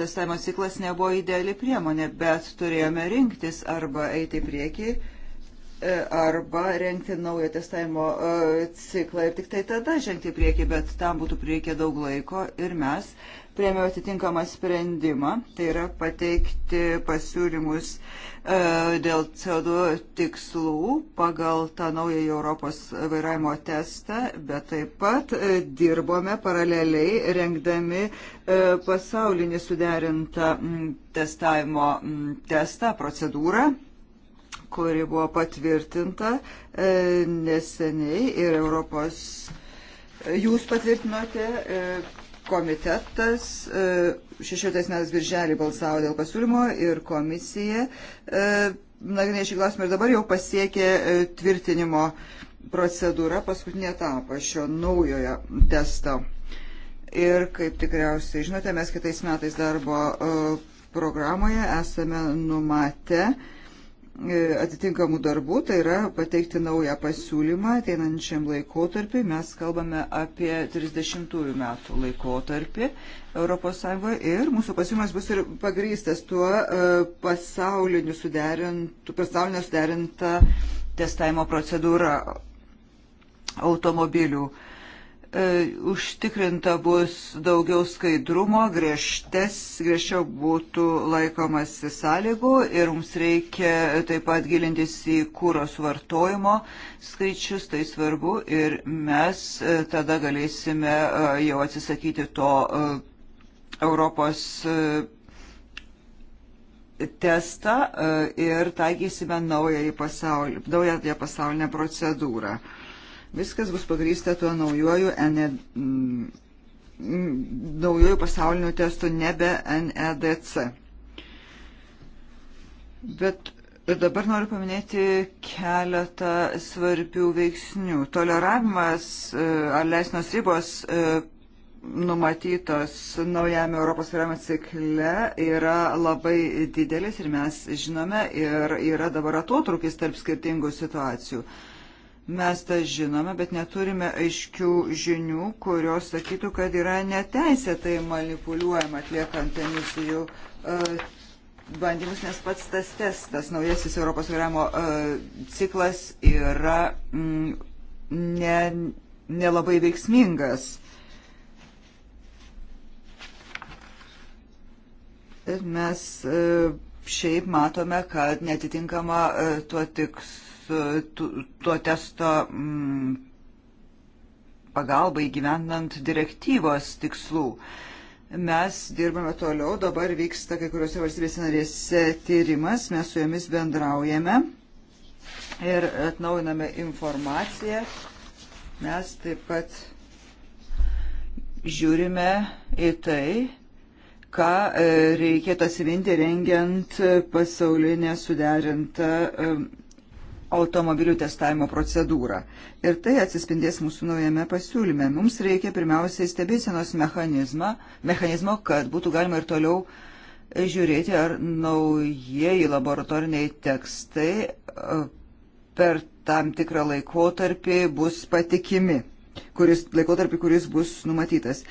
Speaker 1: testavimo ciklas nebuvo ideali priemonė, bet turėjome rinktis arba eiti į priekį E, arba renkti naują testavimo e, ciklą ir tik tai tada žengti prieki, bet tam būtų prireikę daug laiko ir mes priemėme atitinkamą sprendimą, tai yra pateikti pasiūlymus e, dėl CO2 tikslų pagal tą naują Europos vairavimo testą, bet taip pat dirbome paraleliai rengdami pasaulinį suderintą testavimo testą, procedūrą kuri buvo patvirtinta e, neseniai ir Europos e, jūs patvirtinote e, komitetas 16 metais birželį balsavo dėl pasiūlymo ir komisija nagrinėja šį klausimą ir dabar jau pasiekė tvirtinimo procedūra paskutinė etapa šio naujojo testo. Ir kaip tikriausiai žinote, mes kitais metais darbo programoje esame numatę uh, E, atitinkamų darbų, tai yra pateikti naują pasiūlymą ateinančiam laikotarpiu. Mes kalbame apie 30 metų laikotarpį ES ir mūsų pasiūlymas bus ir pagrystas tuo e, pasaulinė suderinta testavimo procedūra automobilių. Uh, E, užtikrinta bus daugiau skaidrumo, griežtes, griežčiau būtų laikomasi sąlygų ir mums reikia taip pat gilintis į kūros vartojimo skaičius, tai svarbu ir mes e, tada galėsime e, jau atsisakyti to Europos testą ir taikysime naująją pasaulinę procedūrą. Viskas bus pagrįsta tuo naujoju, ne, mm, naujoju pasauliniu testu, nebe NEDC. Bet dabar noriu paminėti keletą svarbių veiksnių. Toleravimas e, ar leisnos ribos e, numatytos naujame Europos kariuomenė cikle yra labai didelis ir mes žinome ir yra dabar atotrukis tarp skirtingų situacijų. Mes tą žinome, bet neturime aiškių žinių, kurios sakytų, kad yra neteisėtai manipuliuojama atliekant emisijų e, bandymus, nes pats tas testas, naujasis Europos vairavimo e, ciklas yra mm, ne, nelabai veiksmingas. Mes e, šiaip matome, kad netitinkama tuo tikslu E, tuo testo mm, pagalba įgyvendant direktyvos tikslų. Mes dirbame toliau, dabar vyksta kai kuriuose valstybėse narėse tyrimas, mes su jomis bendraujame ir atnaujiname informaciją. Mes taip pat žiūrime į tai, ką e, reikėtų atsiminti rengiant pasaulinę suderintą e, automobilių testavimo procedūrą. Ir tai atsispindės mūsų naujame pasiūlyme. Mums reikia pirmiausiai stebėsienos mechanizmo, kad būtų galima ir toliau e, žiūrėti, ar naujieji laboratoriniai tekstai e, per tam tikrą laikotarpį bus patikimi, kuris, laikotarpį, kuris bus numatytas.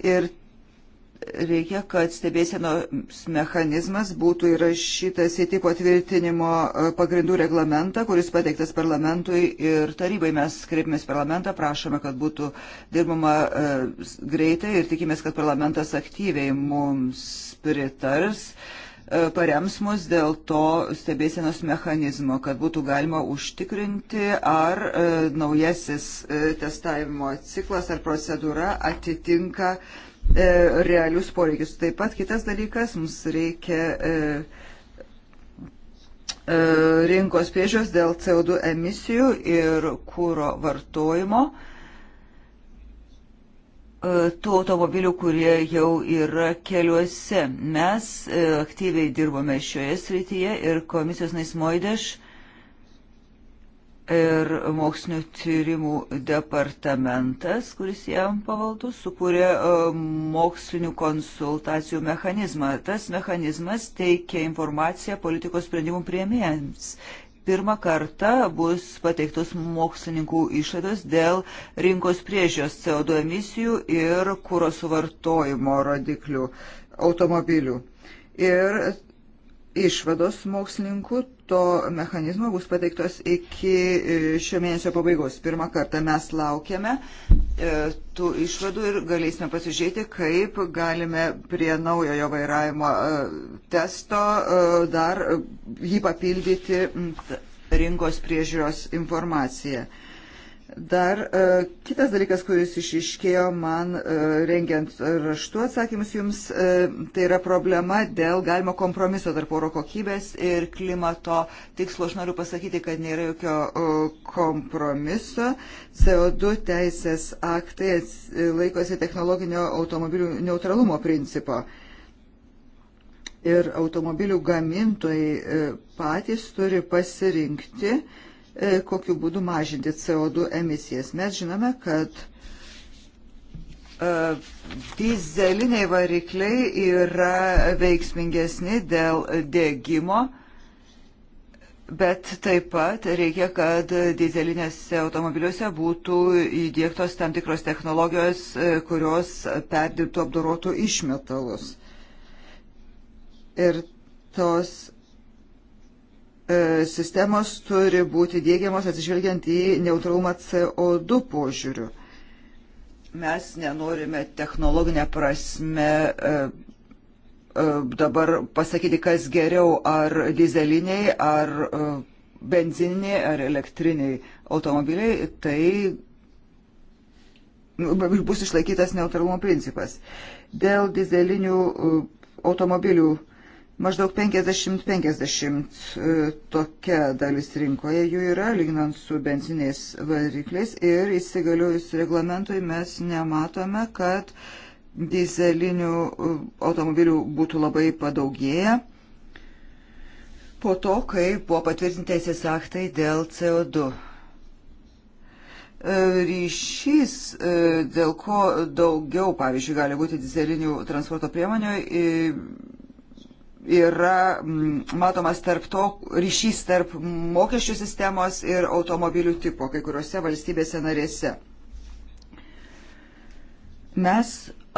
Speaker 1: Ir reikia, kad stebėsienos mechanizmas būtų įrašytas į tipo tvirtinimo e, pagrindų reglamentą, kuris pateiktas parlamentui ir tarybai. Mes kreipėmės parlamentą, prašome, kad būtų dirbama e, greitai ir tikimės, kad parlamentas aktyviai mums pritars e, parems mus dėl to stebėsienos mechanizmo, kad būtų galima užtikrinti, ar naujasis testavimo ciklas ar procedūra atitinka uh, E, realius poreikius. Taip pat kitas dalykas, mums reikia e, e, rinkos priežios dėl CO2 emisijų ir kūro vartojimo tų automobilių, kurie jau yra keliuose. Mes aktyviai dirbome šioje srityje ir komisijos naismoidėš ir mokslinio tyrimų departamentas, kuris jam pavaldus, sukūrė e, mokslinių konsultacijų mechanizmą. Tas mechanizmas teikia informaciją politikos sprendimų prieimėjams. Pirmą kartą bus pateiktos mokslininkų išvados dėl rinkos priežios CO2 emisijų ir kūro suvartojimo rodiklių automobilių. Ir išvados mokslininkų to mechanizmo bus pateiktos iki e, šio mėnesio pabaigos. Pirmą kartą mes laukiame e, tų išvadų ir galėsime pasižiūrėti, kaip galime prie naujojo vairavimo e, testo dar jį papildyti rinkos priežiūros informaciją. Dar e, kitas dalykas, kuris išiškėjo man e, rengiant raštu atsakymus jums, e, tai yra problema dėl galimo kompromiso tarp oro kokybės ir klimato tikslo. Aš noriu pasakyti, kad nėra jokio e, kompromiso. CO2 teisės aktai e, laikosi technologinio automobilių neutralumo principo. Ir automobilių gamintojai e, patys turi pasirinkti. E, E, kokiu būdu mažinti CO2 emisijas. Mes žinome, kad e, dizeliniai varikliai yra veiksmingesni dėl dėgymo. Bet taip pat reikia, kad dizelinėse automobiliuose būtų įdėktos tam tikros technologijos, e, kurios perdirbtų apdorotų išmetalus. Ir tos E, sistemos turi būti dėgiamos atsižvelgiant į neutralumą CO2 požiūrių. Mes nenorime technologinę prasme e, e, dabar pasakyti, kas geriau, ar dizeliniai, ar benzininiai, ar elektriniai automobiliai, tai nu, bus išlaikytas neutralumo principas. Dėl dizelinių automobilių Maždaug 50-50 e, tokia dalis rinkoje jų yra, lyginant su benziniais varikliais. Ir įsigaliojus reglamentui mes nematome, kad dizelinių e, automobilių būtų labai padaugėję. Po to, kai buvo patvirtinti teisės aktai dėl CO2 e, ryšys, dėl ko daugiau, pavyzdžiui, gali būti dizelinių transporto priemonių, yra matomas tarp to ryšys tarp mokesčių sistemos ir automobilių tipo kai kuriuose valstybėse narėse. Mes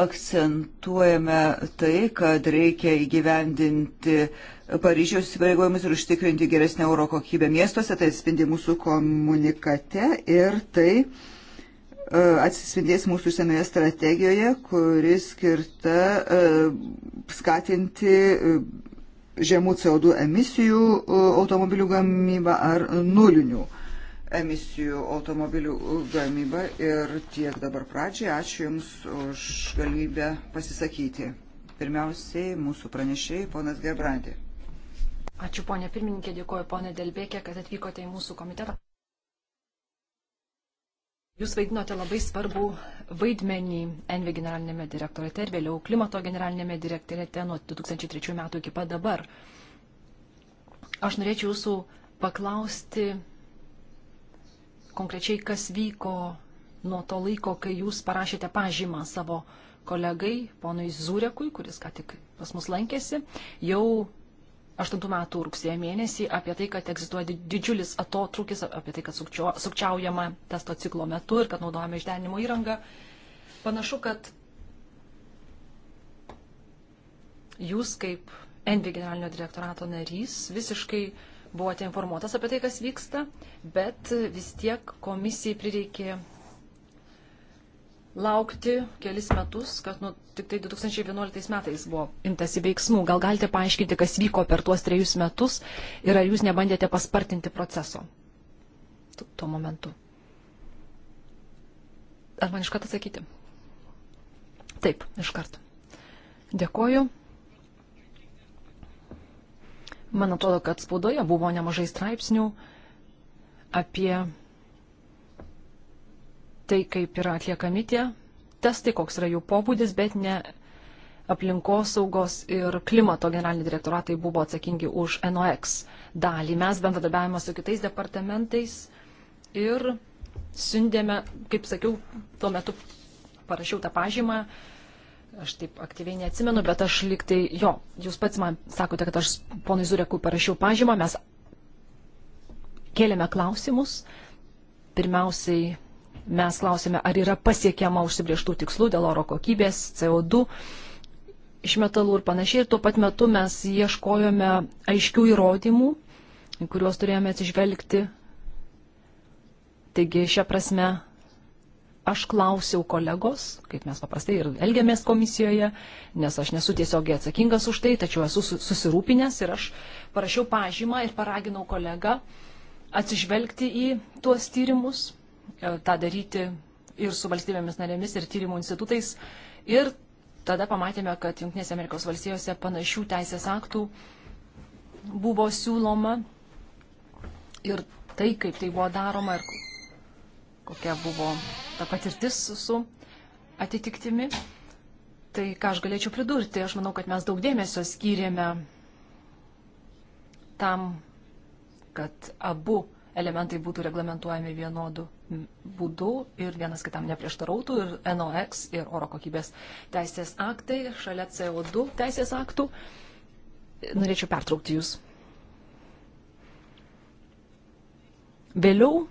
Speaker 1: akcentuojame tai, kad reikia įgyvendinti Paryžiaus įsipareigojimus ir užtikrinti geresnę oro kokybę miestuose, tai atspindi mūsų komunikate ir tai uh, E, atsispindės mūsų išsamioje strategijoje, kuri skirta e, skatinti e, žemų CO2 emisijų automobilių gamybą ar nulinių emisijų automobilių gamybą. Ir tiek dabar pradžiai. Ačiū Jums už galimybę pasisakyti. Pirmiausiai mūsų pranešėjai, ponas Gebrandi.
Speaker 3: Ačiū ponė pirmininkė, dėkoju ponė Delbėkė, kad atvykote į mūsų komitetą. Jūs vaidinote labai svarbų vaidmenį Envi generalinėme direktorate ir vėliau klimato generalinėme direktorate nuo 2003 metų iki pat dabar. Aš norėčiau jūsų paklausti konkrečiai, kas vyko nuo to laiko, kai jūs parašėte pažymą savo kolegai, ponui Zurekui, kuris ką tik pas mus lankėsi, jau 2008 metų rugsėjo mėnesį apie tai, kad egzistuoja didžiulis atotrukis, apie tai, kad sukčio, sukčiaujama testo ciklo metu ir kad naudojame išdenimo įrangą. Panašu, kad jūs kaip Envi generalinio direktorato narys visiškai buvote informuotas apie tai, kas vyksta, bet vis tiek komisijai prireikė laukti kelis metus, kad nu, tik tai 2011 metais buvo imtasi veiksmų. Gal galite paaiškinti, kas vyko per tuos trejus metus ir ar jūs nebandėte paspartinti proceso tuo momentu? Ar man iškart atsakyti? Taip, iškart. Dėkoju. Man atrodo, kad spaudoje buvo nemažai straipsnių apie tai, kaip yra atliekami tie testai, koks yra jų pobūdis, bet ne aplinkosaugos ir klimato generaliniai direktoratai buvo atsakingi už NOX dalį. Mes bendradarbiavome su kitais departamentais ir siundėme, kaip sakiau, tuo metu parašiau tą pažymą, aš taip aktyviai neatsimenu, bet aš liktai, jo, jūs pats man sakote, kad aš ponui Zurekui parašiau pažymą, mes kėlėme klausimus, pirmiausiai Mes klausime, ar yra pasiekiama užsibrieštų tikslų dėl oro kokybės, CO2 iš metalų ir panašiai. Ir tuo pat metu mes ieškojome aiškių įrodymų, kuriuos turėjome atsižvelgti. Taigi šią prasme aš klausiau kolegos, kaip mes paprastai ir elgiamės komisijoje, nes aš nesu tiesiogiai atsakingas už tai, tačiau esu susirūpinęs ir aš parašiau pažymą ir paraginau kolegą atsižvelgti į tuos tyrimus E, tą daryti ir su valstybėmis narėmis, ir tyrimų institutais. Ir tada pamatėme, kad Junktinėse Amerikos valstijose panašių teisės aktų buvo siūloma ir tai, kaip tai buvo daroma ir kokia buvo ta patirtis su atitiktimi. Tai ką aš galėčiau pridurti, aš manau, kad mes daug dėmesio skyrėme tam, kad abu elementai būtų reglamentuojami vienodu būdu ir vienas kitam neprieštarautų ir NOX ir oro kokybės teisės aktai šalia CO2 teisės aktų. Norėčiau pertraukti jūs. Vėliau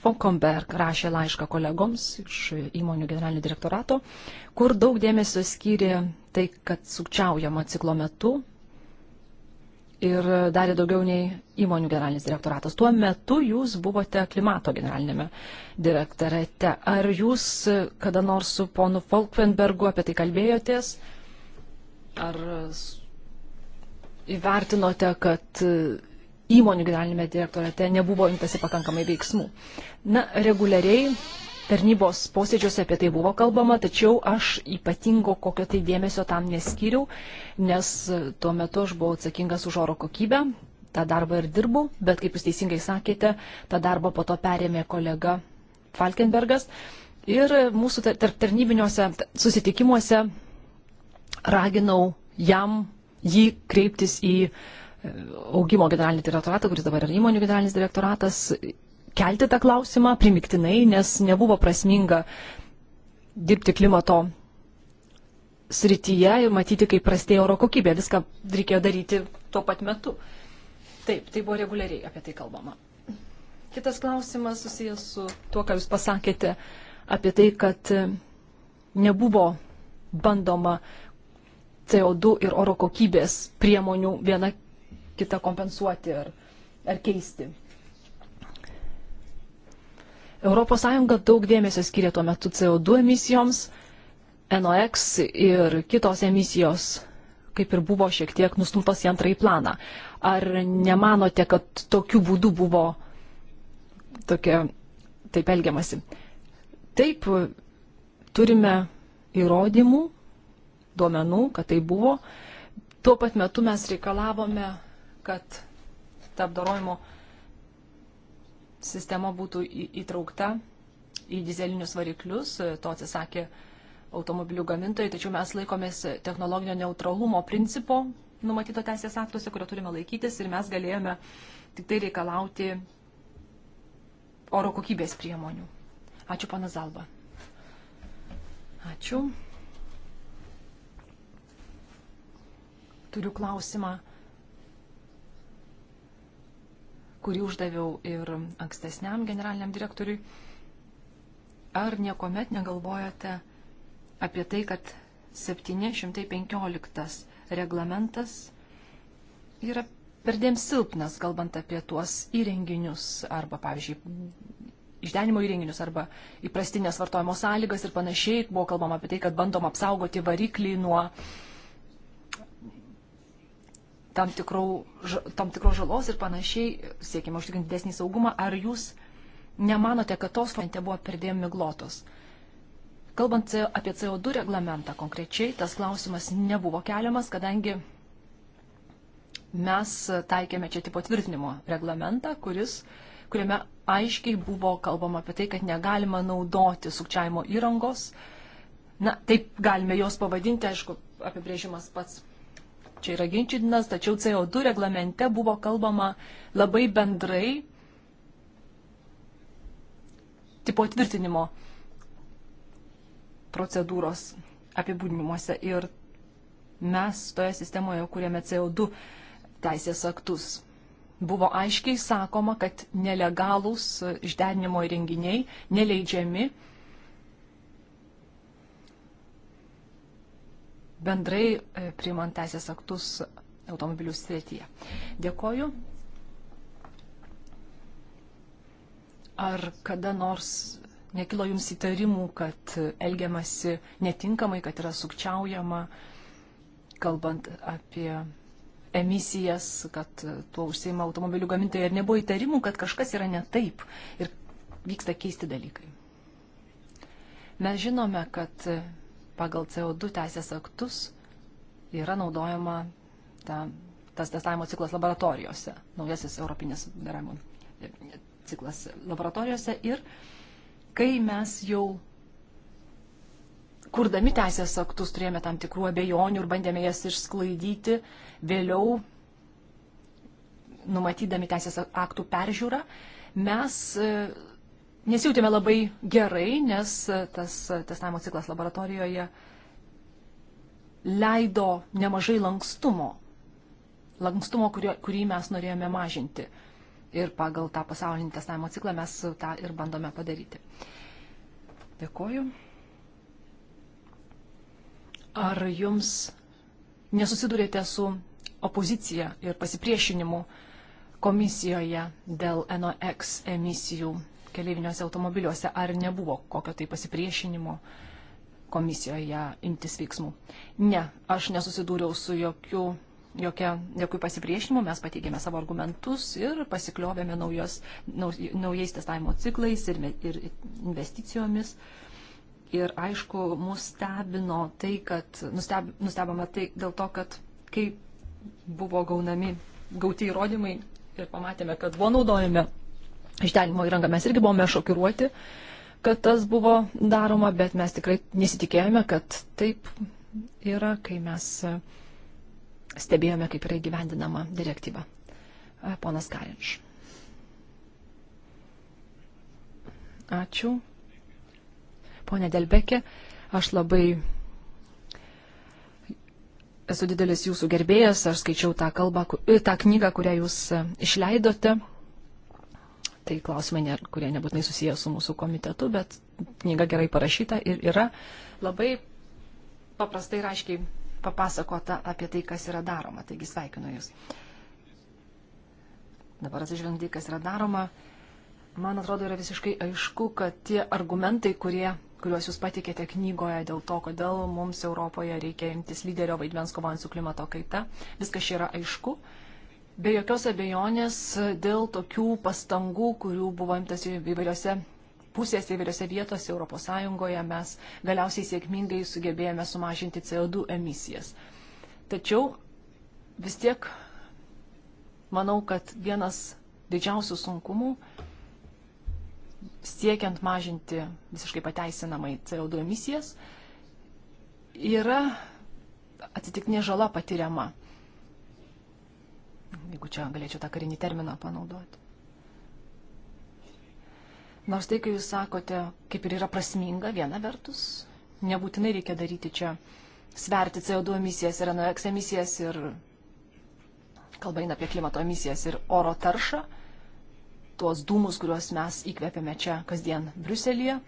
Speaker 3: Fonkomberg rašė laišką kolegoms iš įmonių generalinio direktorato, kur daug dėmesio skyrė tai, kad sukčiaujama ciklo metu ir darė daugiau nei įmonių generalinis direktoratas. Tuo metu jūs buvote klimato generalinėme direktorate. Ar jūs kada nors su ponu Falkvenbergu apie tai kalbėjotės? Ar įvertinote, kad įmonių generalinėme direktorate nebuvo imtasi pakankamai veiksmų? Na, reguliariai tarnybos posėdžiuose apie tai buvo kalbama, tačiau aš ypatingo kokio tai dėmesio tam neskyriau, nes tuo metu aš buvau atsakingas už oro kokybę, tą darbą ir dirbu, bet kaip jūs teisingai sakėte, tą darbą po to perėmė kolega Falkenbergas. Ir mūsų tarp tarnybiniuose susitikimuose raginau jam, jį kreiptis į e, augimo generalinį direktoratą, kuris dabar yra įmonių generalinis direktoratas, kelti tą klausimą primiktinai, nes nebuvo prasminga dirbti klimato srityje ir matyti, kaip prastėja oro kokybė. Viską reikėjo daryti tuo pat metu. Taip, tai buvo reguliariai apie tai kalbama. Kitas klausimas susijęs su tuo, ką Jūs pasakėte apie tai, kad e, nebuvo bandoma CO2 ir oro kokybės priemonių viena kitą kompensuoti ar, ar keisti. ES daug dėmesio skiria tuo metu CO2 emisijoms, NOx ir kitos emisijos kaip ir buvo šiek tiek nustumtos į antrąjį planą. Ar nemanote, kad tokiu būdu buvo tokia, taip elgiamasi? Taip, turime įrodymų, duomenų, kad tai buvo. Tuo pat metu mes reikalavome, kad ta apdarojimo sistema būtų įtraukta į dizelinius variklius, to atsisakė automobilių gamintojai, tačiau mes laikomės technologinio neutralumo principo numatyto teisės aktuose, kurio turime laikytis ir mes galėjome tik tai reikalauti oro kokybės priemonių. Ačiū, pana Zalba. Ačiū. Turiu klausimą kurį uždaviau ir ankstesniam generaliniam direktoriui. Ar niekuomet negalvojate apie tai, kad 715 reglamentas yra perdėm silpnas, kalbant apie tuos įrenginius arba, pavyzdžiui, išdenimo įrenginius arba įprastinės vartojimo sąlygas ir panašiai. Buvo kalbama apie tai, kad bandom apsaugoti variklį nuo uh, tam, tikrų, tam tikros žalos ir panašiai, siekiama užtikrinti didesnį saugumą, ar jūs nemanote, kad tos fronte buvo perdėm miglotos? Kalbant apie CO2 reglamentą konkrečiai, tas klausimas nebuvo keliamas, kadangi mes taikėme čia tipo tvirtinimo reglamentą, kuris, kuriame aiškiai buvo kalbama apie tai, kad negalima naudoti sukčiavimo įrangos. Na, taip galime jos pavadinti, aišku, apibrėžimas pats čia yra ginčytinas, tačiau CO2 reglamente buvo kalbama labai bendrai tipo tvirtinimo procedūros apibūdinimuose. Ir mes toje sistemoje kūrėme CO2 teisės aktus. Buvo aiškiai sakoma, kad nelegalūs išderinimo įrenginiai neleidžiami bendrai e, priimant teisės aktus automobilių srityje. Dėkoju. Ar kada nors nekilo jums įtarimų, kad elgiamasi netinkamai, kad yra sukčiaujama, kalbant apie emisijas, kad tuo užsieima automobilių gamintojai ir nebuvo įtarimų, kad kažkas yra ne taip ir vyksta keisti dalykai. Mes žinome, kad pagal CO2 teisės aktus yra naudojama ta, tas testavimo ciklas laboratorijose, naujasis europinis deramų e, ciklas laboratorijose. Ir kai mes jau kurdami teisės aktus turėjome tam tikrų abejonių ir bandėme jas išsklaidyti, vėliau numatydami teisės aktų peržiūrą, mes e, nesijūtėme labai gerai, nes tas testavimo ciklas laboratorijoje leido nemažai lankstumo, lankstumo, kurio, kurį mes norėjome mažinti. Ir pagal tą pasaulinį testavimo ciklą mes tą ir bandome padaryti. Dėkoju. Ar jums nesusidurėte su opozicija ir pasipriešinimu komisijoje dėl NOx emisijų keleiviniuose automobiliuose, ar nebuvo kokio tai pasipriešinimo komisijoje imtis veiksmų. Ne, aš nesusidūriau su jokiu, jokia, jokiu pasipriešinimu, mes pateikėme savo argumentus ir pasikliovėme naujos, nauj, naujais testavimo ciklais ir, ir investicijomis. Ir aišku, mus stebino tai, kad, nusteb, nustebama tai dėl to, kad kai buvo gaunami, gauti įrodymai ir pamatėme, kad buvo naudojami išdeginimo įrangą. Mes irgi buvome šokiruoti, kad tas buvo daroma, bet mes tikrai nesitikėjome, kad taip yra, kai mes e, stebėjome, kaip yra įgyvendinama direktyva. E, ponas Karinš. Ačiū. Pone Delbekė, aš labai esu didelis jūsų gerbėjas, aš skaičiau tą, kalbą, tą knygą, kurią jūs e, išleidote tai klausimai, ne, kurie nebūtinai susiję su mūsų komitetu, bet knyga gerai parašyta ir yra labai paprastai ir aiškiai papasakota apie tai, kas yra daroma. Taigi sveikinu Jūs. Dabar atsižvelgiant tai, kas yra daroma, man atrodo, yra visiškai aišku, kad tie argumentai, kurie, kuriuos Jūs patikėte knygoje dėl to, kodėl mums Europoje reikia imtis lyderio vaidmens kovant su klimato kaita, viskas čia yra aišku. Uh, Be jokios abejonės dėl tokių pastangų, kurių buvo imtas įvairiose pusėse, įvairiose vietose ES, mes galiausiai sėkmingai sugebėjome sumažinti CO2 emisijas. Tačiau vis tiek manau, kad vienas didžiausių sunkumų siekiant mažinti visiškai pateisinamai CO2 emisijas yra atsitiknė žala patiriama jeigu čia galėčiau tą karinį terminą panaudoti. Nors tai, kai jūs sakote, kaip ir yra prasminga viena vertus, nebūtinai reikia daryti čia, sverti CO2 emisijas ir NOx emisijas ir kalba eina apie klimato emisijas ir oro taršą, tuos dūmus, kuriuos mes įkvepiame čia kasdien Bruselėje.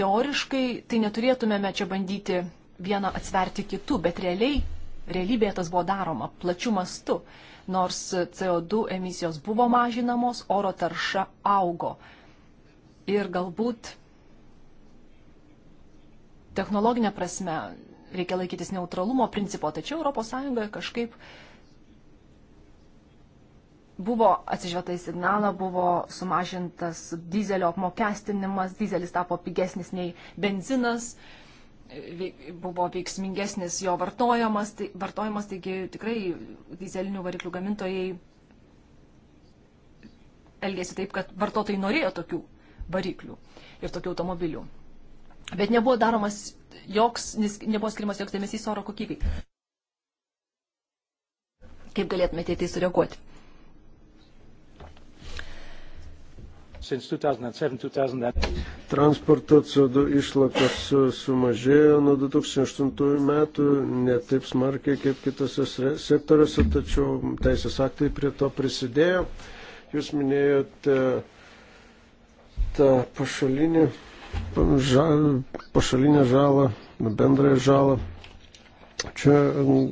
Speaker 3: Teoriškai tai neturėtumėme čia bandyti vieną atsverti kitų, bet realiai, realybėje tas buvo daroma plačių mastų. Nors CO2 emisijos buvo mažinamos, oro tarša augo. Ir galbūt technologinė prasme reikia laikytis neutralumo principo, tačiau ES kažkaip buvo atsižvelgta į signalą, buvo sumažintas dizelio apmokestinimas, dizelis tapo pigesnis nei benzinas. Uh, buvo veiksmingesnis jo vartojimas, tai, vartojimas taigi tikrai dizelinių variklių gamintojai elgėsi taip, kad vartotojai norėjo tokių variklių ir tokių automobilių. Bet nebuvo daromas joks, nebuvo skirimas joks dėmesys oro kokybei. Kaip galėtumėte į tai sureaguoti?
Speaker 2: Transporto CO2 išlakas sumažėjo nuo 2008 metų, ne taip smarkiai kaip kitose sektoriuose, tačiau teisės aktai prie to prisidėjo. Jūs minėjote tą pašalinį, pašalinę žalą, bendrąją žalą Čia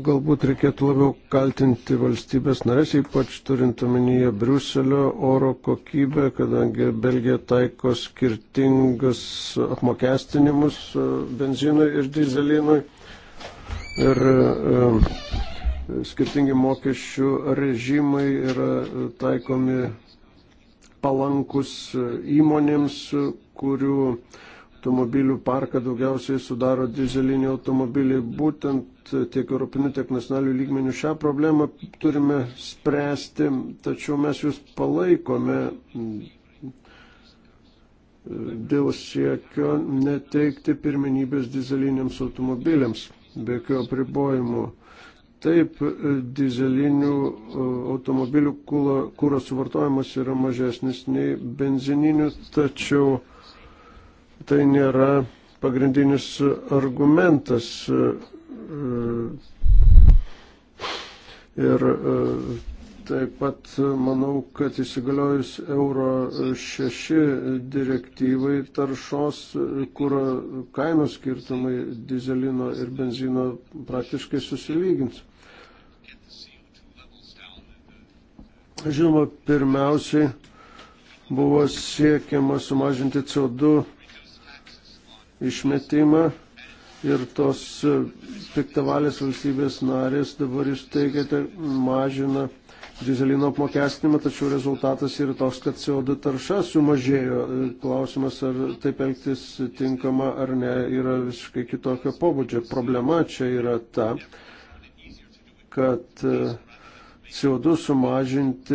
Speaker 2: galbūt reikėtų labiau kaltinti valstybės narės, ypač turint omenyje Briuselio oro kokybę, kadangi Belgija taiko skirtingas apmokestinimus e, benzinui ir dizelinui. Ir e, skirtingi mokesčių režimai yra e, taikomi palankus įmonėms, kurių uh, automobilių parką daugiausiai sudaro dizeliniai automobiliai. Būtent tiek europinių, tiek nacionalių lygmenių šią problemą turime spręsti, tačiau mes jūs palaikome dėl siekio neteikti pirmenybės dizeliniams automobiliams, be jokio apribojimo. Taip, dizelinių e, automobilių kūro suvartojimas yra mažesnis nei benzininių, tačiau tai nėra pagrindinis argumentas. E, ir e, taip pat manau, kad įsigaliojus Euro 6 direktyvai taršos, kuro kainos skirtumai dizelino ir benzino praktiškai susilygins. Žinoma, pirmiausiai buvo siekiama sumažinti CO2 išmetimą ir tos e, piktavalės valstybės narės dabar jūs teigiate mažina dizelino apmokestinimą, tačiau rezultatas yra toks, kad CO2 tarša sumažėjo. E, klausimas, ar taip elgtis tinkama ar ne, yra visiškai kitokio pobūdžio. Problema čia yra ta, kad uh, CO2 sumažinti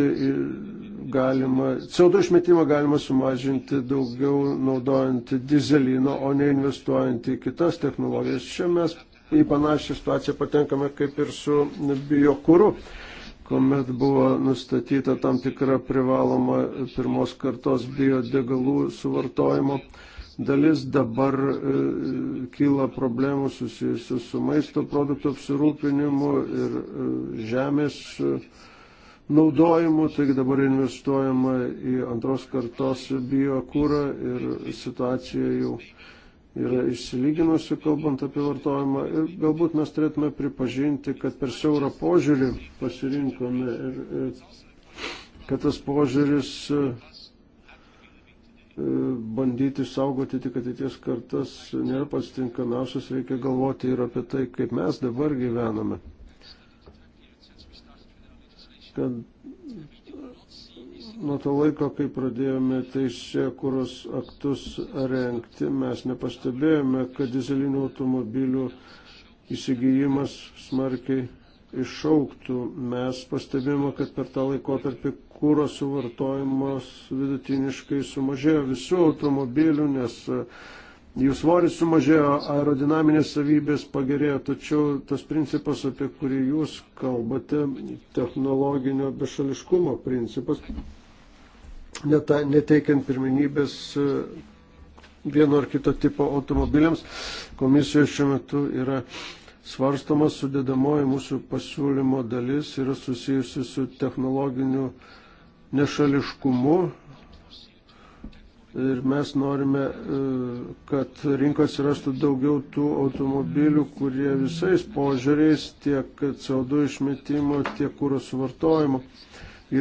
Speaker 2: galima, CO2 išmetimą galima sumažinti daugiau naudojant dizelino, o ne investuojant į kitas technologijas. Čia mes į panašią situaciją patenkame kaip ir su biokūru kuomet buvo nustatyta tam tikra privaloma pirmos kartos biodegalų suvartojimo dalis dabar e, kyla problemų susijusių su maisto produktų apsirūpinimu ir e, žemės e, naudojimu, taigi dabar investuojama į antros kartos biokūrą ir situacija jau yra išsilyginusi, kalbant apie vartojimą. Ir galbūt mes turėtume pripažinti, kad per siaurą požiūrį pasirinkome ir, ir kad tas požiūris E, bandyti saugoti tik ateities kartas nėra pats tinkamiausias, reikia galvoti ir apie tai, kaip mes dabar gyvename. Kad nuo to laiko, kai pradėjome teisė kuros aktus renkti, mes nepastebėjome, kad dizelinių automobilių įsigijimas smarkiai išauktų. Mes pastebėjome, kad per tą laikotarpį, kūro suvartojimas vidutiniškai sumažėjo visų automobilių, nes e, jų svoris sumažėjo, aerodinaminės savybės pagerėjo, tačiau tas principas, apie kurį jūs kalbate, technologinio bešališkumo principas, neta, neteikiant pirminybės e, vieno ar kito tipo automobiliams, komisijoje šiuo metu yra svarstoma sudėdamoji mūsų pasiūlymo dalis, yra susijusi su technologiniu bešališkumu nešališkumu ir mes norime, e, kad rinkos rastų daugiau tų automobilių, kurie visais požiūriais tiek CO2 išmetimo, tiek kūro suvartojimo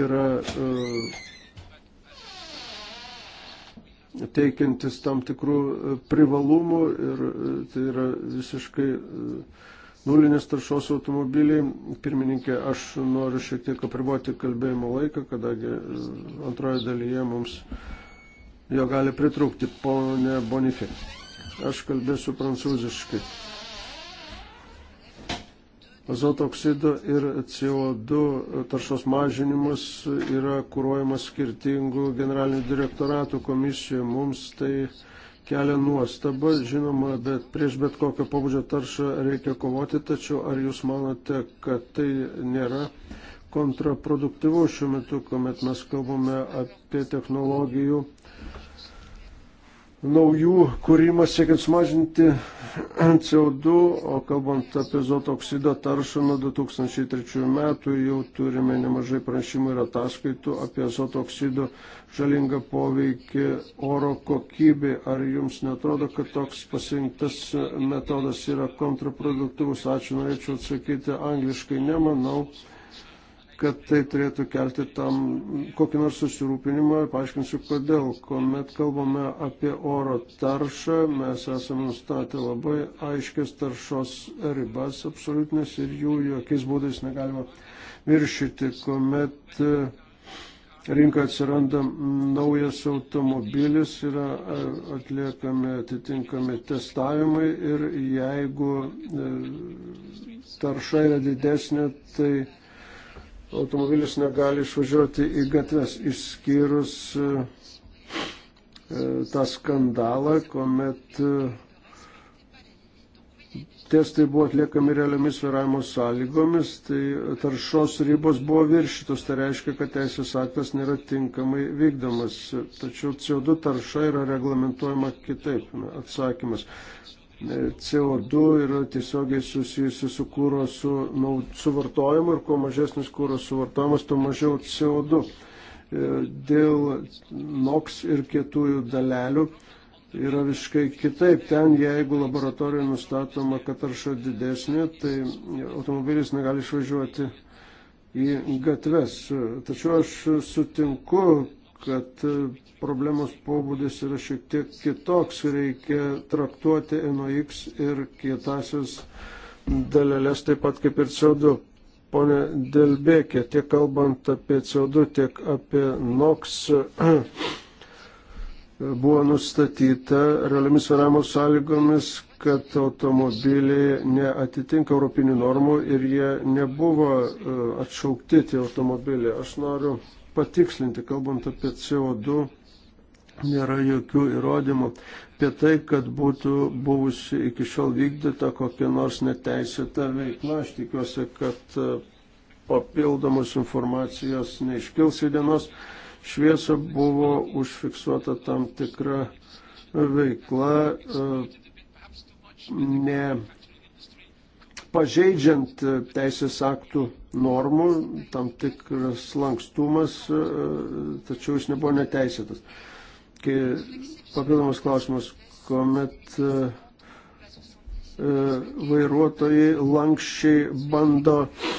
Speaker 2: yra e, teikiantis tam tikrų e, privalumų ir tai yra visiškai uh, nulinės taršos automobiliai. Pirmininkė, aš noriu šiek tiek apriboti kalbėjimo laiką, kadangi e, antroje dalyje mums jo gali pritrūkti. Pone Bonifi, aš kalbėsiu prancūziškai. Azoto oksido ir CO2 taršos mažinimas yra kūruojamas skirtingų generalinių direktoratų komisijoje. Mums tai uh, kelia nuostabą, žinoma, bet prieš bet kokią pobūdžio taršą reikia kovoti, tačiau ar jūs manote, kad tai nėra kontraproduktyvu šiuo metu, kuomet mes kalbame apie technologijų naujų kūrimas siekiant sumažinti CO2, o kalbant apie azoto oksido taršą nuo 2003 metų jau turime nemažai pranešimų ir ataskaitų apie azoto oksido žalingą poveikį oro kokybė. Ar jums netrodo, kad toks pasirinktas metodas yra kontraproduktyvus? Ačiū, norėčiau atsakyti angliškai, nemanau kad tai turėtų kelti tam kokį nors susirūpinimą. Paaiškinsiu, kodėl. Komet kalbame apie oro taršą, mes esame nustatę labai aiškias taršos ribas absoliutinės ir jų jokiais būdais negalima viršyti. Komet e, rinkoje atsiranda naujas automobilis, yra e, atliekami atitinkami testavimai ir jeigu e, tarša yra didesnė, tai automobilis negali išvažiuoti į gatves, išskyrus e, e, tą skandalą, kuomet e, testai buvo atliekami realiamis vairavimo sąlygomis, tai taršos ribos buvo viršytos, tai reiškia, kad teisės aktas nėra tinkamai vykdomas. Tačiau CO2 tarša yra reglamentuojama kitaip. Atsakymas. CO2 yra tiesiogiai susijusi su kūro su, nu, suvartojimu ir kuo mažesnis kūro suvartojimas, tuo mažiau CO2. E, dėl NOX ir kietųjų dalelių yra visiškai kitaip. Ten, jeigu laboratorijoje nustatoma, kad tarša didesnė, tai automobilis negali išvažiuoti į gatves. Tačiau aš sutinku kad problemos pobūdis yra šiek tiek kitoks, reikia traktuoti NOX ir kietasios dalelės taip pat kaip ir CO2. Pone Delbėkė, tiek kalbant apie CO2, tiek apie NOX buvo nustatyta realiomis varavimo sąlygomis, kad automobiliai neatitinka europinių normų ir jie nebuvo e, atšaukti tie automobiliai. Aš noriu patikslinti, kalbant apie CO2, nėra jokių įrodymų apie tai, kad būtų buvusi iki šiol vykdyta kokia nors neteisėta veikla. Aš tikiuosi, kad e, papildomus informacijos neiškils į dienos šviesą buvo užfiksuota tam tikra veikla e, ne pažeidžiant e, teisės aktų normų, tam tikras lankstumas, e, tačiau jis nebuvo neteisėtas. Kai papildomas klausimas, kuomet e, vairuotojai lankščiai bando uh,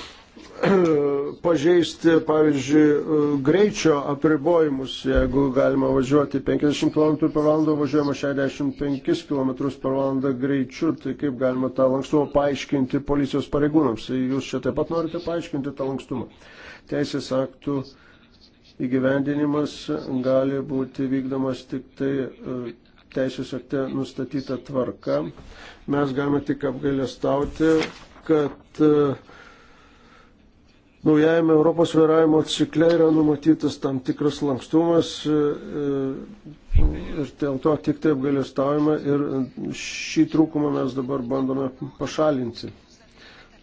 Speaker 2: pažeisti, pavyzdžiui, greičio apribojimus, jeigu galima važiuoti 50 km per valandą, važiuojama 65 km per valandą greičiu, tai kaip galima tą lankstumą paaiškinti policijos pareigūnams? Jūs čia taip pat norite paaiškinti tą lankstumą. Teisės aktų įgyvendinimas gali būti vykdomas tik tai e, teisės akte nustatyta tvarka. Mes galime tik apgailestauti, kad uh, naujajame Europos vairavimo cikle yra numatytas tam tikras lankstumas e, e, ir dėl to tik taip galėstaujame ir šį trūkumą mes dabar bandome pašalinti.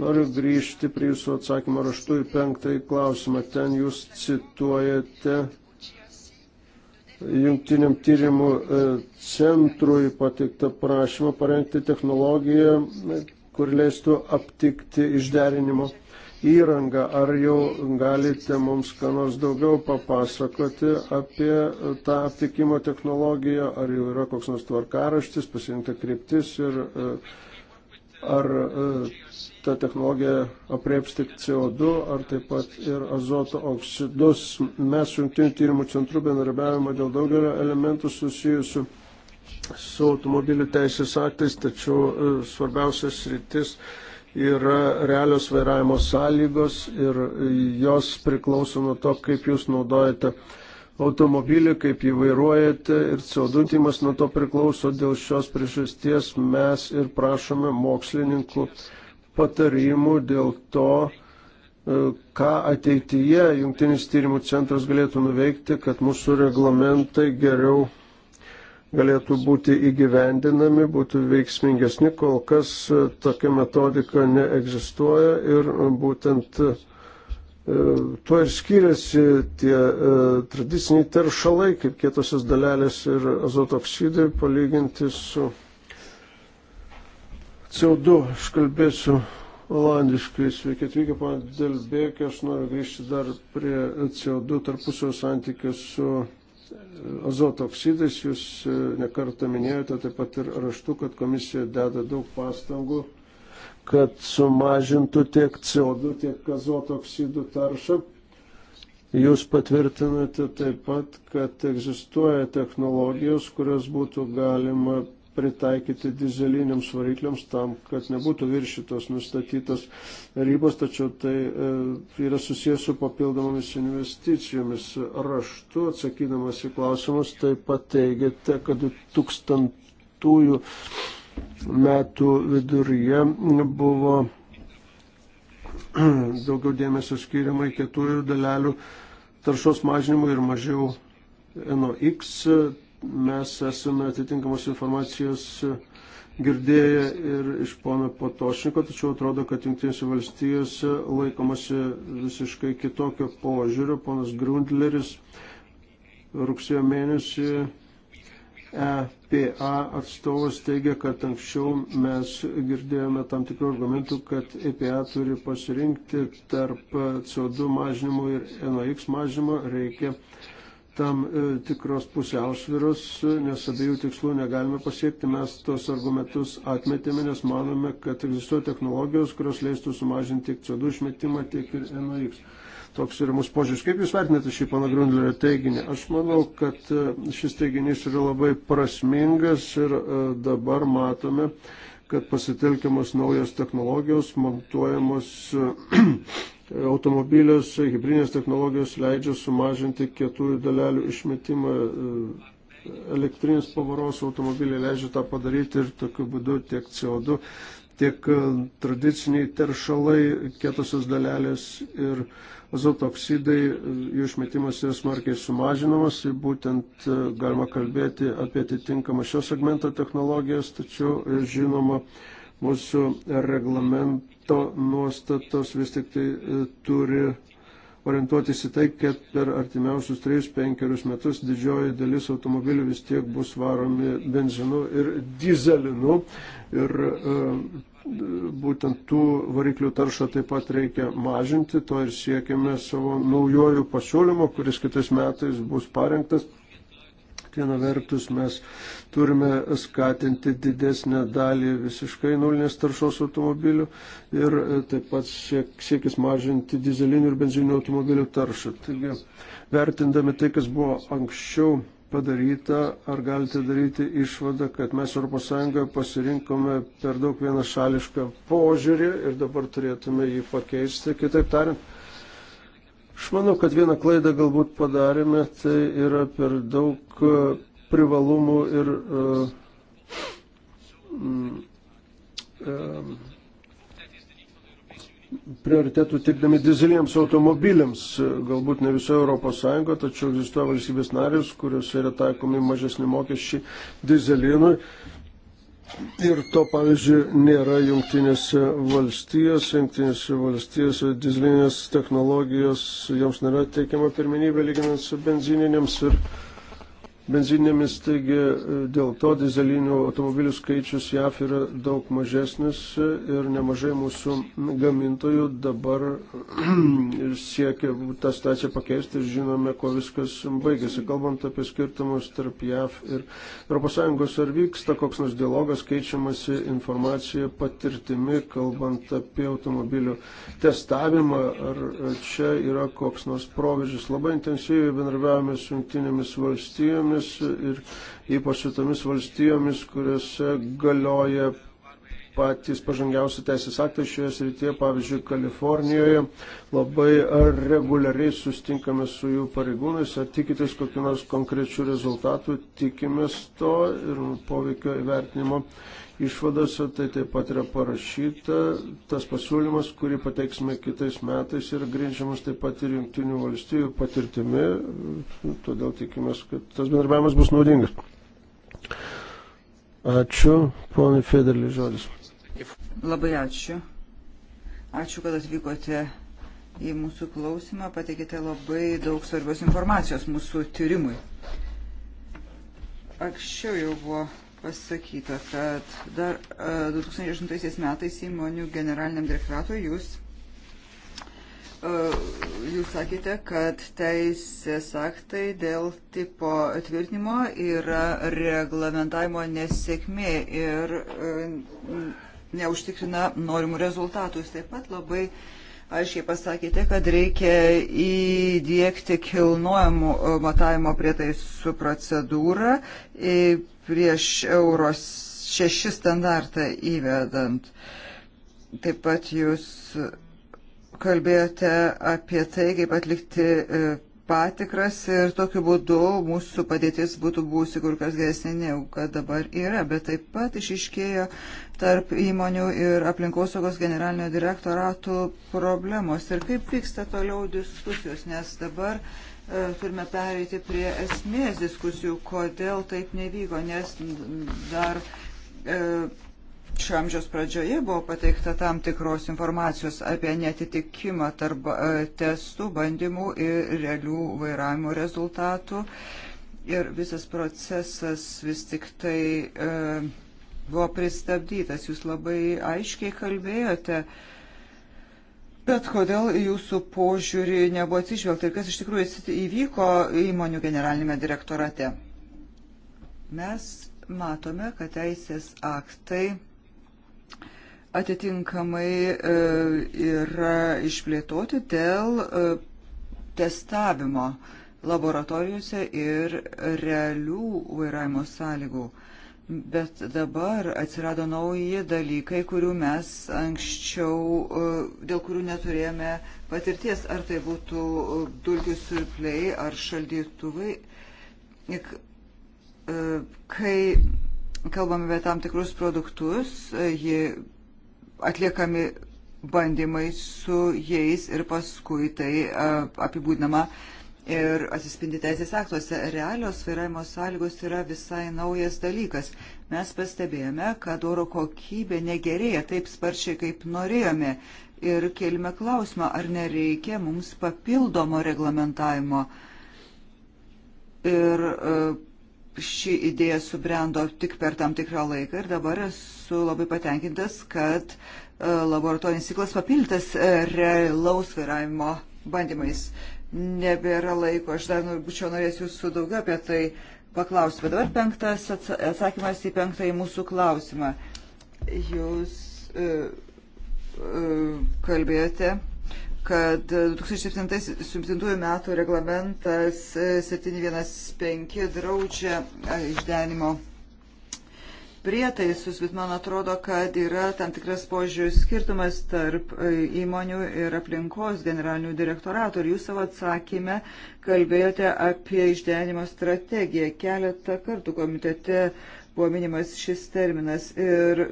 Speaker 2: Noriu grįžti prie jūsų atsakymą raštu į penktąjį klausimą. Ten jūs cituojate jungtiniam tyrimų e, centrui pateiktą prašymą parengti technologiją, kur leistų aptikti išderinimo įrangą. Ar jau galite mums ką nors daugiau papasakoti apie tą aptikimo technologiją, ar jau yra koks nors tvarkaraštis, pasirinkta kryptis ir e, ar e, ta technologija aprieps tik CO2, ar taip pat ir azoto oksidus. Mes su Junktiniu tyrimų centru bendarbiavimo dėl daugelio elementų susijusių su automobilių teisės aktais, tačiau e, svarbiausias rytis yra realios vairavimo sąlygos ir jos priklauso nuo to, kaip jūs naudojate automobilį, kaip jį vairuojate ir CO2 intimas nuo to priklauso. Dėl šios priežasties mes ir prašome mokslininkų patarimų dėl to, e, ką ateityje Jungtinis tyrimų centras galėtų nuveikti, kad mūsų reglamentai geriau galėtų būti įgyvendinami, būtų veiksmingesni. Kol kas e, tokia metodika neegzistuoja ir e, būtent e, tuo ir skiriasi tie tradiciniai teršalai, kaip kietosios dalelės ir azotoksidai, palyginti su CO2. Aš kalbėsiu olandiškai. Sveiki atvykę, pana Delbėkė, aš noriu grįžti dar prie CO2 tarpusio santykių su azoto oksidais. Jūs e, nekartą minėjote taip pat ir raštu, kad komisija deda daug pastangų, kad sumažintų tiek CO2, tiek azoto oksidų taršą. Jūs patvirtinate taip pat, kad egzistuoja technologijos, kurias būtų galima pritaikyti dizeliniams varikliams tam, kad nebūtų viršytos nustatytos ribos, tačiau tai e, yra susijęs su papildomomis investicijomis. Raštu atsakydamas į klausimus taip pat teigiate, kad 2000 metų viduryje buvo daugiau dėmesio skiriama į kietųjų dalelių taršos mažinimui ir mažiau NOx mes esame atitinkamos informacijos girdėję ir iš pono Potošniko, tačiau atrodo, kad Junktinėse valstijose laikomasi visiškai kitokio požiūrio. Ponas Grundleris rugsėjo mėnesį EPA atstovas teigia, kad anksčiau mes girdėjome tam tikrų argumentų, kad EPA turi pasirinkti tarp CO2 mažinimo ir NOx mažinimo, reikia tam e, tikros pusiausviros, nes abiejų tikslų negalime pasiekti. Mes tos argumentus atmetėme, nes manome, kad egzistuoja technologijos, kurios leistų sumažinti tiek CO2 išmetimą, tiek ir NOx. Toks yra mūsų požiūris. Kaip Jūs vertinate šį pana Grundlerio teiginį? Aš manau, kad e, šis teiginys yra labai prasmingas ir e, dabar matome, kad pasitelkiamos naujos technologijos, montuojamos automobiliuose hybrinės technologijos leidžia sumažinti kietųjų dalelių išmetimą. E, Elektrinis pavaros automobiliai leidžia tą padaryti ir tokiu būdu tiek CO2, tiek e, tradiciniai teršalai, kietosios dalelės ir azotoksidai, e, jų išmetimas yra smarkiai sumažinamas, būtent galima kalbėti apie atitinkamą šio segmento technologijas, tačiau žinoma, mūsų reglament, to nuostatos vis tik tai e, turi orientuotis į tai, kad per artimiausius 3-5 metus didžioji dalis automobilių vis tiek bus varomi benzinu ir dizelinu. Ir e, būtent tų variklių taršą taip pat reikia mažinti, to ir siekiame savo naujojų pasiūlymo, kuris kitais metais bus parengtas. Viena vertus mes turime skatinti didesnę dalį visiškai nulinės taršos automobilių ir e, taip pat siek, siekis mažinti dizelinių ir benzininių automobilių taršą. Taigi, vertindami tai, kas buvo anksčiau padaryta, ar galite daryti išvadą, kad mes ES pasirinkome per daug vienašališką požiūrį ir dabar turėtume jį pakeisti. Kitaip tariant, Aš manau, kad vieną klaidą galbūt padarėme, tai yra per daug privalumų ir uh, um, prioritetų tikdami dizeliems automobiliams, galbūt ne visoje Europos Sąjungoje, tačiau egzistuoja valstybės narės, kuriuose yra taikomi mažesni mokesčiai dizelinui. Ir to, pavyzdžiui, nėra jungtinėse valstijose, jungtinėse valstijose dizelinės technologijos, joms nėra teikiama pirmenybė lyginant su benzininėms ir benzinėmis, taigi e, dėl to dizelinių automobilių skaičius JAF yra daug mažesnis ir nemažai mūsų gamintojų dabar siekia tą staciją pakeisti ir žinome, kuo viskas baigėsi. Kalbant apie skirtumus tarp JAF ir ES, ar vyksta koks nors dialogas, keičiamasi informacija, patirtimi, kalbant apie automobilių testavimą, ar čia yra koks nors proveržis. Labai intensyviai bendravėjome su jungtinėmis valstybėmis šalimis ir ypač su tomis valstijomis, kuriuose galioja patys pažangiausi teisės aktai šioje srityje, pavyzdžiui, Kalifornijoje, labai reguliariai sustinkame su jų pareigūnais, ar tikitės kokiu nors konkrečiu rezultatu, tikimės to ir poveikio įvertinimo išvadose, tai taip pat yra parašyta, tas pasiūlymas, kurį pateiksime kitais metais, yra grindžiamas taip pat ir jungtinių valstybių patirtimi, todėl tikimės, kad tas bendarbiavimas bus naudingas. Ačiū, ponai Federlį žodis.
Speaker 1: Labai ačiū. Ačiū, kad atvykote į mūsų klausimą, pateikite labai daug svarbios informacijos mūsų tyrimui. Anksčiau jau buvo pasakyta, kad dar 2008 e, metais įmonių generaliniam direktoratui jūs, e, jūs sakėte, kad teisės aktai dėl tipo tvirtinimo yra reglamentavimo nesėkmė ir e, neužtikrina norimų rezultatų. Jūs taip pat labai aiškiai pasakėte, kad reikia įdėkti kilnojimų matavimo prietaisų procedūrą prieš euros šeši standartą įvedant. Taip pat jūs kalbėjote apie tai, kaip atlikti e, patikras ir tokiu būdu mūsų padėtis būtų būsi kur kas geresnė negu kad dabar yra, bet taip pat išiškėjo tarp įmonių ir aplinkosaugos generalinio direktoratų problemos ir kaip vyksta toliau diskusijos, nes dabar uh, E, turime pereiti prie esmės diskusijų, kodėl taip nevyko, nes dar e, šio amžiaus pradžioje buvo pateikta tam tikros informacijos apie netitikimą tarp e, testų, bandymų ir realių vairavimo rezultatų. Ir visas procesas vis tik tai e, buvo pristabdytas. Jūs labai aiškiai kalbėjote. E, Bet kodėl jūsų požiūrį nebuvo atsižvelgta ir kas iš tikrųjų įvyko įmonių generalinėme direktorate? Mes matome, kad teisės aktai atitinkamai e, yra išplėtoti dėl e, testavimo laboratorijose ir realių vairavimo sąlygų. Bet dabar atsirado nauji dalykai, kurių mes anksčiau, e, dėl kurių neturėjome patirties, ar tai būtų e, dulkių surpliai ar šaldytuvai. E, kai kalbame apie tam tikrus produktus, jie atliekami bandymai su jais ir paskui tai apibūdinama ir atsispindi teisės aktuose. Realios vairavimo sąlygos yra visai naujas dalykas. Mes pastebėjome, kad oro kokybė negerėja taip sparčiai, kaip norėjome. Ir kelime klausimą, ar nereikia mums papildomo reglamentavimo. Ir e, ši idėja subrendo tik per tam tikrą laiką ir dabar esu labai patenkintas, kad e, laboratorinis ciklas papiltas e, realaus vairavimo bandymais nebėra laiko. Aš dar nu, būčiau norėjęs jūsų daugiau apie tai paklausti. Bet dabar penktas atsakymas į penktąjį mūsų klausimą. Jūs e, e, kalbėjote kad 2007 metų reglamentas 715 e, draudžia išdenimo prietaisus, bet man atrodo, kad yra tam tikras požiūrių skirtumas tarp e, įmonių ir aplinkos generalinių direktoratų. Ir jūs savo atsakymę kalbėjote apie išdenimo strategiją. Keletą kartų komitete buvo minimas šis terminas. Ir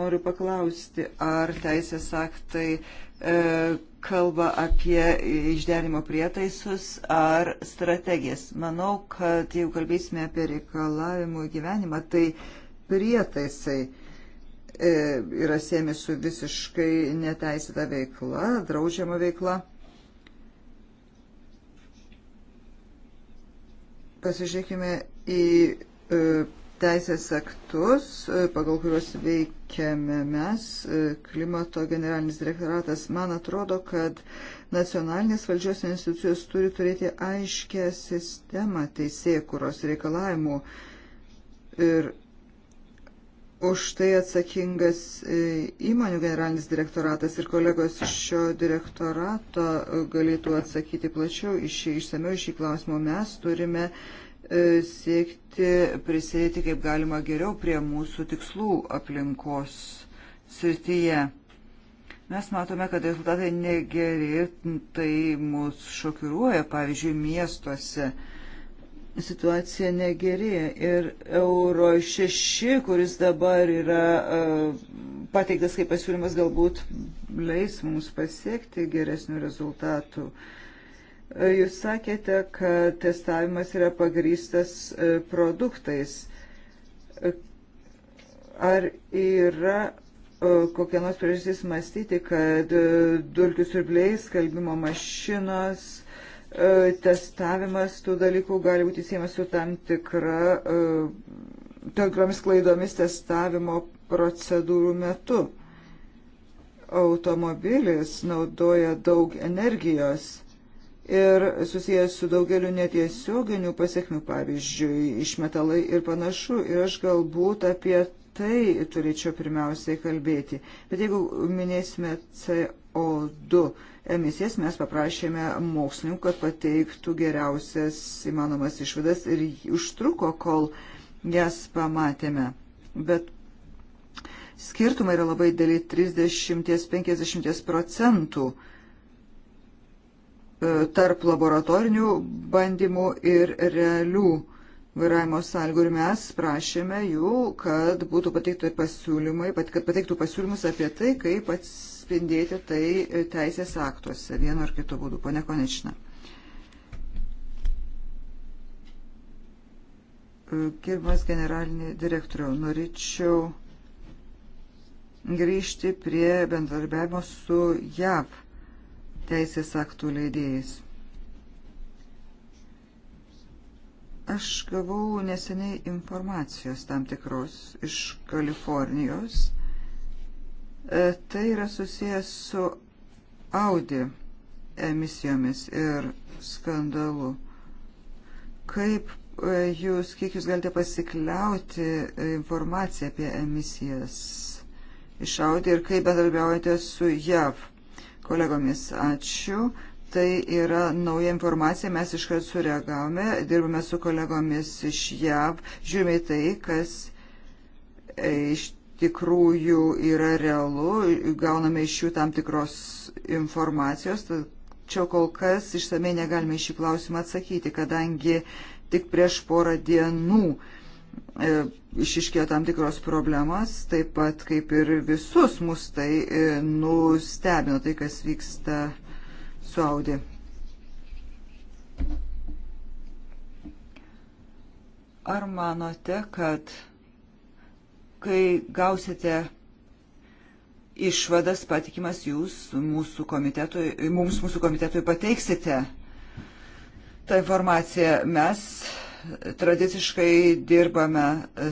Speaker 1: noriu paklausti, ar teisės aktai e, kalba apie išderimo prietaisus ar strategijas. Manau, kad jeigu kalbėsime apie reikalavimų gyvenimą, tai prietaisai e, yra siemi su visiškai neteisėta veikla, draudžiama veikla. Pasižiūrėkime į e, teisės aktus, e, pagal kuriuos veikiame mes, klimato generalinis direktoratas. Man atrodo, kad nacionalinės valdžios institucijos turi turėti aiškę sistemą teisėkuros reikalavimų ir Už tai atsakingas e, įmonių generalinis direktoratas ir kolegos iš šio direktorato galėtų atsakyti plačiau iš išsameu šį klausimą. Mes turime e, siekti prisidėti kaip galima geriau prie mūsų tikslų aplinkos srityje. Mes matome, kad rezultatai negeri ir tai mus šokiruoja, pavyzdžiui, miestuose. E, situacija negerėja. Ir euro 6, kuris dabar yra e, pateiktas kaip pasiūlymas, galbūt leis mums pasiekti geresnių rezultatų. E, jūs sakėte, kad testavimas yra pagrystas e, produktais. Ar yra kokia nors priežastis mąstyti, kad dulkių siurbliai, skalbimo mašinos, E, testavimas tų dalykų gali būti siejamas su tam tikra, e, tikromis klaidomis testavimo procedūrų metu. Automobilis naudoja daug energijos ir susijęs su daugeliu netiesioginių pasiekmių, pavyzdžiui, išmetalai ir panašu. Ir aš galbūt apie tai turėčiau pirmiausiai kalbėti. Bet jeigu minėsime CO CO2 emisijas mes paprašėme mokslininkų, kad pateiktų geriausias įmanomas išvadas ir užtruko, kol jas pamatėme. Bet skirtumai yra labai dėlį 30-50 procentų e, tarp laboratorinių bandymų ir realių vairavimo sąlygų ir mes prašėme jų, kad būtų pateikti pasiūlymai, kad pateiktų pasiūlymus apie tai, kaip ats atspindėti tai teisės aktuose vienu ar kitu būdu. Pone Konečina. Gerbiamas generalinį direktorių, norėčiau grįžti prie bendradarbiavimo su JAV teisės aktų leidėjais. Aš gavau neseniai informacijos tam tikros iš Kalifornijos E, tai yra susijęs su Audi emisijomis ir skandalu. Kaip e, jūs, kiek jūs galite pasikliauti e, informaciją apie emisijas iš Audi ir kaip bendradarbiaujate su JAV kolegomis? Ačiū. Tai yra nauja informacija, mes iškart sureagavome, dirbame su kolegomis iš JAV, žiūrime į tai, kas iš tikrųjų yra realu, gauname iš jų tam tikros informacijos, tačiau kol kas išsamei negalime šį klausimą atsakyti, kadangi tik prieš porą dienų e, išiškėjo tam tikros problemas, taip pat kaip ir visus mus tai e, nustebino tai, kas vyksta su Audi. Ar manote, kad Kai gausite išvadas patikimas jūs mūsų komitetui, mums mūsų komitetui pateiksite tą informaciją. Mes tradiciškai dirbame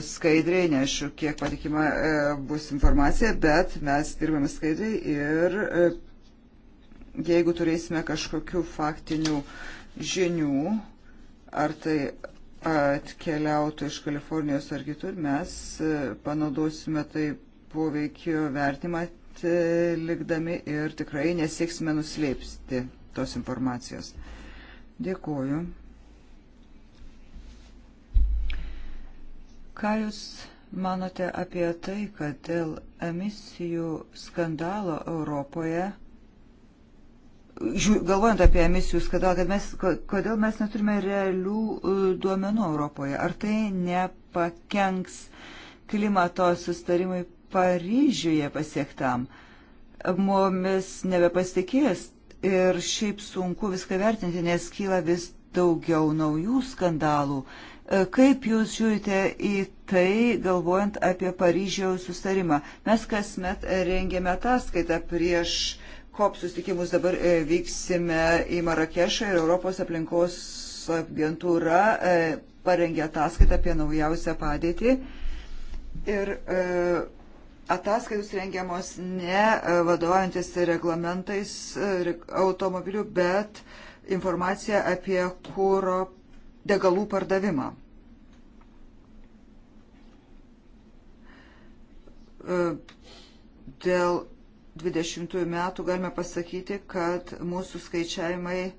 Speaker 1: skaidriai, neaišku, kiek patikima e, bus informacija, bet mes dirbame skaidriai ir e, jeigu turėsime kažkokių faktinių žinių, ar tai atkeliautų iš Kalifornijos ar kitur, mes e, panaudosime tai poveikio vertimą likdami ir tikrai nesieksime nuslėpsti tos informacijos. Dėkuoju. Ką Jūs manote apie tai, kad dėl emisijų skandalo Europoje galvojant apie emisijų skandalą, kad mes, kodėl mes neturime realių e, duomenų Europoje. Ar tai nepakenks klimato sustarimui Paryžiuje pasiektam? Mumis nebepasitikės ir šiaip sunku viską vertinti, nes kyla vis daugiau naujų skandalų. E, kaip jūs žiūrite į tai, galvojant apie Paryžiaus sustarimą? Mes kasmet rengėme ataskaitą prieš COP susitikimus dabar e, vyksime į Marakešą ir Europos aplinkos agentūra e, parengė ataskaitą apie naujausią padėtį. Ir e, ataskaitos rengiamos ne vadovaujantis reglamentais automobilių, bet informacija apie kūro degalų pardavimą. Dėl 20 metų galime pasakyti, kad mūsų skaičiavimai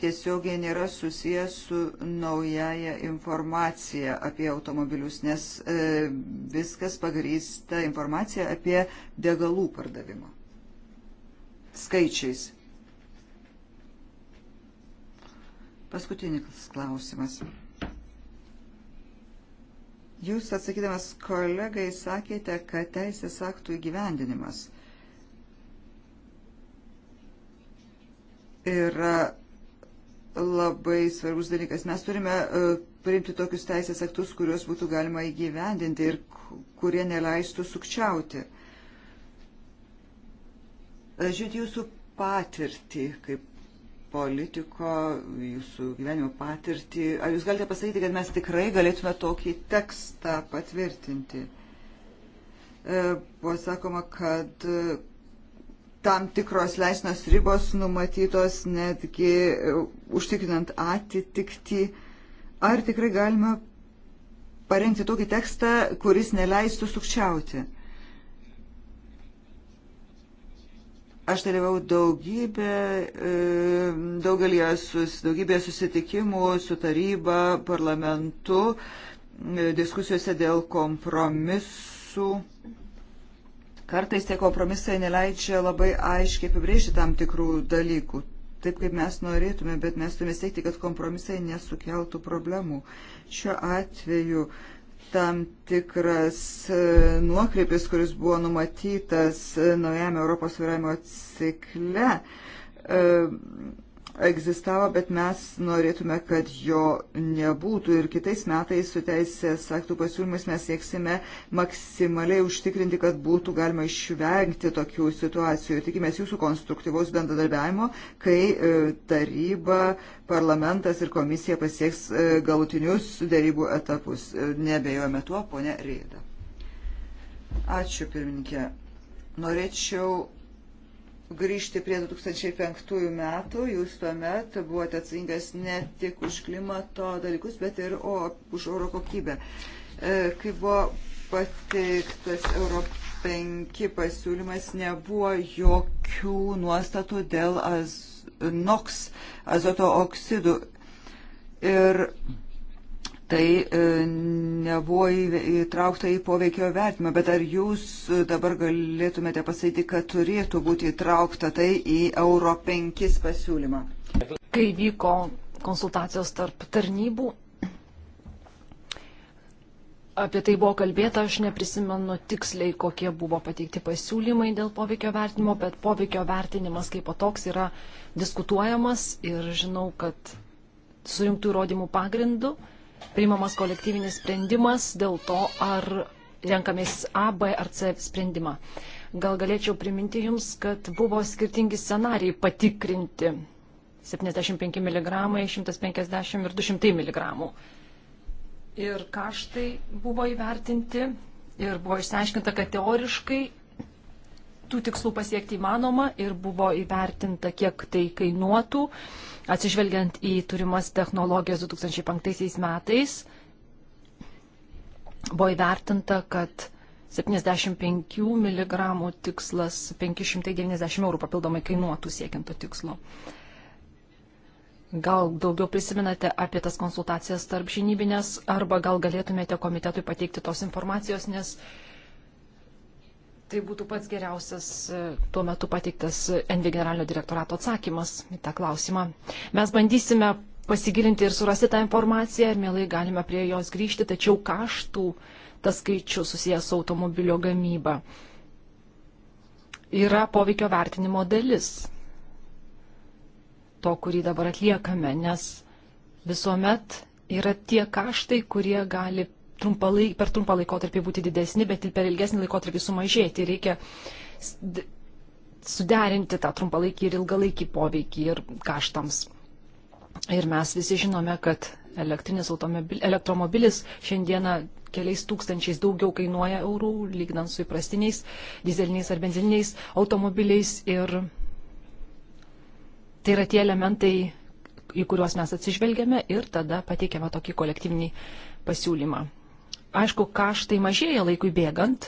Speaker 1: tiesiogiai nėra susijęs su naujaja informacija apie automobilius, nes e, viskas pagrįsta informacija apie degalų pardavimą. Skaičiais. Paskutinis klausimas. Jūs atsakydamas kolegai sakėte, kad teisės aktų įgyvendinimas – yra labai svarbus dalykas. Mes turime e, priimti tokius teisės aktus, kuriuos būtų galima įgyvendinti ir kurie neleistų sukčiauti. Žiūrėt jūsų patirtį kaip politiko, jūsų gyvenimo patirtį. Ar jūs galite pasakyti, kad mes tikrai galėtume tokį tekstą patvirtinti? E, buvo sakoma, kad tam tikros leisnos ribos numatytos netgi e, užtikrinant atitikti. Ar tikrai galima parengti tokį tekstą, kuris neleistų sukčiauti? Aš dalyvau daugybė, e, daugelį sus, daugybė susitikimų su taryba, parlamentu, e, diskusijose dėl kompromisų Kartais tie kompromisai neleidžia labai aiškiai apibrėžti tam tikrų dalykų, taip kaip mes norėtume, bet mes turime siekti, kad kompromisai nesukeltų problemų. Šiuo atveju tam tikras e, nuokreipis, kuris buvo numatytas e, naujame Europos vairavimo cikle, e, egzistavo, bet mes norėtume, kad jo nebūtų ir kitais metais su teisės aktų pasiūlymais mes sieksime maksimaliai užtikrinti, kad būtų galima išvengti tokių situacijų. Tikimės jūsų konstruktyvaus bendradarbiavimo, kai e, taryba, parlamentas ir komisija pasieks e, galutinius dėrybų etapus. E, Nebejojame tuo, ponė Rėda. Ačiū pirmininkė. Norėčiau grįžti prie 2005 metų. Jūs tuomet buvote atsakingas ne tik už klimato dalykus, bet ir o, už oro kokybę. E, kai buvo pateiktas Euro 5 pasiūlymas, nebuvo jokių nuostatų dėl az, NOX azoto oksidų. Ir Tai e, nebuvo įtraukta į poveikio vertimą, bet ar jūs e, dabar galėtumėte pasakyti, kad turėtų būti įtraukta tai į Euro 5 pasiūlymą? Kai vyko konsultacijos
Speaker 3: tarp tarnybų, apie tai buvo kalbėta, aš neprisimenu tiksliai, kokie buvo pateikti pasiūlymai dėl poveikio vertinimo, bet poveikio vertinimas kaip toks yra diskutuojamas ir žinau, kad surinktų įrodymų pagrindu priimamas kolektyvinis sprendimas dėl to, ar renkamės A, B ar C sprendimą. Gal galėčiau priminti Jums, kad buvo skirtingi scenarijai patikrinti 75 mg, 150 ir 200 mg. Ir kaštai buvo įvertinti ir buvo išsiaiškinta, kad teoriškai tų tikslų pasiekti įmanoma ir buvo įvertinta, kiek tai kainuotų atsižvelgiant į turimas technologijas 2005 metais, buvo įvertinta, kad 75 mg tikslas 590 eurų papildomai kainuotų siekiant to tikslo. Gal daugiau prisiminate apie tas konsultacijas tarp žinybinės, arba gal galėtumėte komitetui pateikti tos informacijos, nes uh, tai būtų pats geriausias e, tuo metu pateiktas NV generalinio direktorato atsakymas į tą klausimą. Mes bandysime pasigilinti ir surasti tą informaciją ir mielai galime prie jos grįžti, tačiau kaštų tas skaičius susijęs su automobilio gamyba yra poveikio vertinimo dalis to, kurį dabar atliekame, nes visuomet yra tie kaštai, kurie gali trumpalaik, per trumpą laikotarpį būti didesni, bet ir per ilgesnį laikotarpį sumažėti. Reikia suderinti tą trumpalaikį ir ilgalaikį poveikį ir kaštams. Ir mes visi žinome, kad elektrinis elektromobilis šiandieną keliais tūkstančiais daugiau kainuoja eurų, lygdant su įprastiniais dizeliniais ar benzininiais automobiliais. Ir tai yra tie elementai, į kuriuos mes atsižvelgiame ir tada pateikiame tokį kolektyvinį pasiūlymą aišku, kaštai mažėja laikui bėgant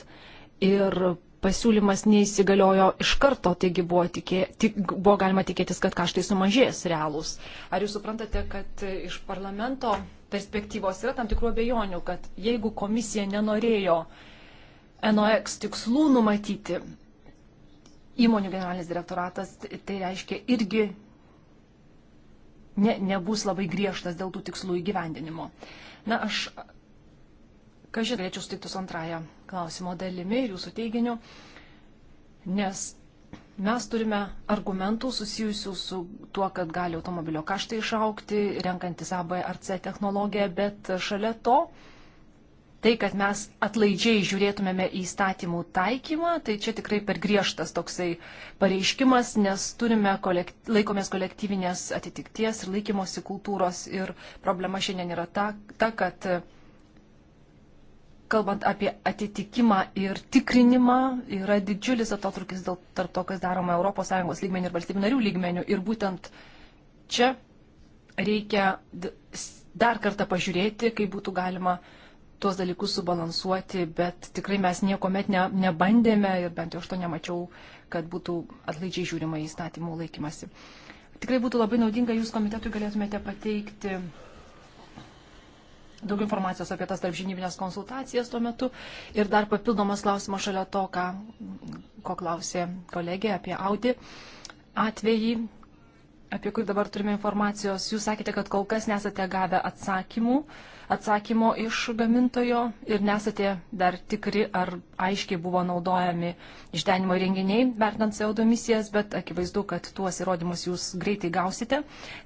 Speaker 3: ir pasiūlymas neįsigaliojo iš karto, taigi buvo, tikė, tik, buvo galima tikėtis, kad kaštai sumažės realūs. Ar jūs suprantate, kad iš parlamento perspektyvos yra tam tikrų abejonių, kad jeigu komisija nenorėjo NOX tikslų numatyti, įmonių generalinis direktoratas tai reiškia irgi ne, nebus labai griežtas dėl tų tikslų įgyvendinimo. Na, aš Kažin, galėčiau sutikti su antraja klausimo dalimi ir jūsų teiginiu, nes mes turime argumentų susijusių su tuo, kad gali automobilio kaštai išaukti, renkantis AB ar C technologiją, bet šalia to, tai, kad mes atlaidžiai žiūrėtumėme į įstatymų taikymą, tai čia tikrai per griežtas toksai pareiškimas, nes turime kolekt, laikomės kolektyvinės atitikties ir laikymosi kultūros ir problema šiandien yra ta, ta kad kalbant apie atitikimą ir tikrinimą, yra didžiulis atotrukis dėl, tarp to, kas daroma ES lygmenių ir valstybių narių lygmenių. Ir būtent čia reikia dar kartą pažiūrėti, kaip būtų galima tuos dalykus subalansuoti, bet tikrai mes nieko met ne, nebandėme ir bent jau aš to nemačiau, kad būtų atlaidžiai žiūrima į įstatymų laikymasi. Tikrai būtų labai naudinga, jūs komitetui galėtumėte pateikti daugiau informacijos apie tas tarpžinybinės konsultacijas tuo metu. Ir dar papildomas klausimas šalia to, ką, ko klausė kolegė apie Audi atvejį, apie kurį dabar turime informacijos. Jūs sakėte, kad kol kas nesate gavę atsakymų. Uh, atsakymo iš gamintojo ir nesate dar tikri, ar aiškiai buvo naudojami išdenimo renginiai, vertinant CO2 emisijas, bet akivaizdu, kad tuos įrodymus jūs greitai gausite.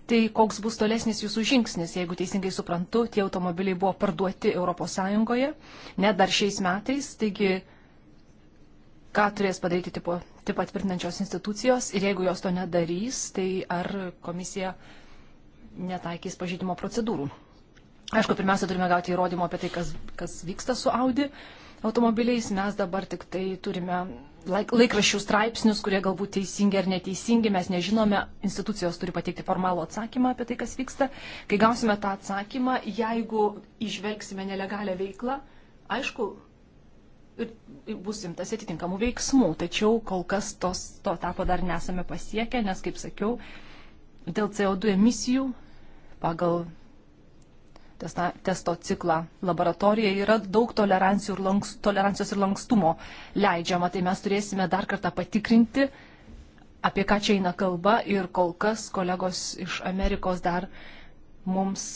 Speaker 3: Tai koks bus tolesnis jūsų žingsnis, jeigu teisingai suprantu, tie automobiliai buvo parduoti ES, net dar šiais metais, taigi ką turės padaryti tipo, tipo atvirtinančios institucijos ir jeigu jos to nedarys, tai ar komisija netaikys pažydimo procedūrų. Aišku, pirmiausia, turime gauti įrodymą apie tai, kas, kas vyksta su Audi automobiliais. Mes dabar tik tai turime laik, laikraščių straipsnius, kurie galbūt teisingi ar neteisingi, mes nežinome, institucijos turi pateikti formalų atsakymą apie tai, kas vyksta. Kai gausime tą atsakymą, jeigu išvelgsime nelegalią veiklą, aišku, bus imtas atitinkamų veiksmų, tačiau kol kas tos, to etapo dar nesame pasiekę, nes, kaip sakiau, dėl CO2 emisijų pagal testa, testo ciklą laboratorijoje yra daug tolerancijų ir lanks, tolerancijos ir lankstumo leidžiama, tai mes turėsime dar kartą patikrinti, apie ką čia eina kalba ir kol kas kolegos iš Amerikos dar mums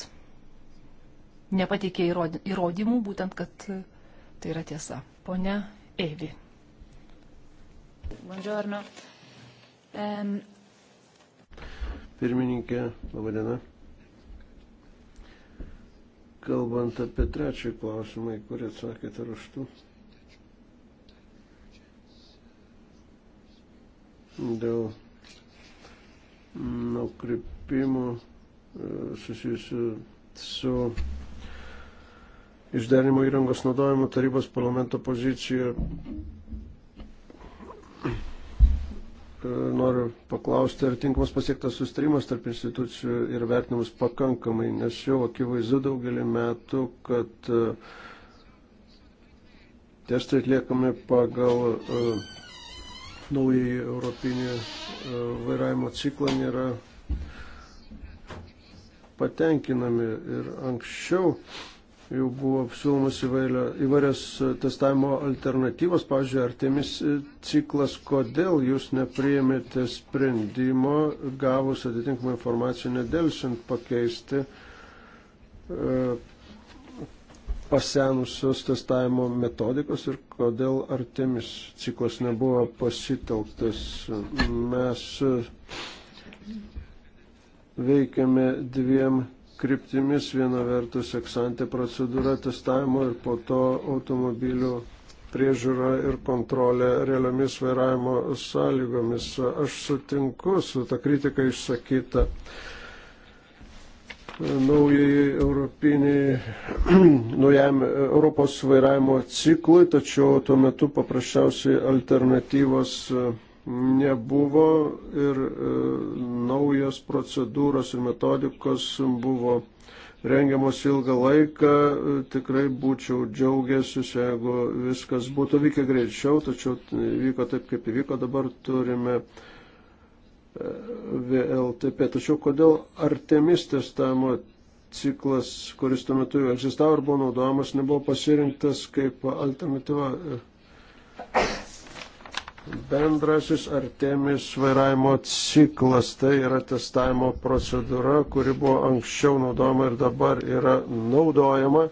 Speaker 3: nepateikė įrodymų, būtent, kad tai yra tiesa. Pone Evi. Buongiorno. Um...
Speaker 2: Pirmininkė, laba diena. Kalbant apie trečią klausimą, į kurį atsakėte raštu. Dėl nukrypimų e, susijusių su išderinimo įrangos naudojimo tarybos parlamento pozicija E, noriu paklausti, ar tinkamas pasiektas sustarimas tarp institucijų yra vertinamas pakankamai, nes jau akivaizdu daugelį metų, kad e, testai atliekami pagal e, naująjį europinį vairavimo ciklą nėra patenkinami ir anksčiau jau buvo apsiūlomas įvairios e, testavimo alternatyvos, pavyzdžiui, Artemis e, ciklas, kodėl jūs nepriėmėte sprendimo, gavus atitinkamą informaciją, nedėlsint pakeisti e, pasenusios testavimo metodikos ir kodėl Artemis ciklas nebuvo pasitelktas. Mes veikiame dviem kryptimis. Viena vertus eksantė procedūra testavimo ir po to automobilių priežiūra ir kontrolė realiomis vairavimo sąlygomis. Aš sutinku su ta kritika išsakyta naujai europiniai, naujam Europos vairavimo ciklui, tačiau tuo metu paprasčiausiai alternatyvos nebuvo ir e, naujas procedūros ir metodikos buvo rengiamos ilgą laiką. E, tikrai būčiau džiaugęsis, jeigu viskas būtų vykę greičiau, tačiau vyko taip, kaip įvyko. Dabar turime e, VLTP. Tačiau kodėl Artemis testavimo ciklas, kuris tuo metu egzistavo ir buvo naudojamas, nebuvo pasirinktas kaip alternatyva Bendrasis artemis vairavimo ciklas tai yra testavimo procedūra, kuri buvo anksčiau naudojama ir dabar yra naudojama.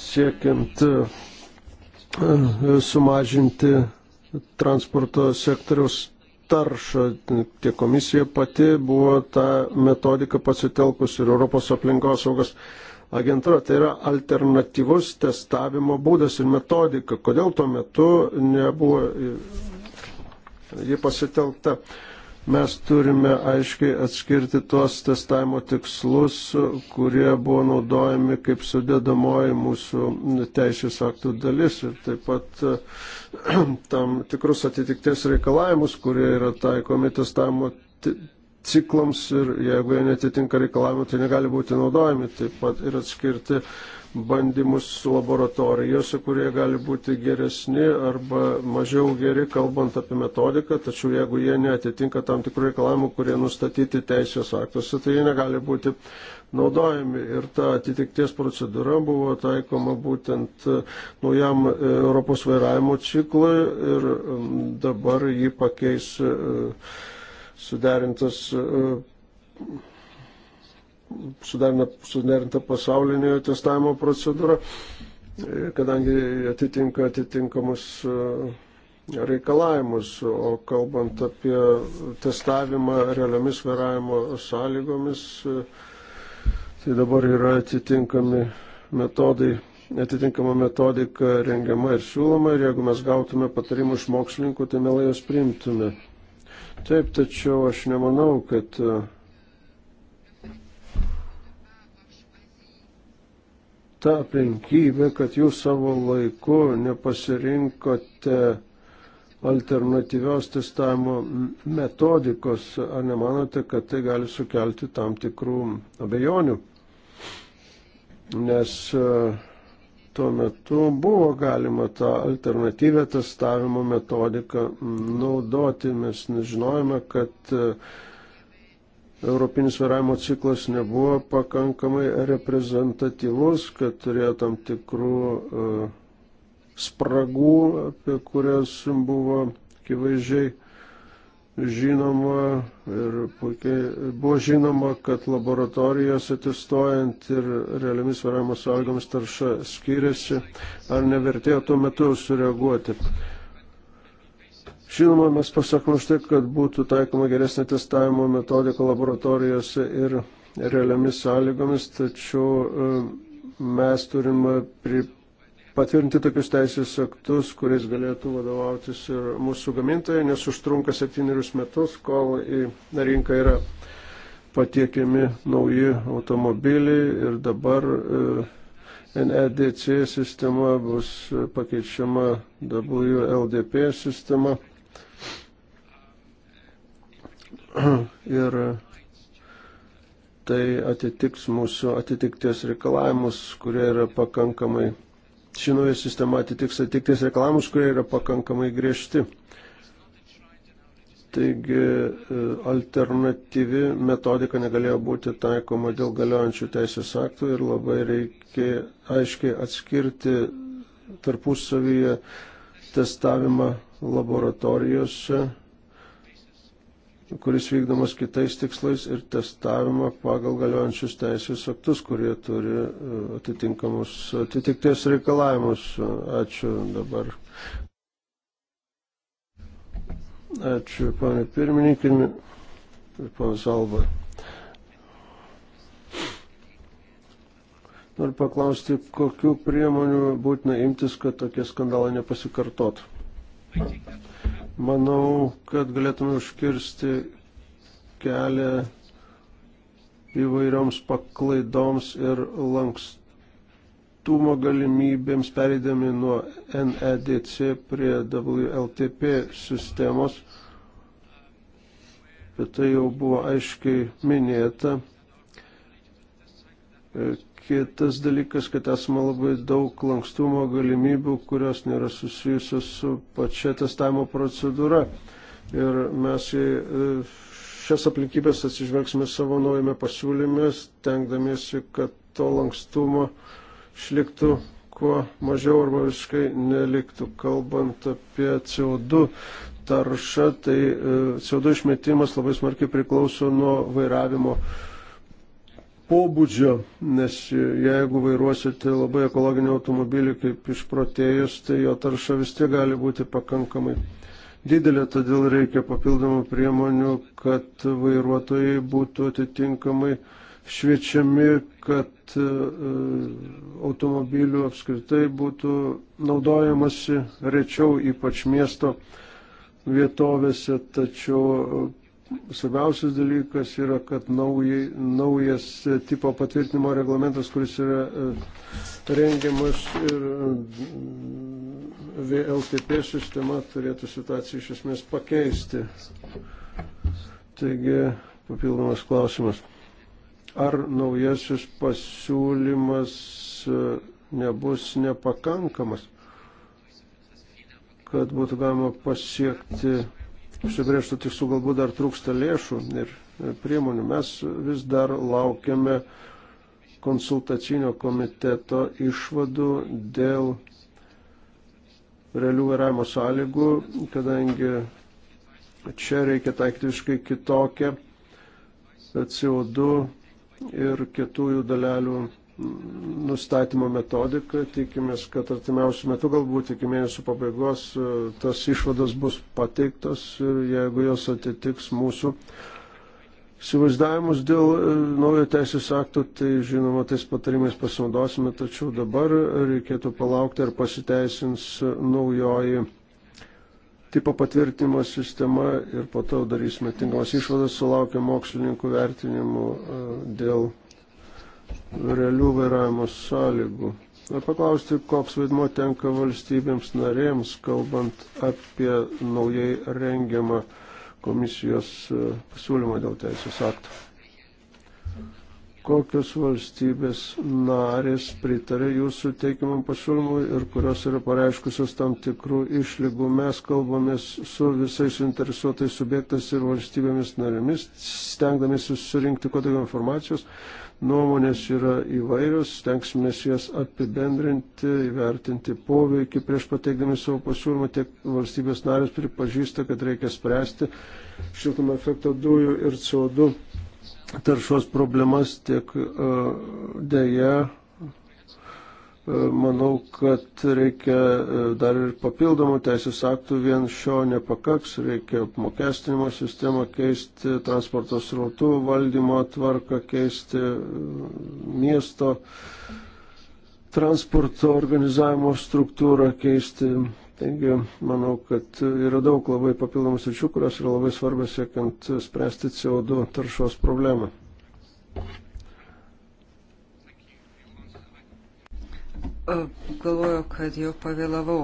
Speaker 2: Siekiant e, sumažinti transporto sektoriaus taršą, tiek komisija pati buvo tą metodiką pasitelkus ir Europos aplinkosaugos saugos agentūra. Tai yra alternatyvus testavimo būdas ir metodika. Kodėl tuo metu nebuvo ji pasitelkta? Mes turime aiškiai atskirti tuos testavimo tikslus, kurie buvo naudojami kaip sudėdamoji mūsų teisės aktų dalis ir taip pat eh, tam tikrus atitikties reikalavimus, kurie yra taikomi testavimo ciklams ir jeigu jie netitinka reikalavimų, tai negali būti naudojami. Taip pat ir atskirti bandymus laboratorijose, kurie gali būti geresni arba mažiau geri, kalbant apie metodiką, tačiau jeigu jie netitinka tam tikrų reikalavimų, kurie nustatyti teisės aktuose, tai jie negali būti naudojami. Ir ta atitikties procedūra buvo taikoma būtent e, naujam e, Europos vairavimo ciklui ir dabar jį pakeis. E, suderintas e, suderinta pasaulinio testavimo procedūra, e, kadangi atitinka atitinkamus e, reikalavimus, o kalbant apie testavimą realiomis vairavimo sąlygomis, tai dabar yra atitinkami metodai atitinkama metodika rengiama ir siūloma ir jeigu mes gautume patarimų iš mokslininkų, tai mielai jos priimtume. Taip, tačiau aš nemanau, kad e, ta aplinkybė, kad jūs savo laiku nepasirinkote alternatyvios testavimo metodikos, ar nemanote, kad tai gali sukelti tam tikrų abejonių? Nes uh, tuo metu buvo galima tą alternatyvę testavimo metodiką naudoti. Mes nežinojame, kad e, Europinis vairavimo ciklas nebuvo pakankamai reprezentatyvus, kad turėjo tam tikrų e, spragų, apie kurias buvo akivaizdžiai žinoma ir puikiai buvo žinoma, kad laboratorijos atistojant ir realiamis varavimo sąlygomis tarša skiriasi, ar nevertėjo tuo metu sureaguoti. Žinoma, mes pasakome štai, kad būtų taikoma geresnė testavimo metodika laboratorijose ir realiamis sąlygomis, tačiau e, mes turime pri, patvirtinti tokius teisės aktus, kuris galėtų vadovautis ir mūsų gamintojai, nes užtrunka septynerius metus, kol į rinką yra patiekiami nauji automobiliai ir dabar e, NEDC sistema bus pakeičiama WLDP sistema. Ir tai atitiks mūsų atitikties reikalavimus, kurie yra pakankamai ši nauja sistema atitiks atitiktis reklamus, kurie yra pakankamai griežti. Taigi e, alternatyvi metodika negalėjo būti taikoma dėl galiojančių teisės aktų ir labai reikia aiškiai atskirti tarpusavyje testavimą laboratorijose kuris vykdomas kitais tikslais ir testavimą pagal galiojančius teisės aktus, kurie turi uh, atitinkamus atitikties reikalavimus. Ačiū dabar. Ačiū, panė pirmininkai ir panas Alba. Noriu paklausti, kokiu priemonių būtina imtis, kad tokie skandalai nepasikartotų. Thank you. Manau, kad galėtume užkirsti kelią įvairioms paklaidoms ir lankstumo galimybėms pereidami nuo NEDC prie WLTP sistemos. Bet tai jau buvo aiškiai minėta Kitas dalykas, kad esame labai daug lankstumo galimybių, kurios nėra susijusios su pačia testavimo procedūra. Ir mes į e, šias aplinkybės atsižvelgsime savo naujame pasiūlyme, tenkdamiesi, kad to lankstumo išliktų kuo mažiau arba visiškai neliktų. Kalbant apie CO2 taršą, tai e, CO2 išmetimas labai smarkiai priklauso nuo vairavimo pobūdžio, nes jeigu vairuosite labai ekologinį automobilį kaip išprotėjus, tai jo tarša vis tiek gali būti pakankamai didelė, todėl reikia papildomų priemonių, kad vairuotojai būtų atitinkamai šviečiami, kad e, automobilių apskritai būtų naudojamasi rečiau, ypač miesto vietovėse, tačiau Svarbiausias dalykas yra, kad naujai, naujas tipo patvirtinimo reglamentas, kuris yra e, rengiamas ir e, VLTP sistema turėtų situaciją iš esmės pakeisti. Taigi, papildomas klausimas. Ar naujasis pasiūlymas e, nebus nepakankamas, kad būtų galima pasiekti užsibrėžtų tikslų galbūt dar trūksta lėšų ir e, priemonių. Mes vis dar laukiame konsultacinio komiteto išvadų dėl realių vairavimo sąlygų, kadangi čia reikia taikyti visiškai kitokią CO2 ir kietųjų dalelių nustatymo metodiką. Tikimės, kad artimiausių metų, galbūt iki mėnesio pabaigos, e, tas išvadas bus pateiktas ir jeigu jos atitiks mūsų įsivaizdavimus dėl e, naujo teisės akto, tai žinoma, tais patarimais pasinaudosime, tačiau dabar reikėtų palaukti, ar pasiteisins naujoji tipo patvirtinimo sistema ir po to darysime tinkamas išvadas, sulaukia mokslininkų vertinimų e, dėl realių vairavimo sąlygų. Ar paklausti, koks vaidmo tenka valstybėms narėms, kalbant apie naujai rengiamą komisijos e, pasiūlymą dėl teisės aktų. Kokios valstybės narės pritarė jūsų teikiamam pasiūlymui ir kurios yra pareiškusios tam tikrų išlygų. Mes kalbamės su visais interesuotais subjektais ir valstybėmis narėmis, stengdamėsi surinkti kuo daugiau informacijos Nuomonės yra įvairios, stengsime jas apibendrinti, įvertinti poveikį. Prieš pateikdami savo pasiūlymą tiek valstybės narės pripažįsta, kad reikia spręsti šiltumo efekto dujų ir CO2 taršos problemas, tiek e, dėja E, manau, kad reikia e, dar ir papildomų teisės aktų, vien šio nepakaks, reikia apmokestinimo sistemą keisti, transporto srautų valdymo tvarką keisti, e, miesto transporto organizavimo struktūrą keisti. Taigi, manau, kad yra daug labai papildomų sričių, kurios yra labai svarbios siekiant spręsti CO2 taršos problemą.
Speaker 1: Galvoju, kad jau pavėlavau.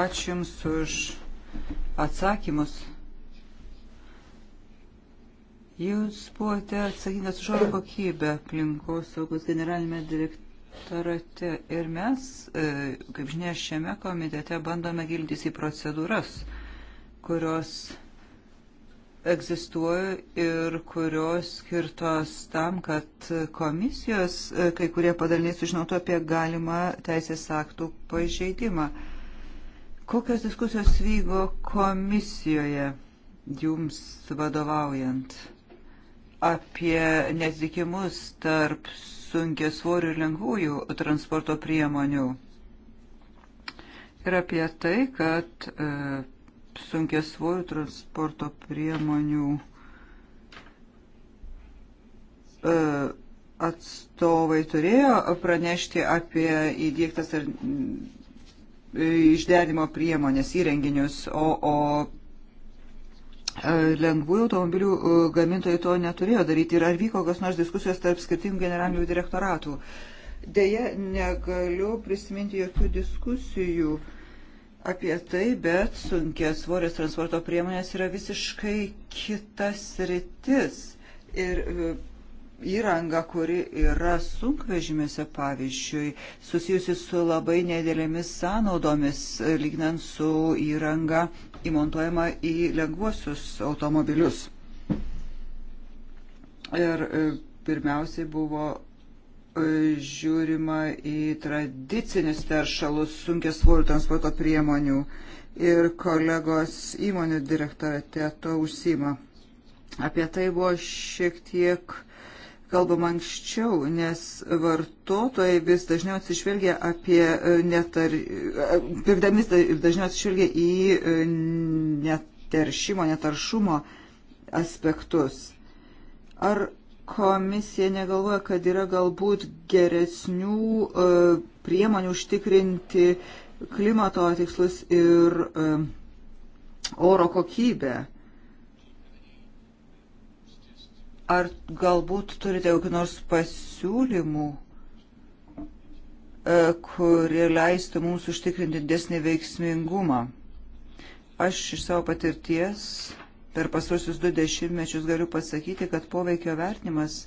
Speaker 1: Ačiū Jums už atsakymus. Jūs buvote atsakingas už oro kokybę aplinkos saugos generalinėme direktorate ir mes, kaip žinia, šiame komitete bandome gildytis į procedūras, kurios egzistuoja ir kurios skirtos tam, kad komisijos e, kai kurie padaliniai sužinotų apie galimą teisės aktų pažeidimą. Kokios diskusijos vyko komisijoje jums vadovaujant apie netikimus tarp sunkiasvorių ir lengvųjų transporto priemonių? ir apie tai, kad e, sunkia svorių transporto priemonių e, atstovai turėjo pranešti apie įdėktas ar e, išderinimo priemonės įrenginius, o, o e, lengvųjų automobilių gamintojai to neturėjo daryti. Ir ar vyko kas nors diskusijos tarp skirtingų generalinių direktoratų? Deja, negaliu prisiminti jokių diskusijų uh, apie tai, bet sunkia svorės transporto priemonės yra visiškai kitas rytis. Ir e, įranga, kuri yra sunkvežimėse, pavyzdžiui, susijusi su labai nedėlėmis sąnaudomis, e, lygnant su įranga įmontuojama į lengvuosius automobilius. Ir e, pirmiausiai buvo žiūrima į tradicinius teršalus sunkia svorių transporto priemonių ir kolegos įmonių direktorate to užsima. Apie tai buvo šiek tiek kalbam anksčiau, nes vartotojai vis dažniau atsižvelgia apie e, netar... E, pirkdami dažniau atsižvelgia į e, neteršimo, netaršumo aspektus. Ar komisija negalvoja, kad yra galbūt geresnių e, priemonių užtikrinti klimato tikslus ir e, oro kokybę? Ar galbūt turite kokių nors pasiūlymų, e, kurie leistų mums užtikrinti didesnį veiksmingumą? Aš iš savo patirties per pasuosius du dešimtmečius galiu pasakyti, kad poveikio vertinimas e,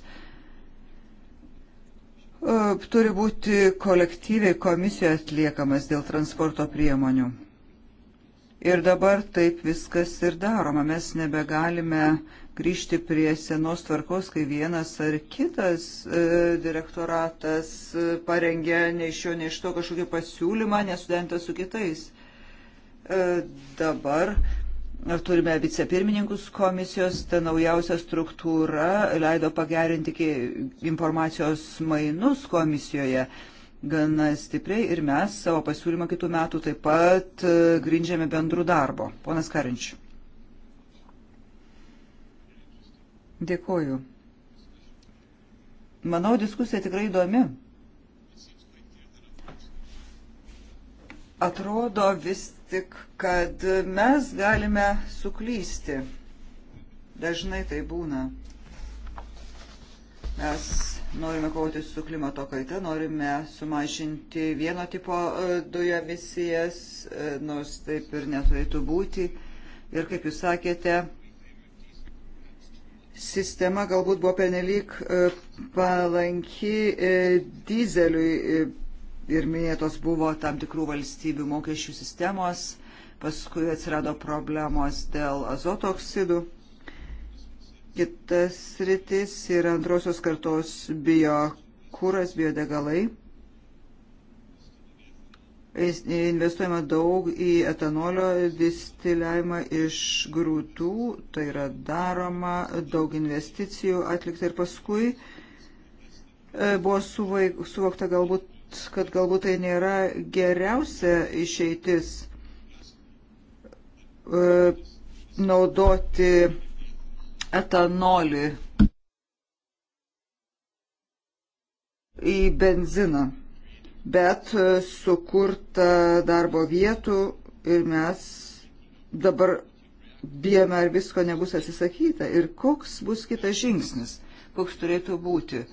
Speaker 1: turi būti kolektyviai komisijoje atliekamas dėl transporto priemonių. Ir dabar taip viskas ir daroma. Mes nebegalime grįžti prie senos tvarkos, kai vienas ar kitas e, direktoratas e, parengė ne iš jo, ne iš to kažkokį pasiūlymą nesudentą su kitais. E, dabar turime vicepirmininkus komisijos, ta naujausia struktūra leido pagerinti informacijos mainus komisijoje gana stipriai ir mes savo pasiūlymą kitų metų taip pat e, grindžiame bendrų darbo. Ponas Karinčių. Dėkoju. Manau, diskusija tikrai įdomi. Atrodo vis tik, kad mes galime suklysti. Dažnai tai būna. Mes norime kovoti su klimato kaita, norime sumažinti vieno tipo e, dujo misijas, e, nors taip ir neturėtų būti. Ir kaip jūs sakėte, sistema galbūt buvo penelyg e, palanki dizeliui ir minėtos buvo tam tikrų valstybių mokesčių sistemos, paskui atsirado problemos dėl azoto oksidų. Kitas rytis yra antrosios kartos biokūras, biodegalai. Investuojama daug į etanolio distiliavimą iš grūtų, tai yra daroma, daug investicijų atlikta ir paskui e, buvo suvaik, suvokta galbūt kad galbūt tai nėra geriausia išeitis e, naudoti etanolį į benziną, bet sukurta darbo vietų ir mes dabar bijome, ar visko nebus atsisakyta ir koks bus kitas žingsnis, koks turėtų būti.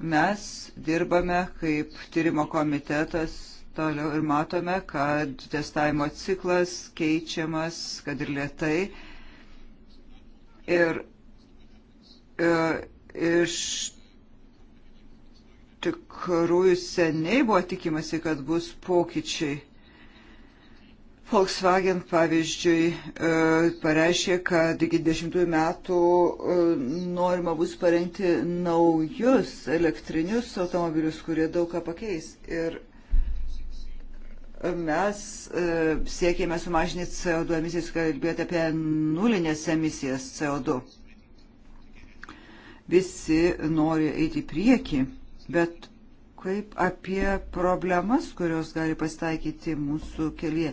Speaker 1: Mes dirbame kaip tyrimo komitetas toliau ir matome, kad testavimo ciklas keičiamas, kad ir lietai. Ir e, iš tikrųjų seniai buvo tikimasi, kad bus pokyčiai Volkswagen, pavyzdžiui, e, pareiškė, kad iki 10 metų e, norima bus parengti naujus elektrinius automobilius, kurie daug ką pakeis. Ir mes e, siekėme sumažinti CO2 emisijas, kalbėti apie nulinės emisijas CO2. Visi nori eiti į priekį, bet kaip apie problemas, kurios gali pasitaikyti mūsų kelyje.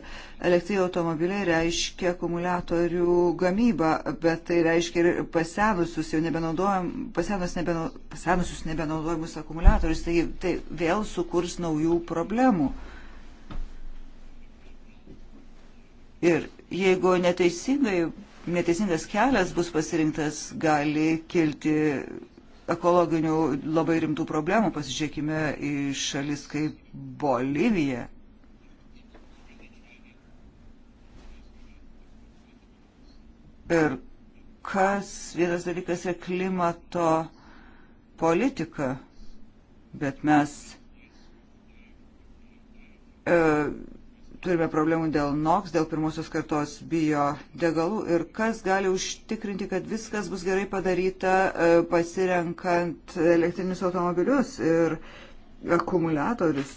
Speaker 1: Elektriniai automobiliai reiškia akumuliatorių gamybą, bet tai reiškia ir pasenusius, jau nebenaudojam, pasenus nebeno, pasenusius nebenaudojimus akumuliatorius, taigi tai vėl sukurs naujų problemų. Ir jeigu neteisingai, neteisingas kelias bus pasirinktas, gali kilti ekologinių labai rimtų problemų. Pasižiūrėkime į šalis kaip Bolivija. Ir kas vienas dalykas yra klimato politika, bet mes e, turime problemų dėl NOX, dėl pirmosios kartos bio degalų ir kas gali užtikrinti, kad viskas bus gerai padaryta e, pasirenkant elektrinius automobilius ir akumuliatorius.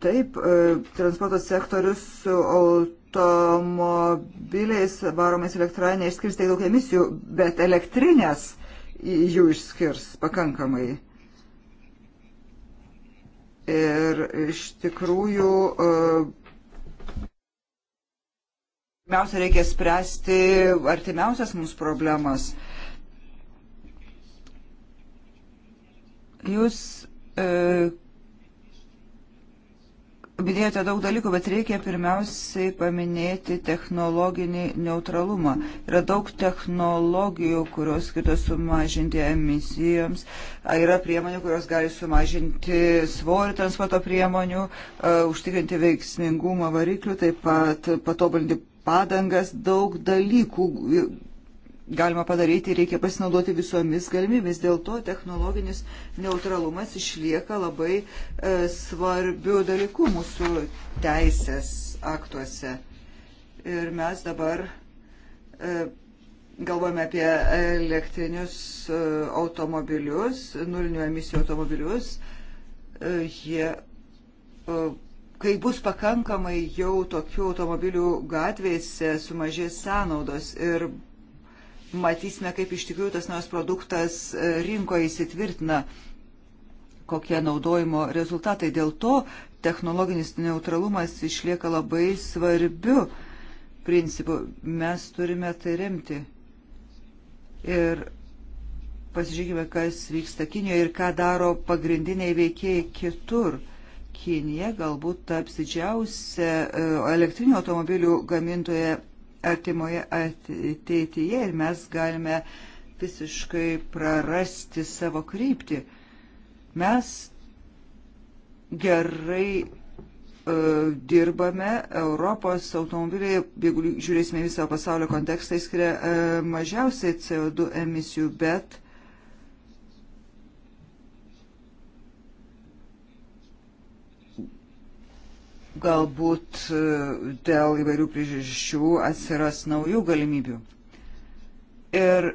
Speaker 1: Taip, e, transporto sektorius su automobiliais varomais elektra neišskirs tiek daug emisijų, bet elektrinės jų išskirs pakankamai. Ir iš tikrųjų, e, pirmiausia, reikia spręsti artimiausias mūsų problemas. Jūs e, Minėjote daug dalykų, bet reikia pirmiausiai paminėti technologinį neutralumą. Yra daug technologijų, kurios skirtos sumažinti emisijoms, yra priemonių, kurios gali sumažinti svorį transporto priemonių, užtikrinti veiksmingumą variklių, taip pat patobulinti padangas, daug dalykų galima padaryti, reikia pasinaudoti visomis galimybėmis. Dėl to technologinis neutralumas išlieka labai e, svarbių dalykų mūsų teisės aktuose. Ir mes dabar e, galvojame apie elektrinius e, automobilius, nulinių emisijų automobilius. E, jie, e, kai bus pakankamai jau tokių automobilių gatvėse, sumažės sąnaudos ir matysime, kaip iš tikrųjų tas naujas produktas e, rinkoje įsitvirtina, kokie naudojimo rezultatai. Dėl to technologinis neutralumas išlieka labai svarbiu principu. Mes turime tai remti. Ir pasižiūrėkime, kas vyksta Kinijoje ir ką daro pagrindiniai veikėjai kitur. Kinija galbūt taps didžiausia e, elektrinių automobilių gamintoje artimoje ateityje ir mes galime visiškai prarasti savo kryptį. Mes gerai e, dirbame, Europos automobiliai, jeigu žiūrėsime visą pasaulio kontekstą, skiria e, mažiausiai CO2 emisijų, bet galbūt e, dėl įvairių priežasčių atsiras naujų galimybių. Ir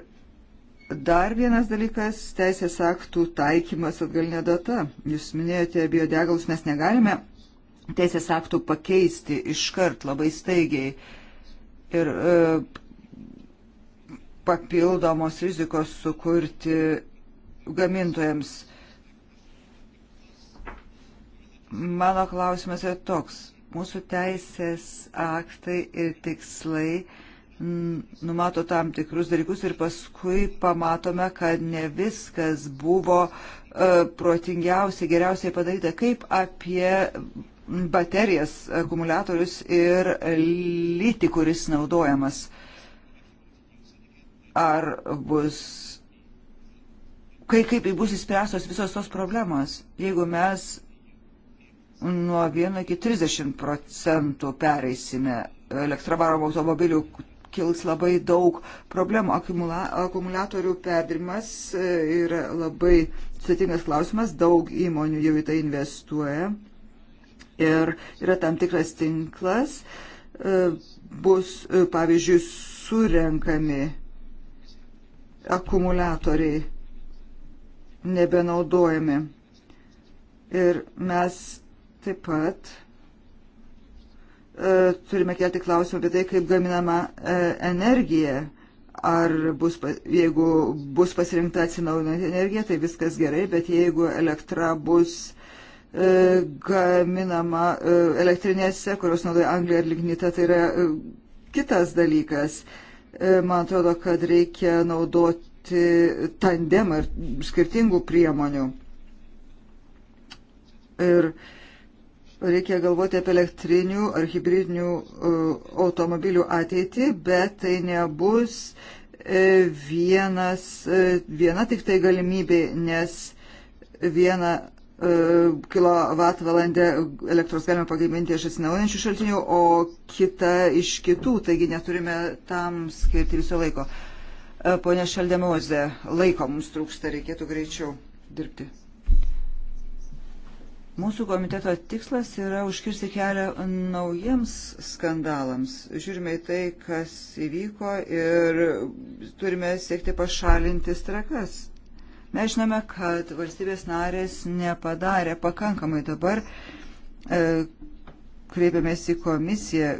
Speaker 1: dar vienas dalykas - teisės aktų taikymas atgalinė data. Jūs minėjote biodegalus, mes negalime teisės aktų pakeisti iškart labai staigiai. Ir e, papildomos rizikos sukurti gamintojams Mano klausimas yra toks. Mūsų teisės aktai ir tikslai numato tam tikrus dalykus ir paskui pamatome, kad ne viskas buvo uh, protingiausiai, geriausiai padaryta. Kaip apie baterijas, akumuliatorius ir lytį, kuris naudojamas. Ar bus. Kai, kaip bus įspręstos visos tos problemos, jeigu mes nuo 1 iki 30 procentų pereisime elektravaromų automobilių kils labai daug problemų. Akumula, akumuliatorių perdirmas e, yra labai sudėtingas klausimas, daug įmonių jau į tai investuoja ir yra tam tikras tinklas, e, bus, e, pavyzdžiui, surenkami akumuliatoriai nebenaudojami. Ir mes Taip pat e, turime kelti klausimą apie tai, kaip gaminama e, energija. Ar bus, jeigu bus pasirinkta atsinaujinanti energija, tai viskas gerai, bet jeigu elektra bus e, gaminama e, elektrinėse, kurios naudoja Angliją ar lignitą, tai yra e, kitas dalykas. E, man atrodo, kad reikia naudoti tandemą ir skirtingų priemonių. Ir e, reikia galvoti apie elektrinių ar hybridinių uh, automobilių ateitį, bet tai nebus e, vienas, e, viena tik tai galimybė, nes vieną e, kilovatvalandę elektros galime pagaminti iš atsinaujančių šaltinių, o kitą iš kitų, taigi neturime tam skirti viso laiko. Pone Šaldemoze, laiko mums trūksta, reikėtų greičiau dirbti. Mūsų komiteto tikslas yra užkirsti kelią naujiems skandalams. Žiūrime į tai, kas įvyko ir turime siekti pašalinti strakas. Mes žinome, kad valstybės narės nepadarė pakankamai dabar. E, kreipiamės į komisiją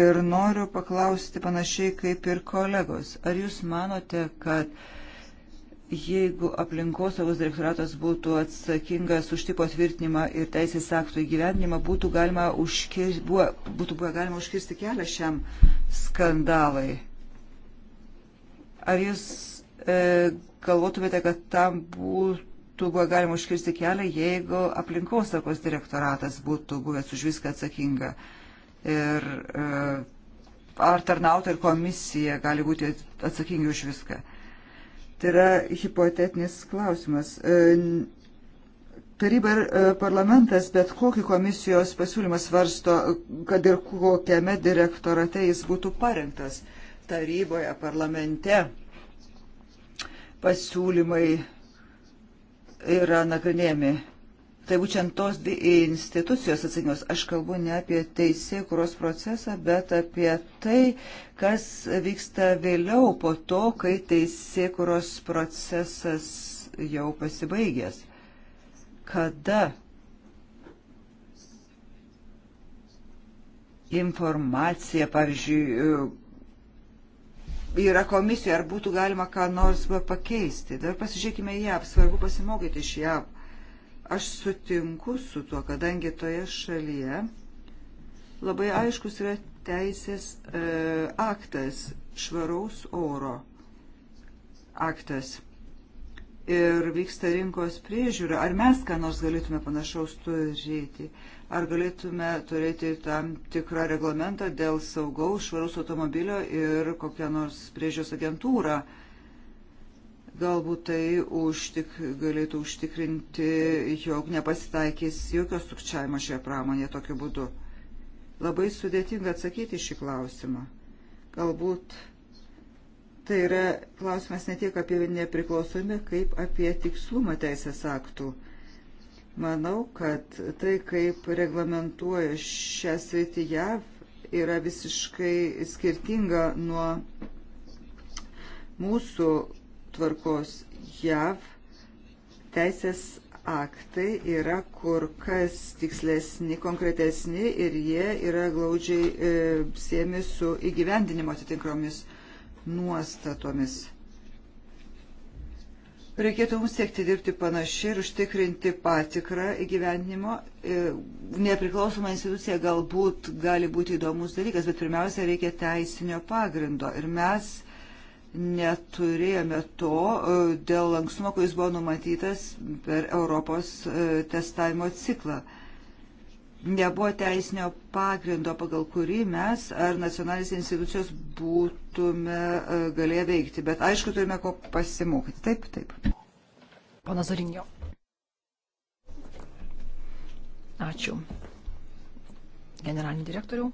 Speaker 1: ir noriu paklausti panašiai kaip ir kolegos. Ar jūs manote, kad e, Jeigu aplinkosaugos direktoratas būtų atsakingas už tipo tvirtinimą ir teisės aktų įgyvendinimą, būtų, galima užkir... buvo, būtų buvo galima užkirsti kelią šiam skandalai. Ar jūs e, galvotumėte, kad tam būtų buvo galima užkirsti kelią, jeigu aplinkosaugos direktoratas būtų buvęs už viską atsakinga? Ir e, ar tarnautai ir komisija gali būti atsakingi už viską? Tai yra hipotetinis klausimas. E, taryba ir e, parlamentas, bet kokį komisijos pasiūlymą svarsto, kad ir kokiame direktorate jis būtų parengtas taryboje, parlamente. Pasiūlymai yra nagrinėjami Tai būtent tos dvi institucijos atsakingos. Aš kalbu ne apie teisėjų kuros procesą, bet apie tai, kas vyksta vėliau po to, kai teisėjų kuros procesas jau pasibaigęs. Kada informacija, pavyzdžiui, yra komisijoje, ar būtų galima ką nors pakeisti. Dar pasižiūrėkime į JAV, svarbu pasimokyti iš JAV. Aš sutinku su tuo, kadangi toje šalyje labai aiškus yra teisės e, aktas švaraus oro aktas. Ir vyksta rinkos priežiūra. Ar mes ką nors galėtume panašaus turėti? Ar galėtume turėti tam tikrą reglamentą dėl saugaus švaraus automobilio ir kokią nors priežiūros agentūrą? E, Galbūt tai užtik, galėtų užtikrinti, jog nepasitaikys jokio sukčiavimo šioje pramonėje tokiu būdu. Labai sudėtinga atsakyti šį klausimą. Galbūt tai yra klausimas ne tiek apie nepriklausomybę, kaip apie tikslumą teisės aktų. Manau, kad tai, kaip reglamentuoja šią sritį JAV, yra visiškai skirtinga nuo mūsų tvarkos JAV teisės aktai yra kur kas tikslesni, konkretesni ir jie yra glaudžiai e, siemi su įgyvendinimo atitinkromis nuostatomis. Reikėtų mums siekti dirbti panašiai ir užtikrinti patikrą įgyvendinimo. E, nepriklausoma institucija galbūt gali būti įdomus dalykas, bet pirmiausia reikia teisinio pagrindo. Ir mes neturėjome to e, dėl lankstumo, kuris buvo numatytas per Europos e, testavimo ciklą. Nebuvo teisinio pagrindo, pagal kurį mes ar nacionalinės institucijos būtume e, galėję veikti. Bet aišku, turime ko pasimokyti. Taip, taip. Pana Zorinio. Ačiū. Generalinį direktorių.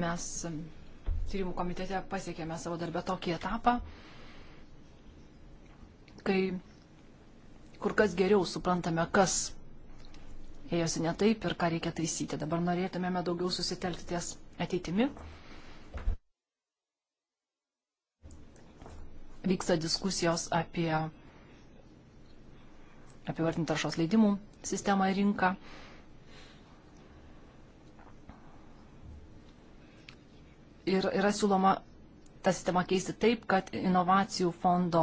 Speaker 3: Mes tyrimų komitete pasiekėme savo darbę tokį etapą, kai kur kas geriau suprantame, kas ėjosi ne taip ir ką reikia taisyti. Dabar norėtumėme daugiau susitelkti ties ateitimi. Vyksta diskusijos apie apivartinį taršos leidimų sistemą ir rinką. ir yra siūloma tą sistemą keisti taip, kad inovacijų fondo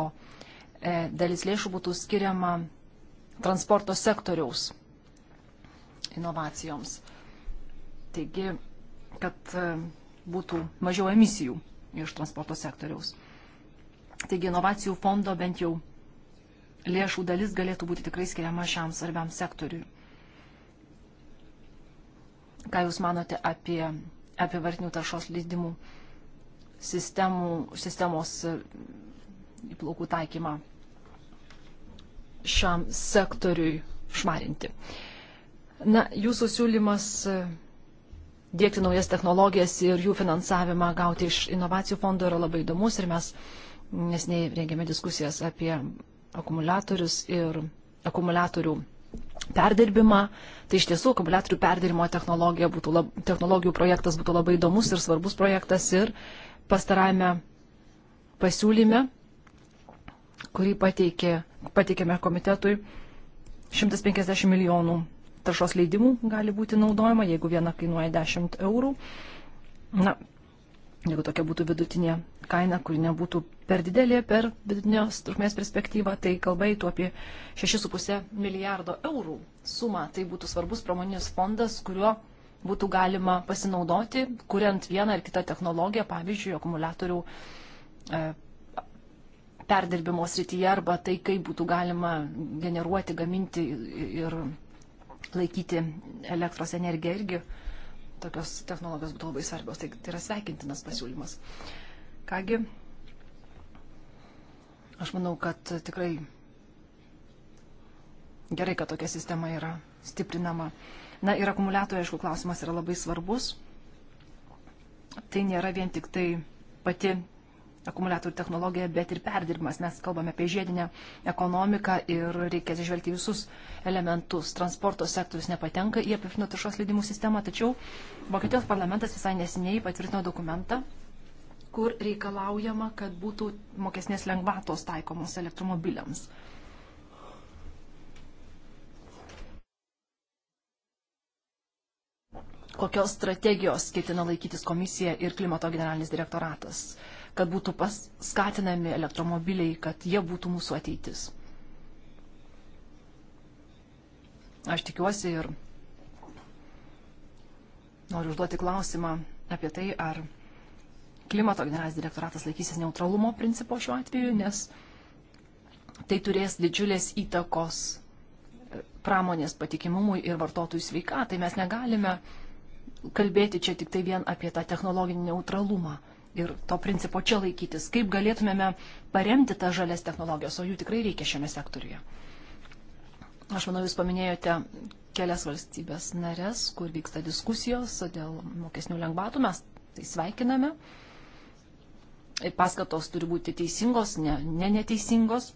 Speaker 3: e, dalis lėšų būtų skiriama transporto sektoriaus inovacijoms. Taigi, kad e, būtų mažiau emisijų iš transporto sektoriaus. Taigi, inovacijų fondo bent jau lėšų dalis galėtų būti tikrai skiriama šiam svarbiam sektoriui. Ką Jūs manote apie apivartinių taršos leidimų sistemų, sistemos e, įplaukų taikymą šiam sektoriui švarinti. Na, jūsų siūlymas e, dėkti naujas technologijas ir jų finansavimą gauti iš inovacijų fondo yra labai įdomus ir mes nesnei rengėme diskusijas apie akumuliatorius ir akumuliatorių perdirbimą. Tai iš tiesų akumuliatorių perdirimo būtų lab, technologijų projektas būtų labai įdomus ir svarbus projektas ir pastarajame pasiūlyme, kurį pateikė, pateikėme komitetui, 150 milijonų taršos leidimų gali būti naudojama, jeigu viena kainuoja 10 eurų. Na, jeigu tokia būtų vidutinė kaina, kuri nebūtų per didelė per vidutinės trukmės perspektyvą, tai kalba eitų apie 6,5 milijardo eurų sumą. Tai būtų svarbus pramoninis fondas, kuriuo būtų galima pasinaudoti, kuriant vieną ar kitą technologiją, pavyzdžiui, akumuliatorių e, perdirbimo srityje arba tai, kaip būtų galima generuoti, gaminti ir laikyti elektros energiją irgi. Tokios technologijos būtų labai svarbios, tai, tai yra sveikintinas pasiūlymas. Uh, Kągi, aš manau, kad tikrai gerai, kad tokia sistema yra stiprinama. Na ir akumuliatorių, aišku, klausimas yra labai svarbus. Tai nėra vien tik tai pati akumuliatorių technologija, bet ir perdirbimas. Mes kalbame apie žiedinę ekonomiką ir reikia atsižvelgti visus elementus. Transporto sektorius nepatenka į apifinio taršos leidimų sistemą, tačiau Vokietijos parlamentas visai nesiniai patvirtino dokumentą, kur reikalaujama, kad būtų mokesnės lengvatos taikomos elektromobiliams. Kokios strategijos ketina laikytis komisija ir klimato generalinis direktoratas, kad būtų paskatinami elektromobiliai, kad jie būtų mūsų ateitis. Aš tikiuosi ir noriu užduoti klausimą apie tai, ar klimato generalinis direktoratas laikysis neutralumo principo šiuo atveju, nes tai turės didžiulės įtakos e, pramonės patikimumui ir vartotojų sveikatai. Mes negalime kalbėti čia tik tai vien apie tą technologinį neutralumą ir to principo čia laikytis. Kaip galėtumėme paremti tą žalias technologijas, o jų tikrai reikia šiame sektoriuje. Aš manau, jūs paminėjote kelias valstybės narės, kur vyksta diskusijos dėl mokesnių lengvatų. Mes tai sveikiname. Uh, paskatos turi būti teisingos, ne, ne neteisingos.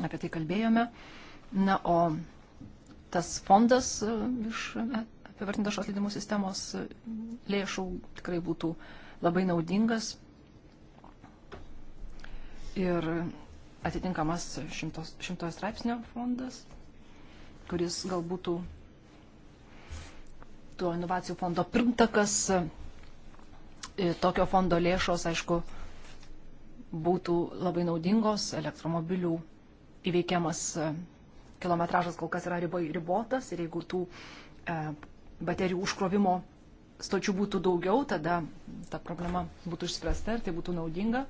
Speaker 3: Apie tai kalbėjome. Na, o tas fondas e, iš e, apivartintos šios leidimų sistemos e, lėšų tikrai būtų labai naudingas. Ir atitinkamas šimtos, šimtojo straipsnio fondas, kuris galbūt tuo inovacijų fondo pirmtakas E, tokio fondo lėšos, aišku, būtų labai naudingos, elektromobilių įveikiamas e, kilometražas kol kas yra ribotas ir jeigu tų e, baterijų užkrovimo stočių būtų daugiau, tada ta problema būtų išspręsta ir tai būtų naudinga.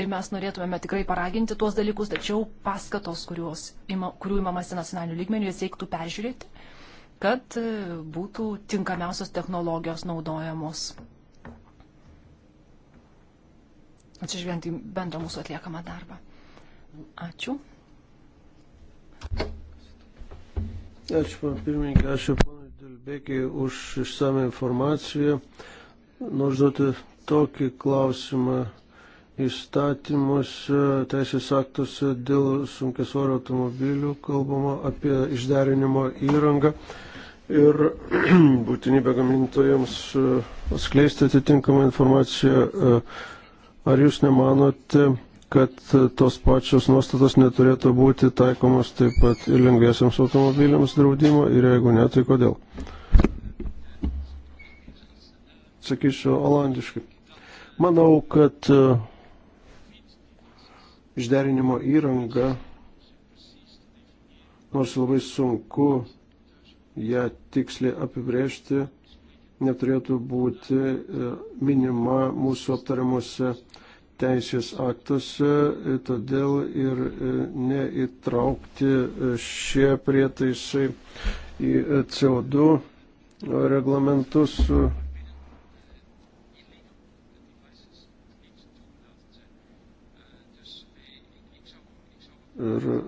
Speaker 3: Ir mes norėtumėme tikrai paraginti tuos dalykus, tačiau paskatos, kurios, ima, kurių imamasi nacionalinių lygmenių, jas reiktų peržiūrėti kad e, būtų tinkamiausios technologijos naudojamos. Atsižvelgiant į bendrą mūsų atliekamą darbą. Ačiū.
Speaker 2: Ačiū, man pirmininkai, ačiū ponui Dilbėkiai už išsame informaciją. Nors duoti tokį klausimą įstatymuose, teisės aktuose dėl sunkesvorio automobilių kalbama apie išderinimo įrangą ir būtinybę gamintojams e, atskleisti atitinkamą informaciją. E, ar jūs nemanote, kad tos pačios nuostatos neturėtų būti taikomos taip pat ir lengviesiams automobiliams draudimo ir jeigu ne, tai kodėl? Sakysiu olandiškai. Manau, kad uh, išderinimo įrangą, nors labai sunku ją tiksliai apibrėžti, neturėtų būti e, minima mūsų aptariamuose teisės aktuose, e, todėl ir e, neįtraukti šie prietaisai į CO2 reglamentus ir e,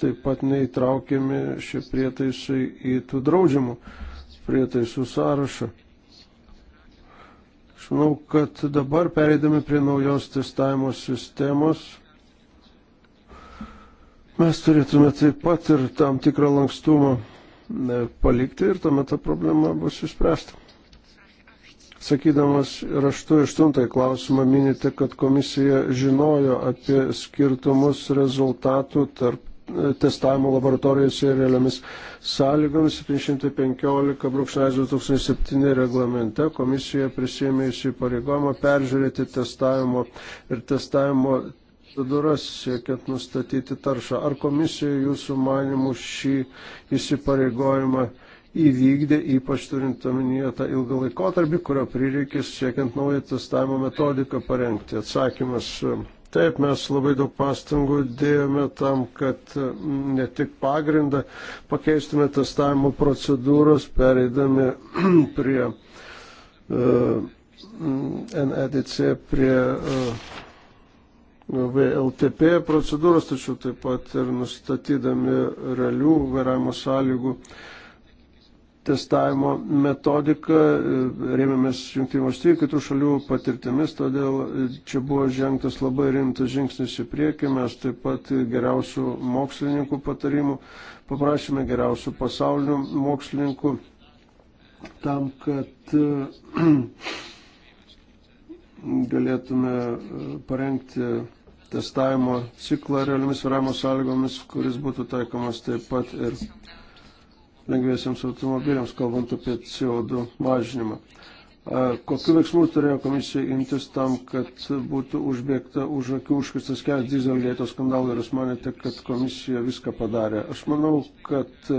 Speaker 2: taip pat neįtraukiami šie prietaisai į tų draudžiamų prietaisų sąrašą. Aš manau, kad dabar pereidami prie naujos testavimo sistemos, mes turėtume taip pat ir tam tikrą lankstumą e, palikti ir tuomet ta problema bus išspręsta. Sakydamas raštu aštuntąjį klausimą minite, kad komisija žinojo apie skirtumus rezultatų tarp e, testavimo laboratorijose ir realiamis sąlygomis 715.2007 reglamente komisija prisėmė įsipareigojimą peržiūrėti testavimo ir testavimo procedūras siekiant nustatyti taršą. Ar komisija jūsų manimų šį įsipareigojimą įvykdė, ypač turint omenyje tą ilgą laikotarpį, kurio prireikis siekiant naują testavimo metodiką parengti. Atsakymas. Taip, mes labai daug pastangų dėjome tam, kad ne tik pagrindą pakeistume testavimo procedūros, pereidami prie uh, e, NEDC, prie uh, e, VLTP procedūros, tačiau taip pat ir nustatydami realių vairavimo sąlygų uh, testavimo metodiką, rėmėmės Junktinių valstybių kitų šalių patirtimis, todėl čia buvo žengtas labai rimtas žingsnis į priekį, mes taip pat geriausių mokslininkų patarimų paprašėme, geriausių pasaulinių mokslininkų, tam, kad galėtume e, parengti testavimo ciklą realiomis varavimo sąlygomis, kuris būtų taikomas taip pat ir lengviesiams automobiliams, kalbant apie CO2 mažinimą. Kokiu veiksmu turėjo komisija imtis tam, kad būtų užbėgta už akių užkistas kelias dizelgėto skandalų ir jūs manėte, kad komisija viską padarė? Aš manau, kad e,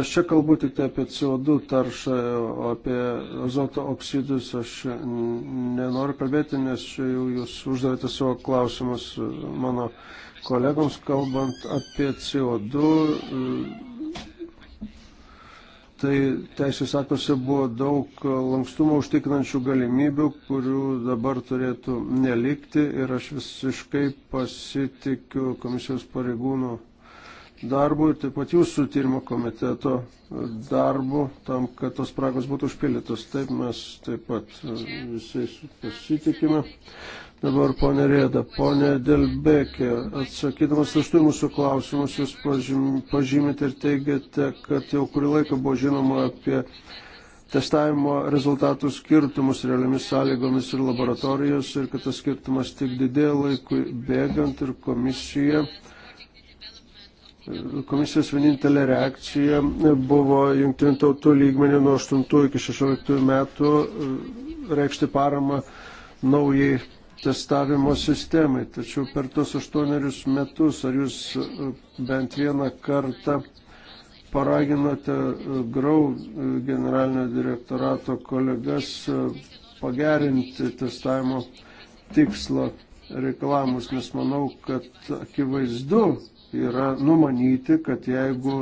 Speaker 2: aš čia kalbu tik tai apie CO2 taršą, o apie azoto oksidus aš nenoriu kalbėti, nes jūs uždavėte savo klausimus e, mano kolegoms, kalbant apie CO2 tai teisės aktuose buvo daug lankstumo užtikrinančių galimybių, kurių dabar turėtų nelikti ir aš visiškai pasitikiu komisijos pareigūnų darbu ir taip pat jūsų tyrimo komiteto darbu tam, kad tos spragos būtų užpildytos. Taip mes taip pat e, visais pasitikime. Dabar ponė Rėda, ponė Delbekė, atsakydamas už tai mūsų klausimus, jūs pažymite ir teigiate, kad jau kurį laiką buvo žinoma apie testavimo rezultatų skirtumus realiamis sąlygomis ir laboratorijos ir kad tas skirtumas tik didėja laikui bėgant ir komisija. Komisijos vienintelė reakcija buvo jungtinių tautų lygmenį nuo 8 iki 16 metų e, reikšti paramą naujai testavimo sistemai. Tačiau per tos aštuonerius metus, ar jūs e, bent vieną kartą paraginote e, Grau e, generalinio direktorato kolegas pagerinti testavimo tikslo reikalavimus, nes manau, kad akivaizdu yra numanyti, kad jeigu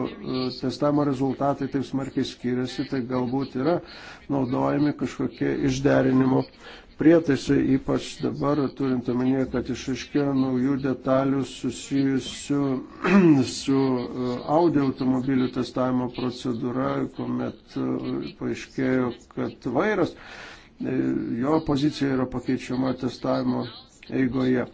Speaker 2: testavimo rezultatai taip smarkiai skiriasi, tai galbūt yra naudojami kažkokie išderinimo prietaisai, ypač dabar turint omenyje, kad išaiškėjo naujų detalių susijusių su uh, audio automobilių testavimo procedūra, kuomet uh, paaiškėjo, kad vairas, uh, jo pozicija yra pakeičiama testavimo eigoje.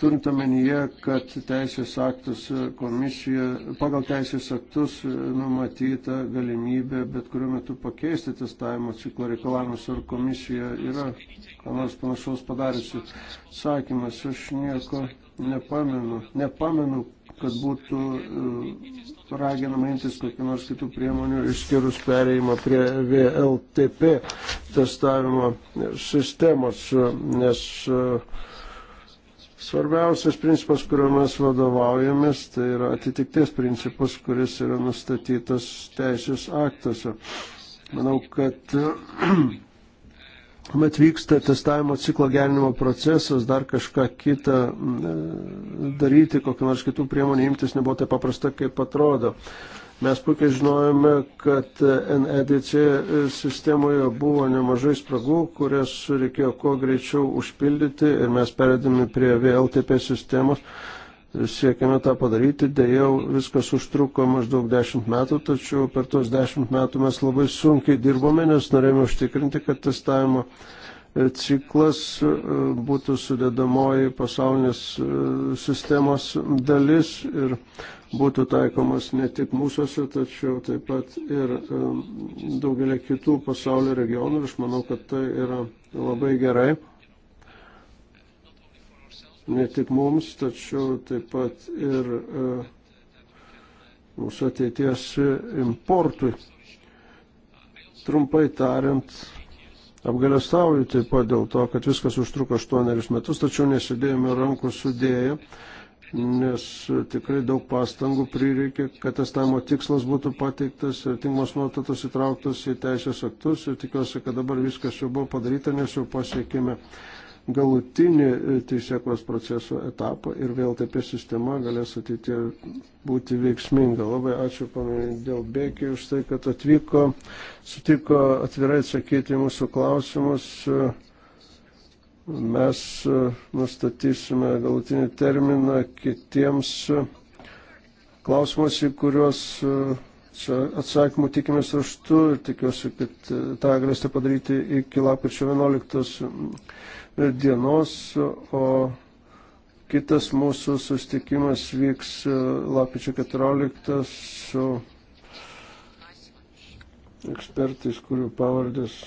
Speaker 2: Turint omenyje, kad teisės aktus komisija, pagal teisės aktus numatyta galimybė bet kuriuo metu pakeisti testavimo ciklo reikalavimus, ar komisija yra, ką nors panašaus padariusi. Sakymas, aš nieko nepamenu, nepamenu, kad būtų e, raginama imtis kokių nors kitų priemonių išskyrus pereimą prie VLTP testavimo sistemos, nes uh, Svarbiausias principas, kuriuo mes vadovaujamės, tai yra atitikties principas, kuris yra nustatytas teisės aktuose. Manau, kad kuomet vyksta testavimo ciklo gerinimo procesas, dar kažką kitą daryti, kokią nors kitų priemonę imtis nebuvo taip paprasta, kaip atrodo. Mes puikiai žinojame, kad NEDC sistemoje buvo nemažai spragų, kurias reikėjo kuo greičiau užpildyti ir mes perėdami prie VLTP sistemos siekiame tą padaryti. Dėjau, viskas užtruko maždaug 10 metų, tačiau per tuos 10 metų mes labai sunkiai dirbome, nes norėjome užtikrinti, kad testavimo E, ciklas e, būtų sudėdamoji pasaulinės e, sistemos dalis ir būtų taikomas ne tik mūsųse, tačiau taip pat ir daugelį kitų pasaulio regionų. Aš manau, kad tai yra labai gerai. Ne tik mums, tačiau taip pat ir mūsų ateities importui. Trumpai tariant, Apgalėstauju taip pat dėl to, kad viskas užtruko 8 metus, tačiau nesėdėjome rankų sudėję, nes tikrai daug pastangų prireikė, kad testavimo tikslas būtų pateiktas ir tinkamos nuotatos įtrauktos į teisės aktus ir tikiuosi, kad dabar viskas jau buvo padaryta, nes jau pasiekėme galutinį e, teisėkos proceso etapą ir vėl taip sistema galės ateityje būti veiksminga. Labai ačiū pamėjai dėl bėkiai už tai, kad atvyko, sutiko atvirai atsakyti mūsų klausimus. E, mes e, nustatysime galutinį terminą kitiems klausimus, į kuriuos atsakymų tikimės raštu ir tikiuosi, kad tą galėsite padaryti iki lapkričio 11 dienos, o kitas mūsų sustikimas vyks e, lapičio 14 su ekspertais, kurių pavardės